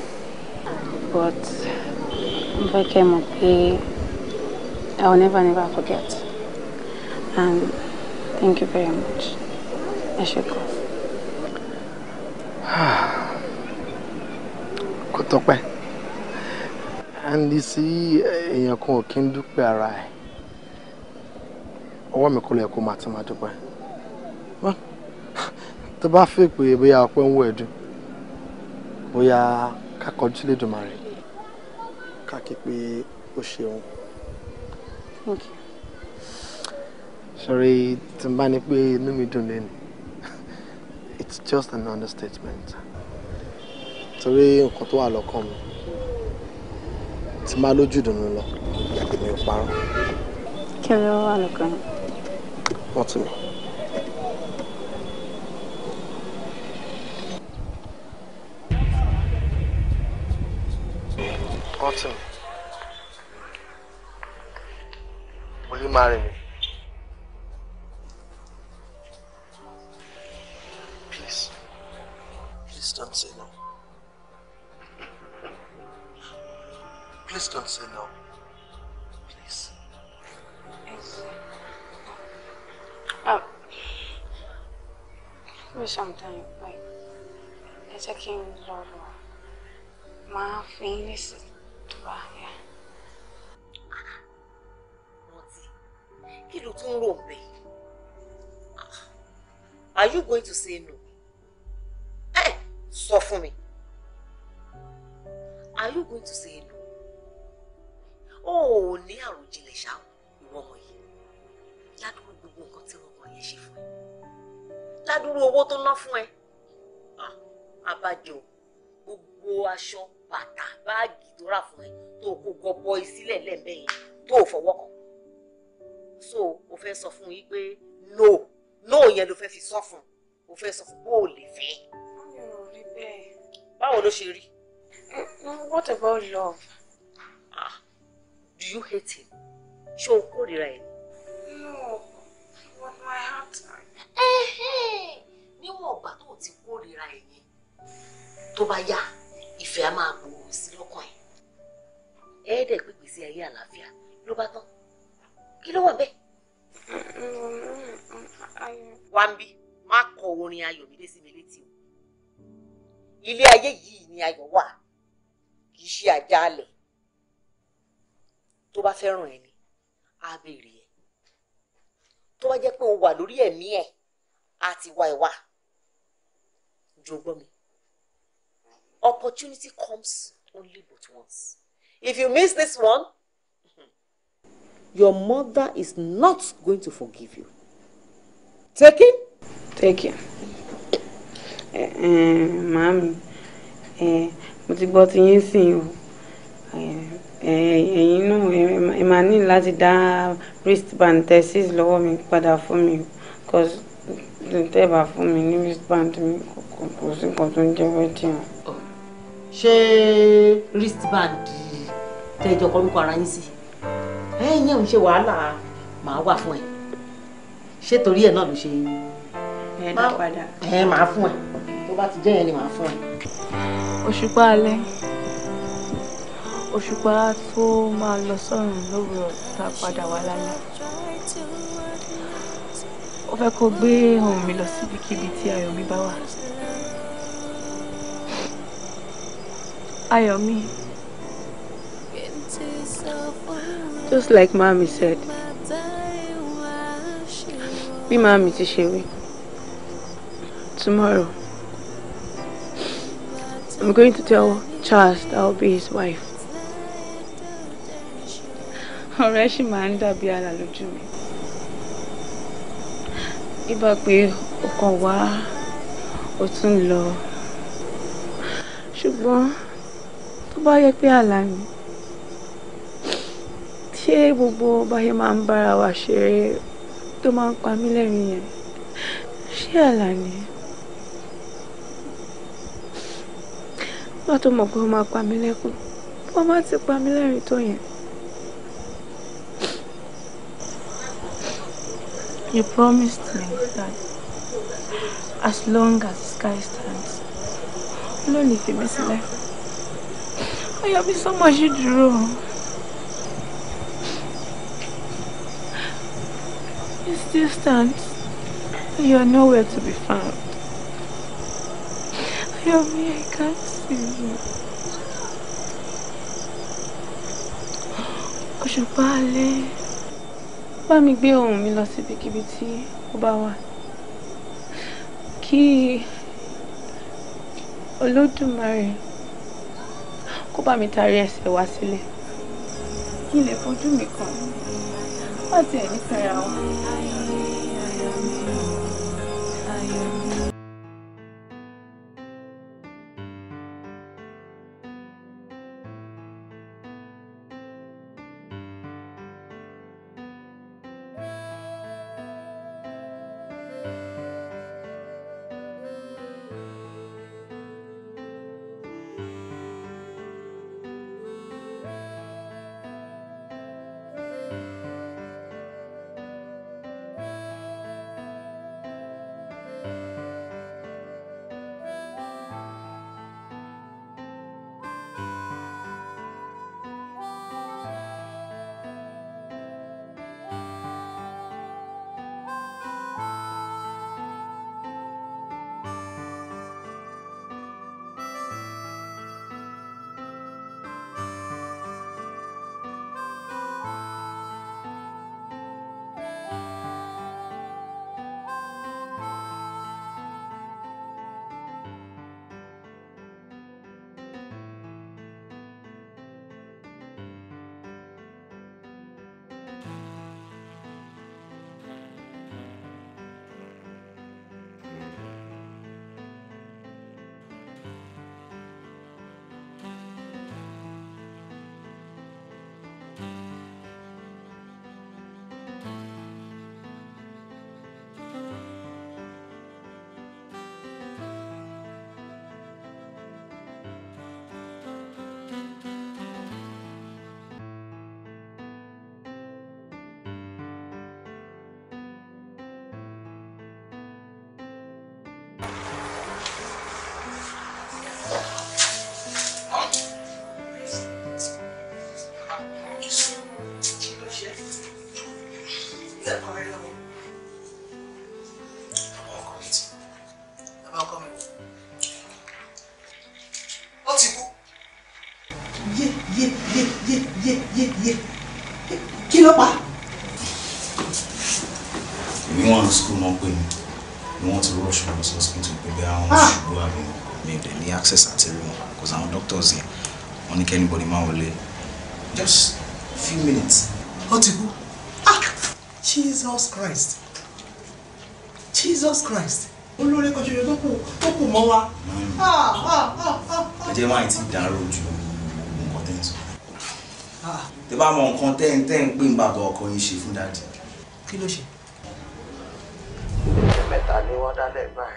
but mo fẹ́ kẹ́ mọ̀ pé I will never never forget and thank you very much ẹ ṣe kọ́. [sighs] kò tọ́pẹ́ ẹni sí èèyàn kan ò kí ń dúpẹ́ ara ẹ̀ ọwọ́ mi kò lè kó máa ti máa dúpẹ́ tó bá fẹ́ bóyá ọpẹ́ ń wọ ẹ̀dùn bóyá ká kọjú sílé Èdùmàrè ká pé ó ṣeun. sọ̀rọ̀ tí n bá ní pé inú mi dùn lẹ́nu it's just an understatement torí nǹkan tó wà lọ́kàn mi ti máa lójú dùnú lọ mi ò parọ́. kí ló wà lọ́kàn? wọ́n ti mọ̀. me sometime pẹ́ ẹ jẹ́ kí n lọ́rọ̀ máa fi ń lèsì tó bá are you going to say no? Eh? sọ fún mi are you going to say no? Oh, ò ní àròjinlẹ̀ ṣáà ìwọ ọmọ yìí ládùúgbò gbogbo nǹkan tí wọn kàn ládùúrú owó tó ná fún ẹ ah, abájọ gbogbo aṣọ bàtà báàgì tó rà fún ẹ tó kó gọbọi sílẹ̀ lẹ́ẹ̀mẹ́yìn tó fọwọ́ kàn so o fẹ́ sọ fún yín pé no no yẹn ló fẹ́ fi sọ fún o fẹ́ sọ fún bó o lè fẹ́. báwo ló ṣe rí. Mm, mm, what about love. ah do you hate him ṣé o kórìíra ẹ. no but my heart hurts. [laughs] níwọ̀n ọ̀gbà tó ti kórìíra ẹ̀yìn tó bá yá ìfẹ́ á máa gbòòrò sí lọ́kàn ẹ̀ ẹ̀ẹ́dẹ̀ pèpè sí ayé àlàáfíà ló bá tán kí ló wà bẹ́ẹ̀. wambi má kọ orin ayọ̀ mi lésì mi létí o ilé ayé yìí ni ayọ̀ wà kì í ṣe àjálẹ̀ tó bá fẹ́ràn ẹni á béèrè ẹ̀ tó bá jẹ́ pé o wà lórí ẹ̀mí ẹ̀ àti ìwà ìwà jò opportunity comes only but once if you miss this one [laughs] your mother is not going to forgive you take it. take it. Eh, eh, màámi eh, mo ti gbọ́ ti yín sìn o ẹ̀yin náà ẹ máa ní láti dá wristband thirty lọ́wọ́ mi padà fún mi cause tẹ́ bá fún mi ní wristband mi kò sí nǹkan tó ń jẹ́ wedding. ṣé wristband tẹ́jọ kọ́rúkọ ara yín sí ẹ̀yìn ẹ̀ ń ṣe wàhálà màá wà fún ẹ ṣé torí ẹ̀ náà ló ṣe ẹ dá padà ẹ màá fún ẹ tó bá ti jẹ́ yẹn ni màá fún ẹ. òṣùpá alẹ́ òṣùpá tó máa lọ sọ́run lówùrọ̀ tá a padà wá lálẹ́ ó fẹ́ kó gbé ohùn mi lọ síbikíbi tí ayọ̀ mi bá wà. ayọ̀ just like mami said bí mami ti ṣe wí tomorrow I'm going to tell Charles that I'll be his wife. ọ̀rẹ́ ṣì máa ń dàbí ara lójú mi ibà pé ó kàn wá ó tún ń lọ ṣùgbọ́n tó bá yẹ pé àlá ni ṣé gbogbo báyé máa ń bára wa ṣeré tó máa ń pa mí lẹ́rìn yẹn ṣé àlá ni wọ́n tó mọ̀ pé ó máa pa mí lẹ́kùn wọ́n má ti pa mí lẹ́rìn tó yẹn. You promised me that as long as the sky stands, lónìí fi mí sílẹ̀. Ọyọ been so much dúró. You still stand. You are nowhere to be found. Ọyọ mi, I can't see you. Òṣùpá alẹ́ bá mi gbé ohùn mi lọ síbikíbi tí ó bá wà kí olódùmarè kó bá mi tarí ẹsẹ̀ wá sílẹ̀ kí lè fojú mi kàn láti ẹ̀ nífẹ̀ẹ́ ra wọn. anybody máa wọlé just few minutes ó ti kú ah Jesus Christ Jesus Christ olórí kan ṣoṣo tó kù tó kù mọ́ wa. Ah, ah, ah, ẹ jẹ́ máa ti dàrú ju nǹkan tẹ́ ń sọ. tẹ bá mọ nǹkan tẹ́ ń tẹ́ ń pè ń bàbá ọkọ yín ṣe fún dáàdì. kí ló ṣe. ẹ̀mẹ̀ta ni wọ́n dálẹ̀ báyìí.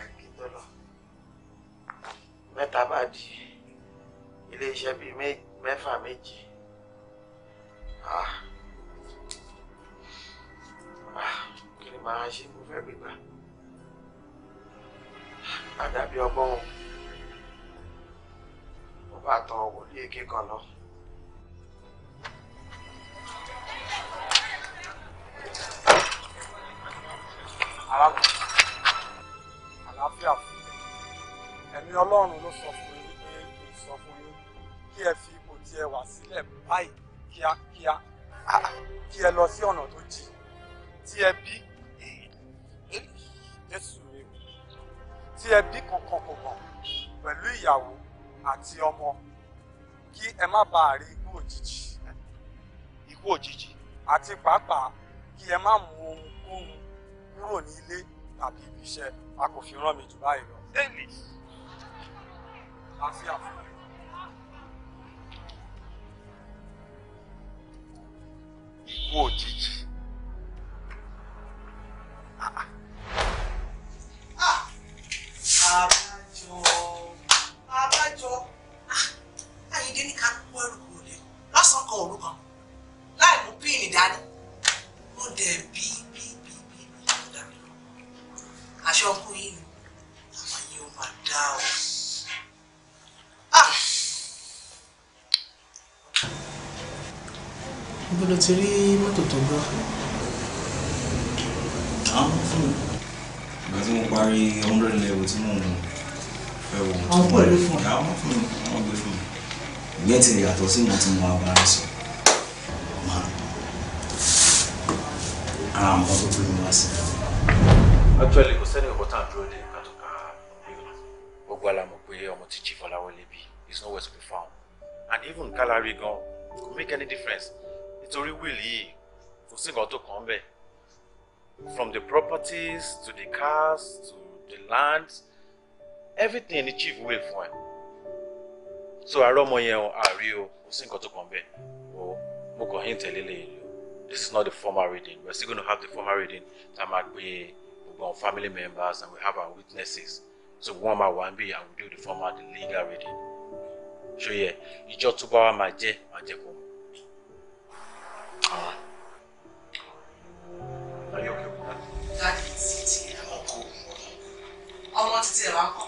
má bàa rí ikú òjijì ikú òjijì àti pàápàá kí ẹ má mú ohunkóhun kúrò ní ilé tàbí ibi iṣẹ́ a kò fi rán mi jù báyìí lọ. àfíà fún mi. ikú òjijì. Ah, ah. abájọ abájọ kó ẹrù kúrò lẹ́nu lọ́sàn kan òru kan láì mú píìnì dání ó dẹ̀ bí bí bí bí ló dà mí lọ àṣọ ọkùn yìí ni àwọn yìí ó máa dá o. ibo ah! ló ti rí mọ́tò tó gbọ́. àwọn fún mi ìgbà tí mo parí hundred level tí mo fẹ́ wọ̀. àwọn pẹ̀lú fún mi. àwọn fún mi àwọn gbé fún mi ìyẹn ti yàtọ̀ sí ìwọ̀n tí mo bá a sọ máa ara àwọn tó gbé mi wá sí. actually kò sẹ́ni ọkọ̀ tá à ń dúró lé ká tó ká gbogbo alamọ̀ pé ọmọ tí chief ọláwọlé bí is nowhere to be found and even kálárì gan kò make any difference nítorí wíìlì yìí kò sí nǹkan tó kàn bẹ́ẹ̀ from the properties to the cars to the land everything ni chief will fún ẹ so àárọ̀ ọmọ yẹn o àárí o kò sí nǹkan tó kàn bẹ́ẹ̀ o mo kàn hint ẹ̀ lélẹ̀ o this is not the formal reading we are still gonna have the formal reading tá a máa gbé gbogbo àwọn family members and we have our witnesses so wọ́n máa wà níbí and we do the formal the legal reading ṣó yẹ ìjọ tó bá wa máa jẹ́ máa jẹ́ kó. ọmọ títí ẹ̀ wá kọ́.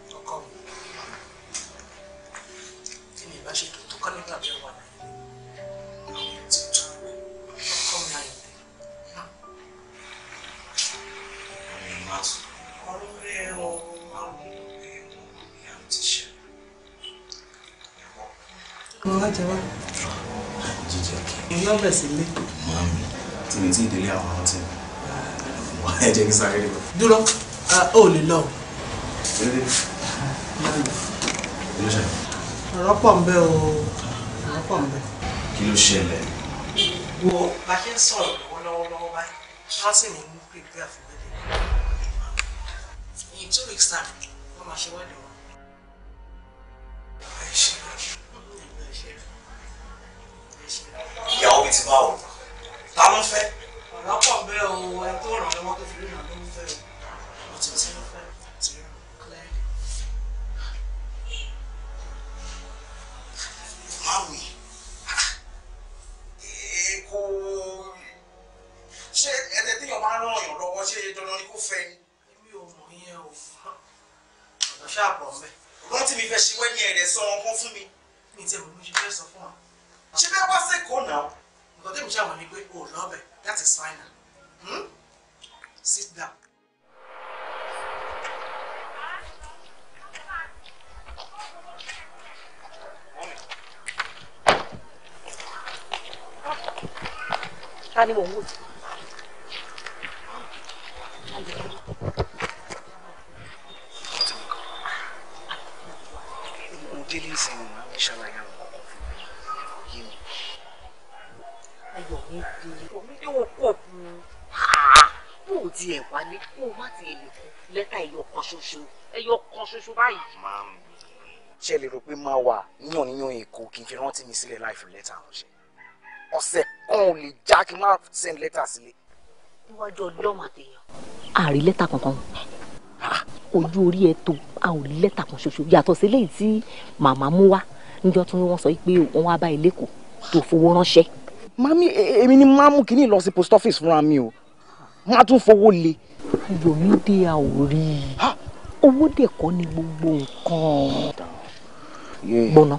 bá ṣe tó tó kọ́ nígbà bí wà láyé àwọn ti tó ọkọ mi àyè mi má tún ọ̀rọ̀ rẹ̀ ọ̀rọ̀ àwọn ẹ̀wọ̀n mi àwọn ti ṣe ẹ̀wọ̀n. ọ̀rọ̀ ajẹ́ wa. jíjẹ kí. iná bẹ̀ sí ilé. máa mi tí mi ti délé àwọn ọtí mi wọ́n ẹ jẹ́ kí sáré lọ. dúró ó lè lọ. ilé ṣe ọ̀rọ̀ pọ̀ ń bẹ o ọ̀rọ̀ pọ̀ ń bẹ. kí ló ṣẹlẹ̀. wo bá ṣe ń sọ̀rọ̀ lọ́wọ́lọ́wọ́ lọ́wọ́ báyìí ṣáàṣì ní mú pèpè àfọwọ́dé in two weeks time wọ́n máa ṣe wọ́dẹ̀ wọn. ìyàwó mi ti bá wò ta ló fẹ́. ọ̀rọ̀ pọ̀ ń bẹ o ẹ tó ràn lọ́wọ́ tó fi rí ìrànlọ́wọ́ fẹ́ o. báwì eh, kò ṣé ẹ̀tẹ̀ téèyàn máa ń ràn yàn lọ́wọ́ ṣé dandan ni kò fẹ́ ni. èmi ò mọ ìyẹn o ọ̀dọ̀ ṣáàpọ̀ mẹ́. wọ́n ti mi fẹ́ ṣe wẹ́ni ẹ̀rẹ̀ sọ wọn kún fún mi. mi ti ẹ̀wọ̀n mi ṣe fẹ́ sọ fún wa. ṣé bẹ́ẹ̀ wá sẹ́kọ̀ọ́ náà. nǹkan tẹ́mi ṣàwọn ni pé o lọ́bẹ̀ that is final. Hmm? sit down. ta ni mò ń wò sí. mo délé ìsìn ìṣàlàyé àwọn ọkọ̀ fún mi yé mi. ayọ̀ mi di omi ní òkú ọ̀bùn bó o ti ẹ̀ wá ní kó o má ti ẹ̀ lè kó lẹ́tà ẹyọ kan ṣoṣo ẹyọ kan ṣoṣo báyìí. máa ń ṣe lè rò pé máa wà yànnìyàn èkó kí n fi rántí mi sílẹ̀ láì fi lẹ́tà ránṣẹ́ ọ̀sẹ̀ kan ò lè já kí n má send lẹ́tà sílé. níwájú ọlọ́run àtẹ̀yàn. a rí lẹ́tà kankan ah. ojú orí ẹ tó a ò rí lẹ́tà kan ṣoṣo yàtọ̀ sí léyìí tí màmá mú wá níjọ́ tí wọ́n sọ pé wọ́n wá bá ilé kù tó fowó ránṣẹ́. mami e, e, èmi ni máa mú kínní lọ sí post office fúnra mi o máa tún fowó le. Yomide a ò rí i owó dẹ̀ kọ́ ni gbogbo nǹkan. gbọ́nà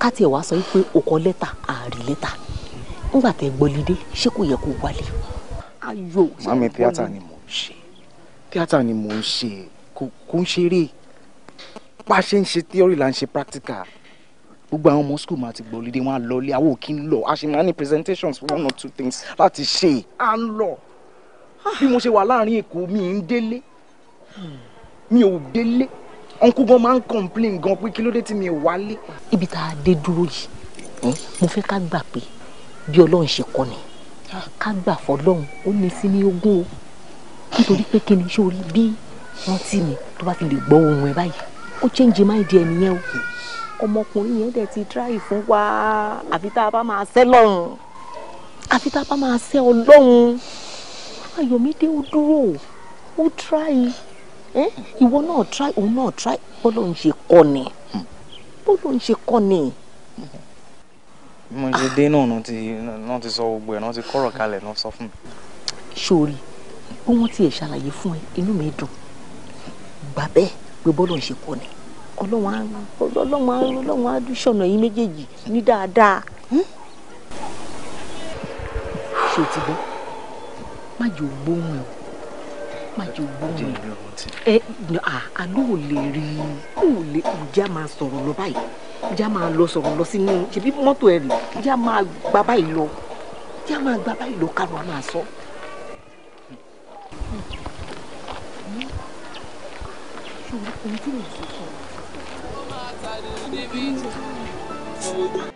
ká tiẹ̀ wá sọ pé o kọ lẹ́tà a rí lẹ́tà ńgbà tẹ gbọ́lidé ṣé kò yẹ kó wálé. ayò mami tíátà ni mò ń ṣe tíátà ni mò ń ṣe kò ń ṣeré bá a ṣe ń ṣe theory là ń ṣe practical gbogbo àwọn ọmọ school máa ti gbọ́lidé wọn á lọ ilé àwọn òkè lọ a ṣe máa ní presentations for one or two things láti ṣe à ń lọ bí mo ṣe wà láàrin èkó mi ń délé mi ò délé uncle máa ń complain gan pé kí ló dé tí mi ò wálé. ibi tá a dé dúró yìí hmm? mo fẹ́ ká gbà pé bí ọlọ́run ṣe kọ́ ni ká gbà fọlọ́run ó ní sí ní ogún o nítorí pé kí ni ṣé o rí bí wọ́n tì mí tó bá fi lè gbọ́ ohun ẹ báyìí ó change mind ẹ nìyẹn o ọmọkùnrin yẹn dẹ̀ ti try fún wa àfi tá a bá máa sẹ́ lọ́run àfi tá a bá máa sẹ́ ọlọ́run ayọ̀mídé ó dúró ó try ìwọ náà try òun náà try bọ́lọ́run ṣe kọ́ ni bọ́lọ́run ṣe kọ́ ni mo ṣe dé náà náà ti náà ti sọ gbogbo ẹ̀ náà ti kọ́rọ̀ kalẹ̀ náà sọ fún mi. sórí bí wọ́n tiẹ̀ ṣàlàyé fún ẹ inú mi dùn gbà bẹ́ẹ̀ pé bọ́lọ̀ ń ṣe pọ̀ ni ọlọ́wọ́n á ṣọ̀nà yín méjèèjì ní dáadáa. Hmm? ṣé ti gbọ́ má jẹ́ ògbóhùn o má jẹ gbóhùn ẹ ẹ àlọ́ ò lè rí i ò lè ǹjẹ́ máa sọ̀rọ̀ lọ báyìí já máa lọ sọ̀rọ̀ lọ sínú ṣèbí mọ́tò ẹ̀ rè já máa gba báyìí lọ já máa gba báyìí lọ kárò máa sọ. ṣùgbọ́n ohun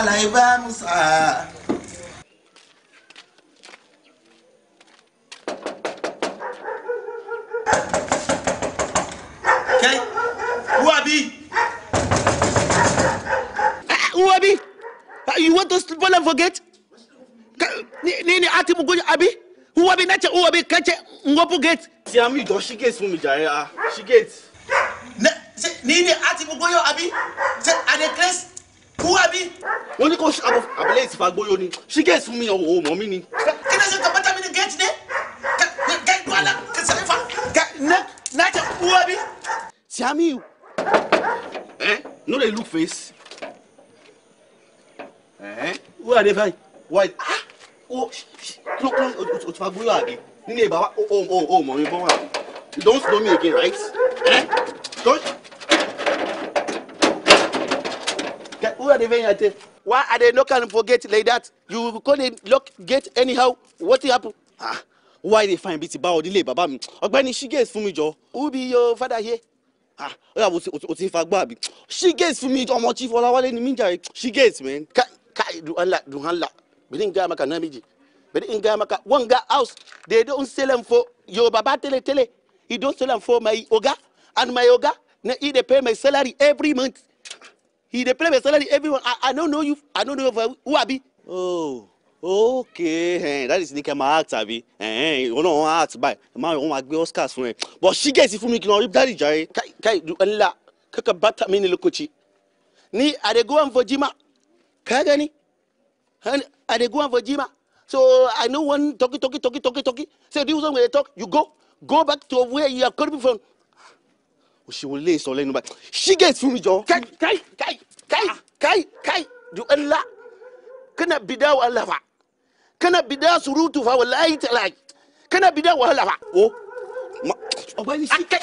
على إبا موسى كي هو أبي هو You want us to sleep and forget? Ni ni, ati mugonjwa abi? Who abi nache who abi kache ngopu gate? Si ami do she gate fún mi jàre ah. Ni ni Nini ati mugonjwa abi? Say are crest kú àbí. wọ́n ní kó ṣàbọ̀ àbẹ̀lẹ̀ ìsìfà gbóyò ni ṣí gẹ̀ẹ́sì mi ò mọ̀ mí ni. kí ni ṣe tọ́pọ́tà mi ni gẹ̀ẹ́tì dé gẹ̀ẹ́tì wà lá kẹsàn-án fa n'àjẹ kú àbí. Siamiu. ẹ no dey look face. wúwo àdé báyìí. wáyé o o ti fa gbóyò àbí nínú ìbáwá o o o mọ̀ mi bọ́ wà. you don slow me again right? Eh? Don't... where the vein at? Why are they not can forget like that? You call it lock gate anyhow. What happened? Ah, why they find bíi ti bá ọdílé bàbá mi? she gets for me, Joe. Who be your father here? Ah, ó was o ti fa gbọ́ àbí? She gets fún mi ọmọ Chief Ọláwálé ni mí She gets man. Ka ka duhanla duhanla. Bìrì ń gá maka náà méjì. Bìrì ń gá maka. Wọ́n ga house. They don't sell am for your bá tele. tẹ́lẹ̀. He don't sell am for my oga and my oga. He dey pay my salary every month he dey play with salary everyone i i no know you i no know you for who abi. oh okay eh, that is nike ma act abi ìwọ náà wọn act báyìí ma wọn ma gbé oscars fún ẹ but ṣí gẹ̀ẹ́sì fún mi kí n rí dáàdì jàre káì du ẹnlá kankan bàtà mi ní lókòtì ní Kai, Gani? jimá kẹ́kẹ́ ni àdégúwà fún jimá so i no wan talki talki talki talki talki say do you want me talk you go go back to where you are coming from òṣèwò lè sọ lẹ́nu báyìí ṣígẹ̀t fún mi jọ. kai kai kai kai ah. kai kai du Allah kana bida wa Allah fa kana bida surutu fa wallahi talahi kana bida wa Allah fa wo. ọba yìí ṣí ah, kai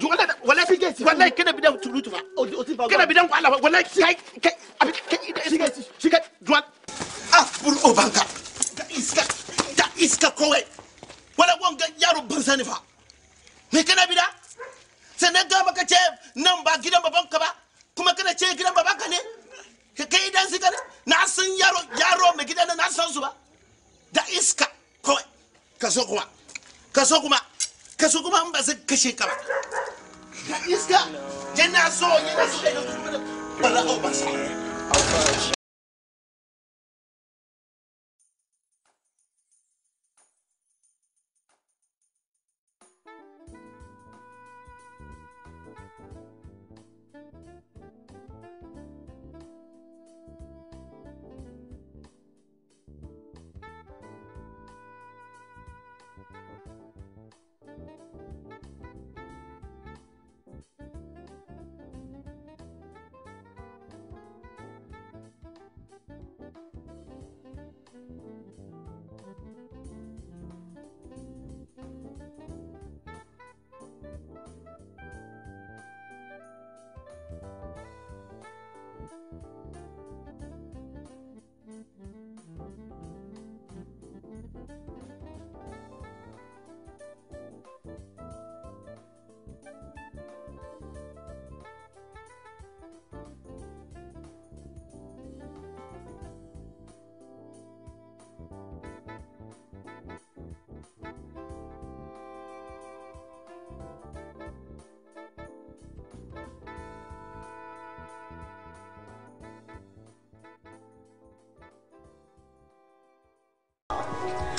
du Allah da wala ṣígẹ̀t fún mi. wala kana bida surutu fa kana bida wa Allah fa wala kai kai abi kai ṣígẹ̀t ṣígẹ̀t du Allah. ah buru o banka da iska da iska kowai wala wanga yaro banza ne fa me kana bida. sannan ga maka ce nan ba gidan ka ba kuma kana ce gidan baban ka ne kai idan su gani na san yaro yaro mai gidan na san su ba da iska kawai ka so kuma ka so kuma ka so kuma in ba zai kashe ka ba da iska yana so yana so da kuma da ba za a ba sa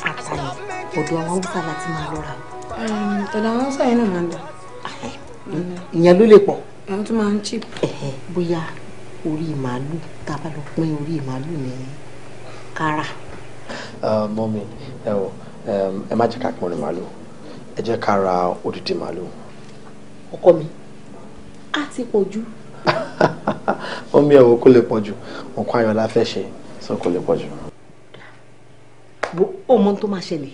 àbùsà yẹn ọ̀dọ̀ àwọn haúsá láti máa lọ ra. ọ̀dọ̀ àwọn haúsá yẹn náà máa ń dà. ìyẹn ló lè pọ̀. àwọn tó máa ń chip. bóyá orí màálù tá a bá lọ pín orí màálù ní kára. mọ́mi ẹ wọ ẹ má jẹ́ ká pọnrin màálù ẹ jẹ́ ká ra odidi màálù. ọkọ mi á ti pọ̀ jù. [laughs] mọ́mi ẹ wọ kó lè pọ̀ jù nǹkan ayọ̀ la fẹ́ ṣe sọ kó lè pọ̀ jù o mọ tó máa ṣẹlẹ̀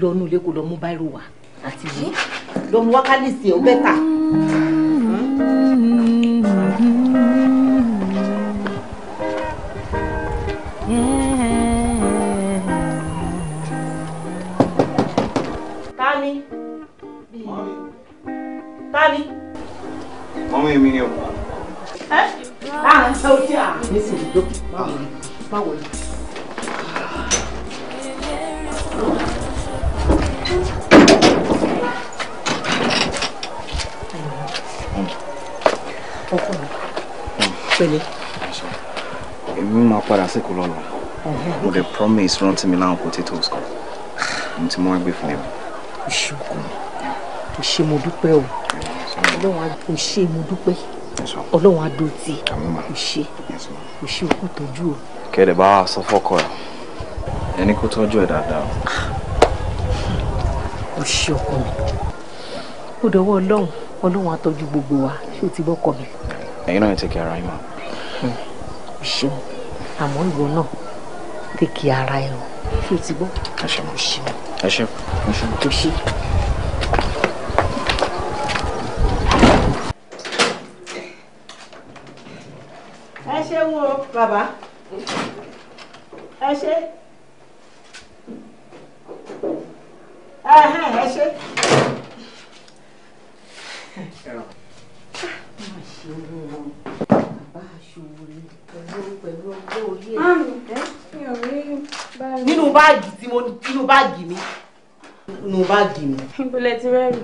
lọ inú ilé kó lọ mú báírò wá àti yìí lọ mú wákàlì sí ọ bẹ́tà. is rántí mi láwọn potatoes kan mo ti mú wọn gbé fún mi. ìṣègùn kò ṣe mo dúpẹ́ o ọlọ́run á kò ṣe mo dúpẹ́ ọlọ́run á dó tí kò o. kẹ́lẹ̀ bá wa sọ fọ́kọ ẹ̀ ẹni kó tọ́jú ẹ̀ o ṣe ọkọ mi ó dọwọ́ ọlọ́run ọlọ́run á o ti bọ́ kọ mi. ẹ̀yin náà ẹ ti kẹ́ ara yín mọ́. o tèkì ara ẹ o ṣé o ti gbọ́. ẹ ṣe mo ṣe ẹ ṣe mo ṣe mo ṣe. ẹ ṣeun o bàbá. lẹ ti rẹ́rìn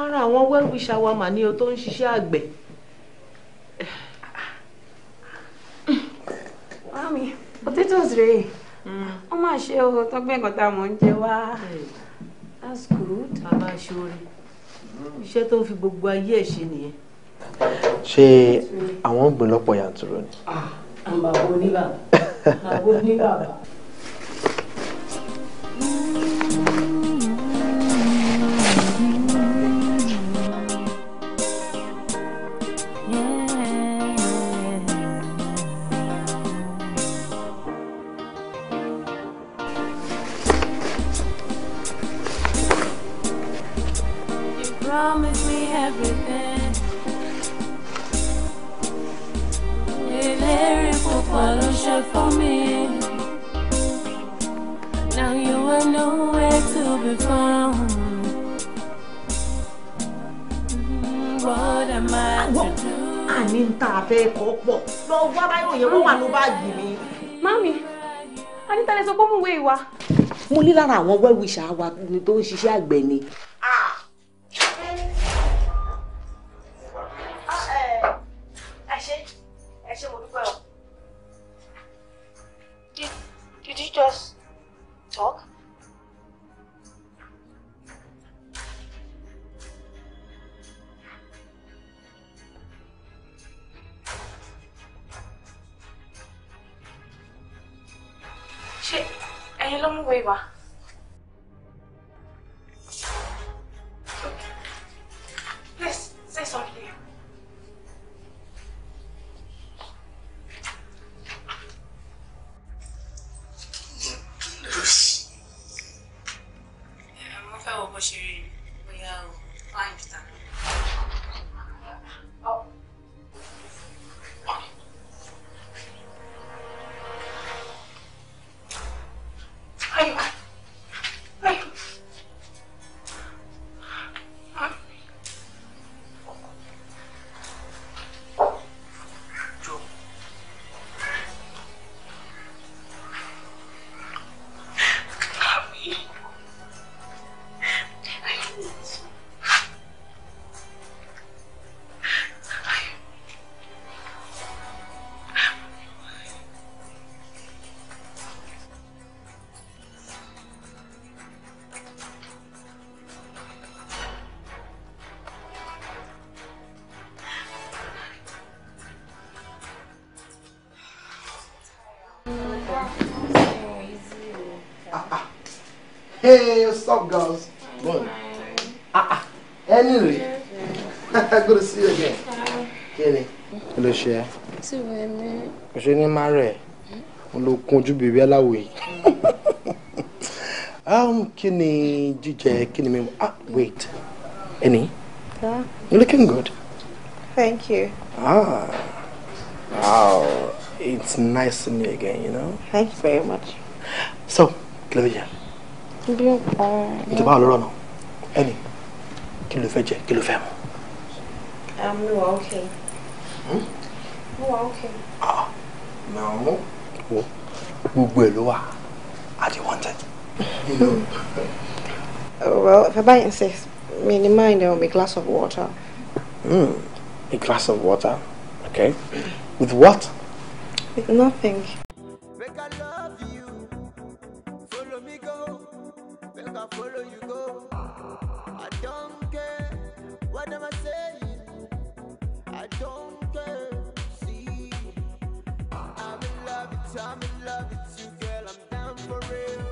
ara àwọn wẹ́wíṣà wa mà ní o tó ń ṣiṣẹ́ àgbẹ̀. mami potatoes rèé wọ́n máa ṣe o tọ́gbẹ́ nǹkan tá a mọ̀ ń jẹ wá that's good. bàbá aṣọ́rẹ́ iṣẹ́ tó ń fi gbogbo ayé ẹ̀ ṣe nìyẹn. ṣé àwọn ń gbìn lọ́pọ̀ yàntúrú ni. Ah, àbàbò ní bàbá [laughs] àbàbò ní bàbá. fóònù yẹn wọ́n wà ní báàgì mi. mami anita lè sọ pé mo wé ìwà. mo ní lára àwọn well wisher wa tó ń ṣiṣẹ́ àgbẹ̀ ni Hey, what's up, girls? Good. Ah, ah. anyway, [laughs] good to see you again. Kenny, hello, Cher. Ti wẹ̀ mí. Ṣé ní máa rẹ̀? Mo lo kunjú bèbí aláwọ̀ yìí. [laughs] Um, kí ni jíjẹ, Ah, wait. Any? Yeah. You're looking good. Thank you. Ah, wow. It's nice to meet you again, you know? Thank you very much. Eh, ìjọba àwọn olóró náà ẹnì kí ló fẹ́ jẹ kí ló fẹ́ mu. mi wà ókè mi wà ókè. náà wo gbogbo ẹ̀ ló wà àti [laughs] oh, well if I buy insist me in mind there will be a glass of water. Mm, a glass of water okay with what? with nothing. I follow you go. I don't care what am I saying. I don't care. See, I'm in love with, I'm in love with you, girl. I'm down for real.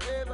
baby.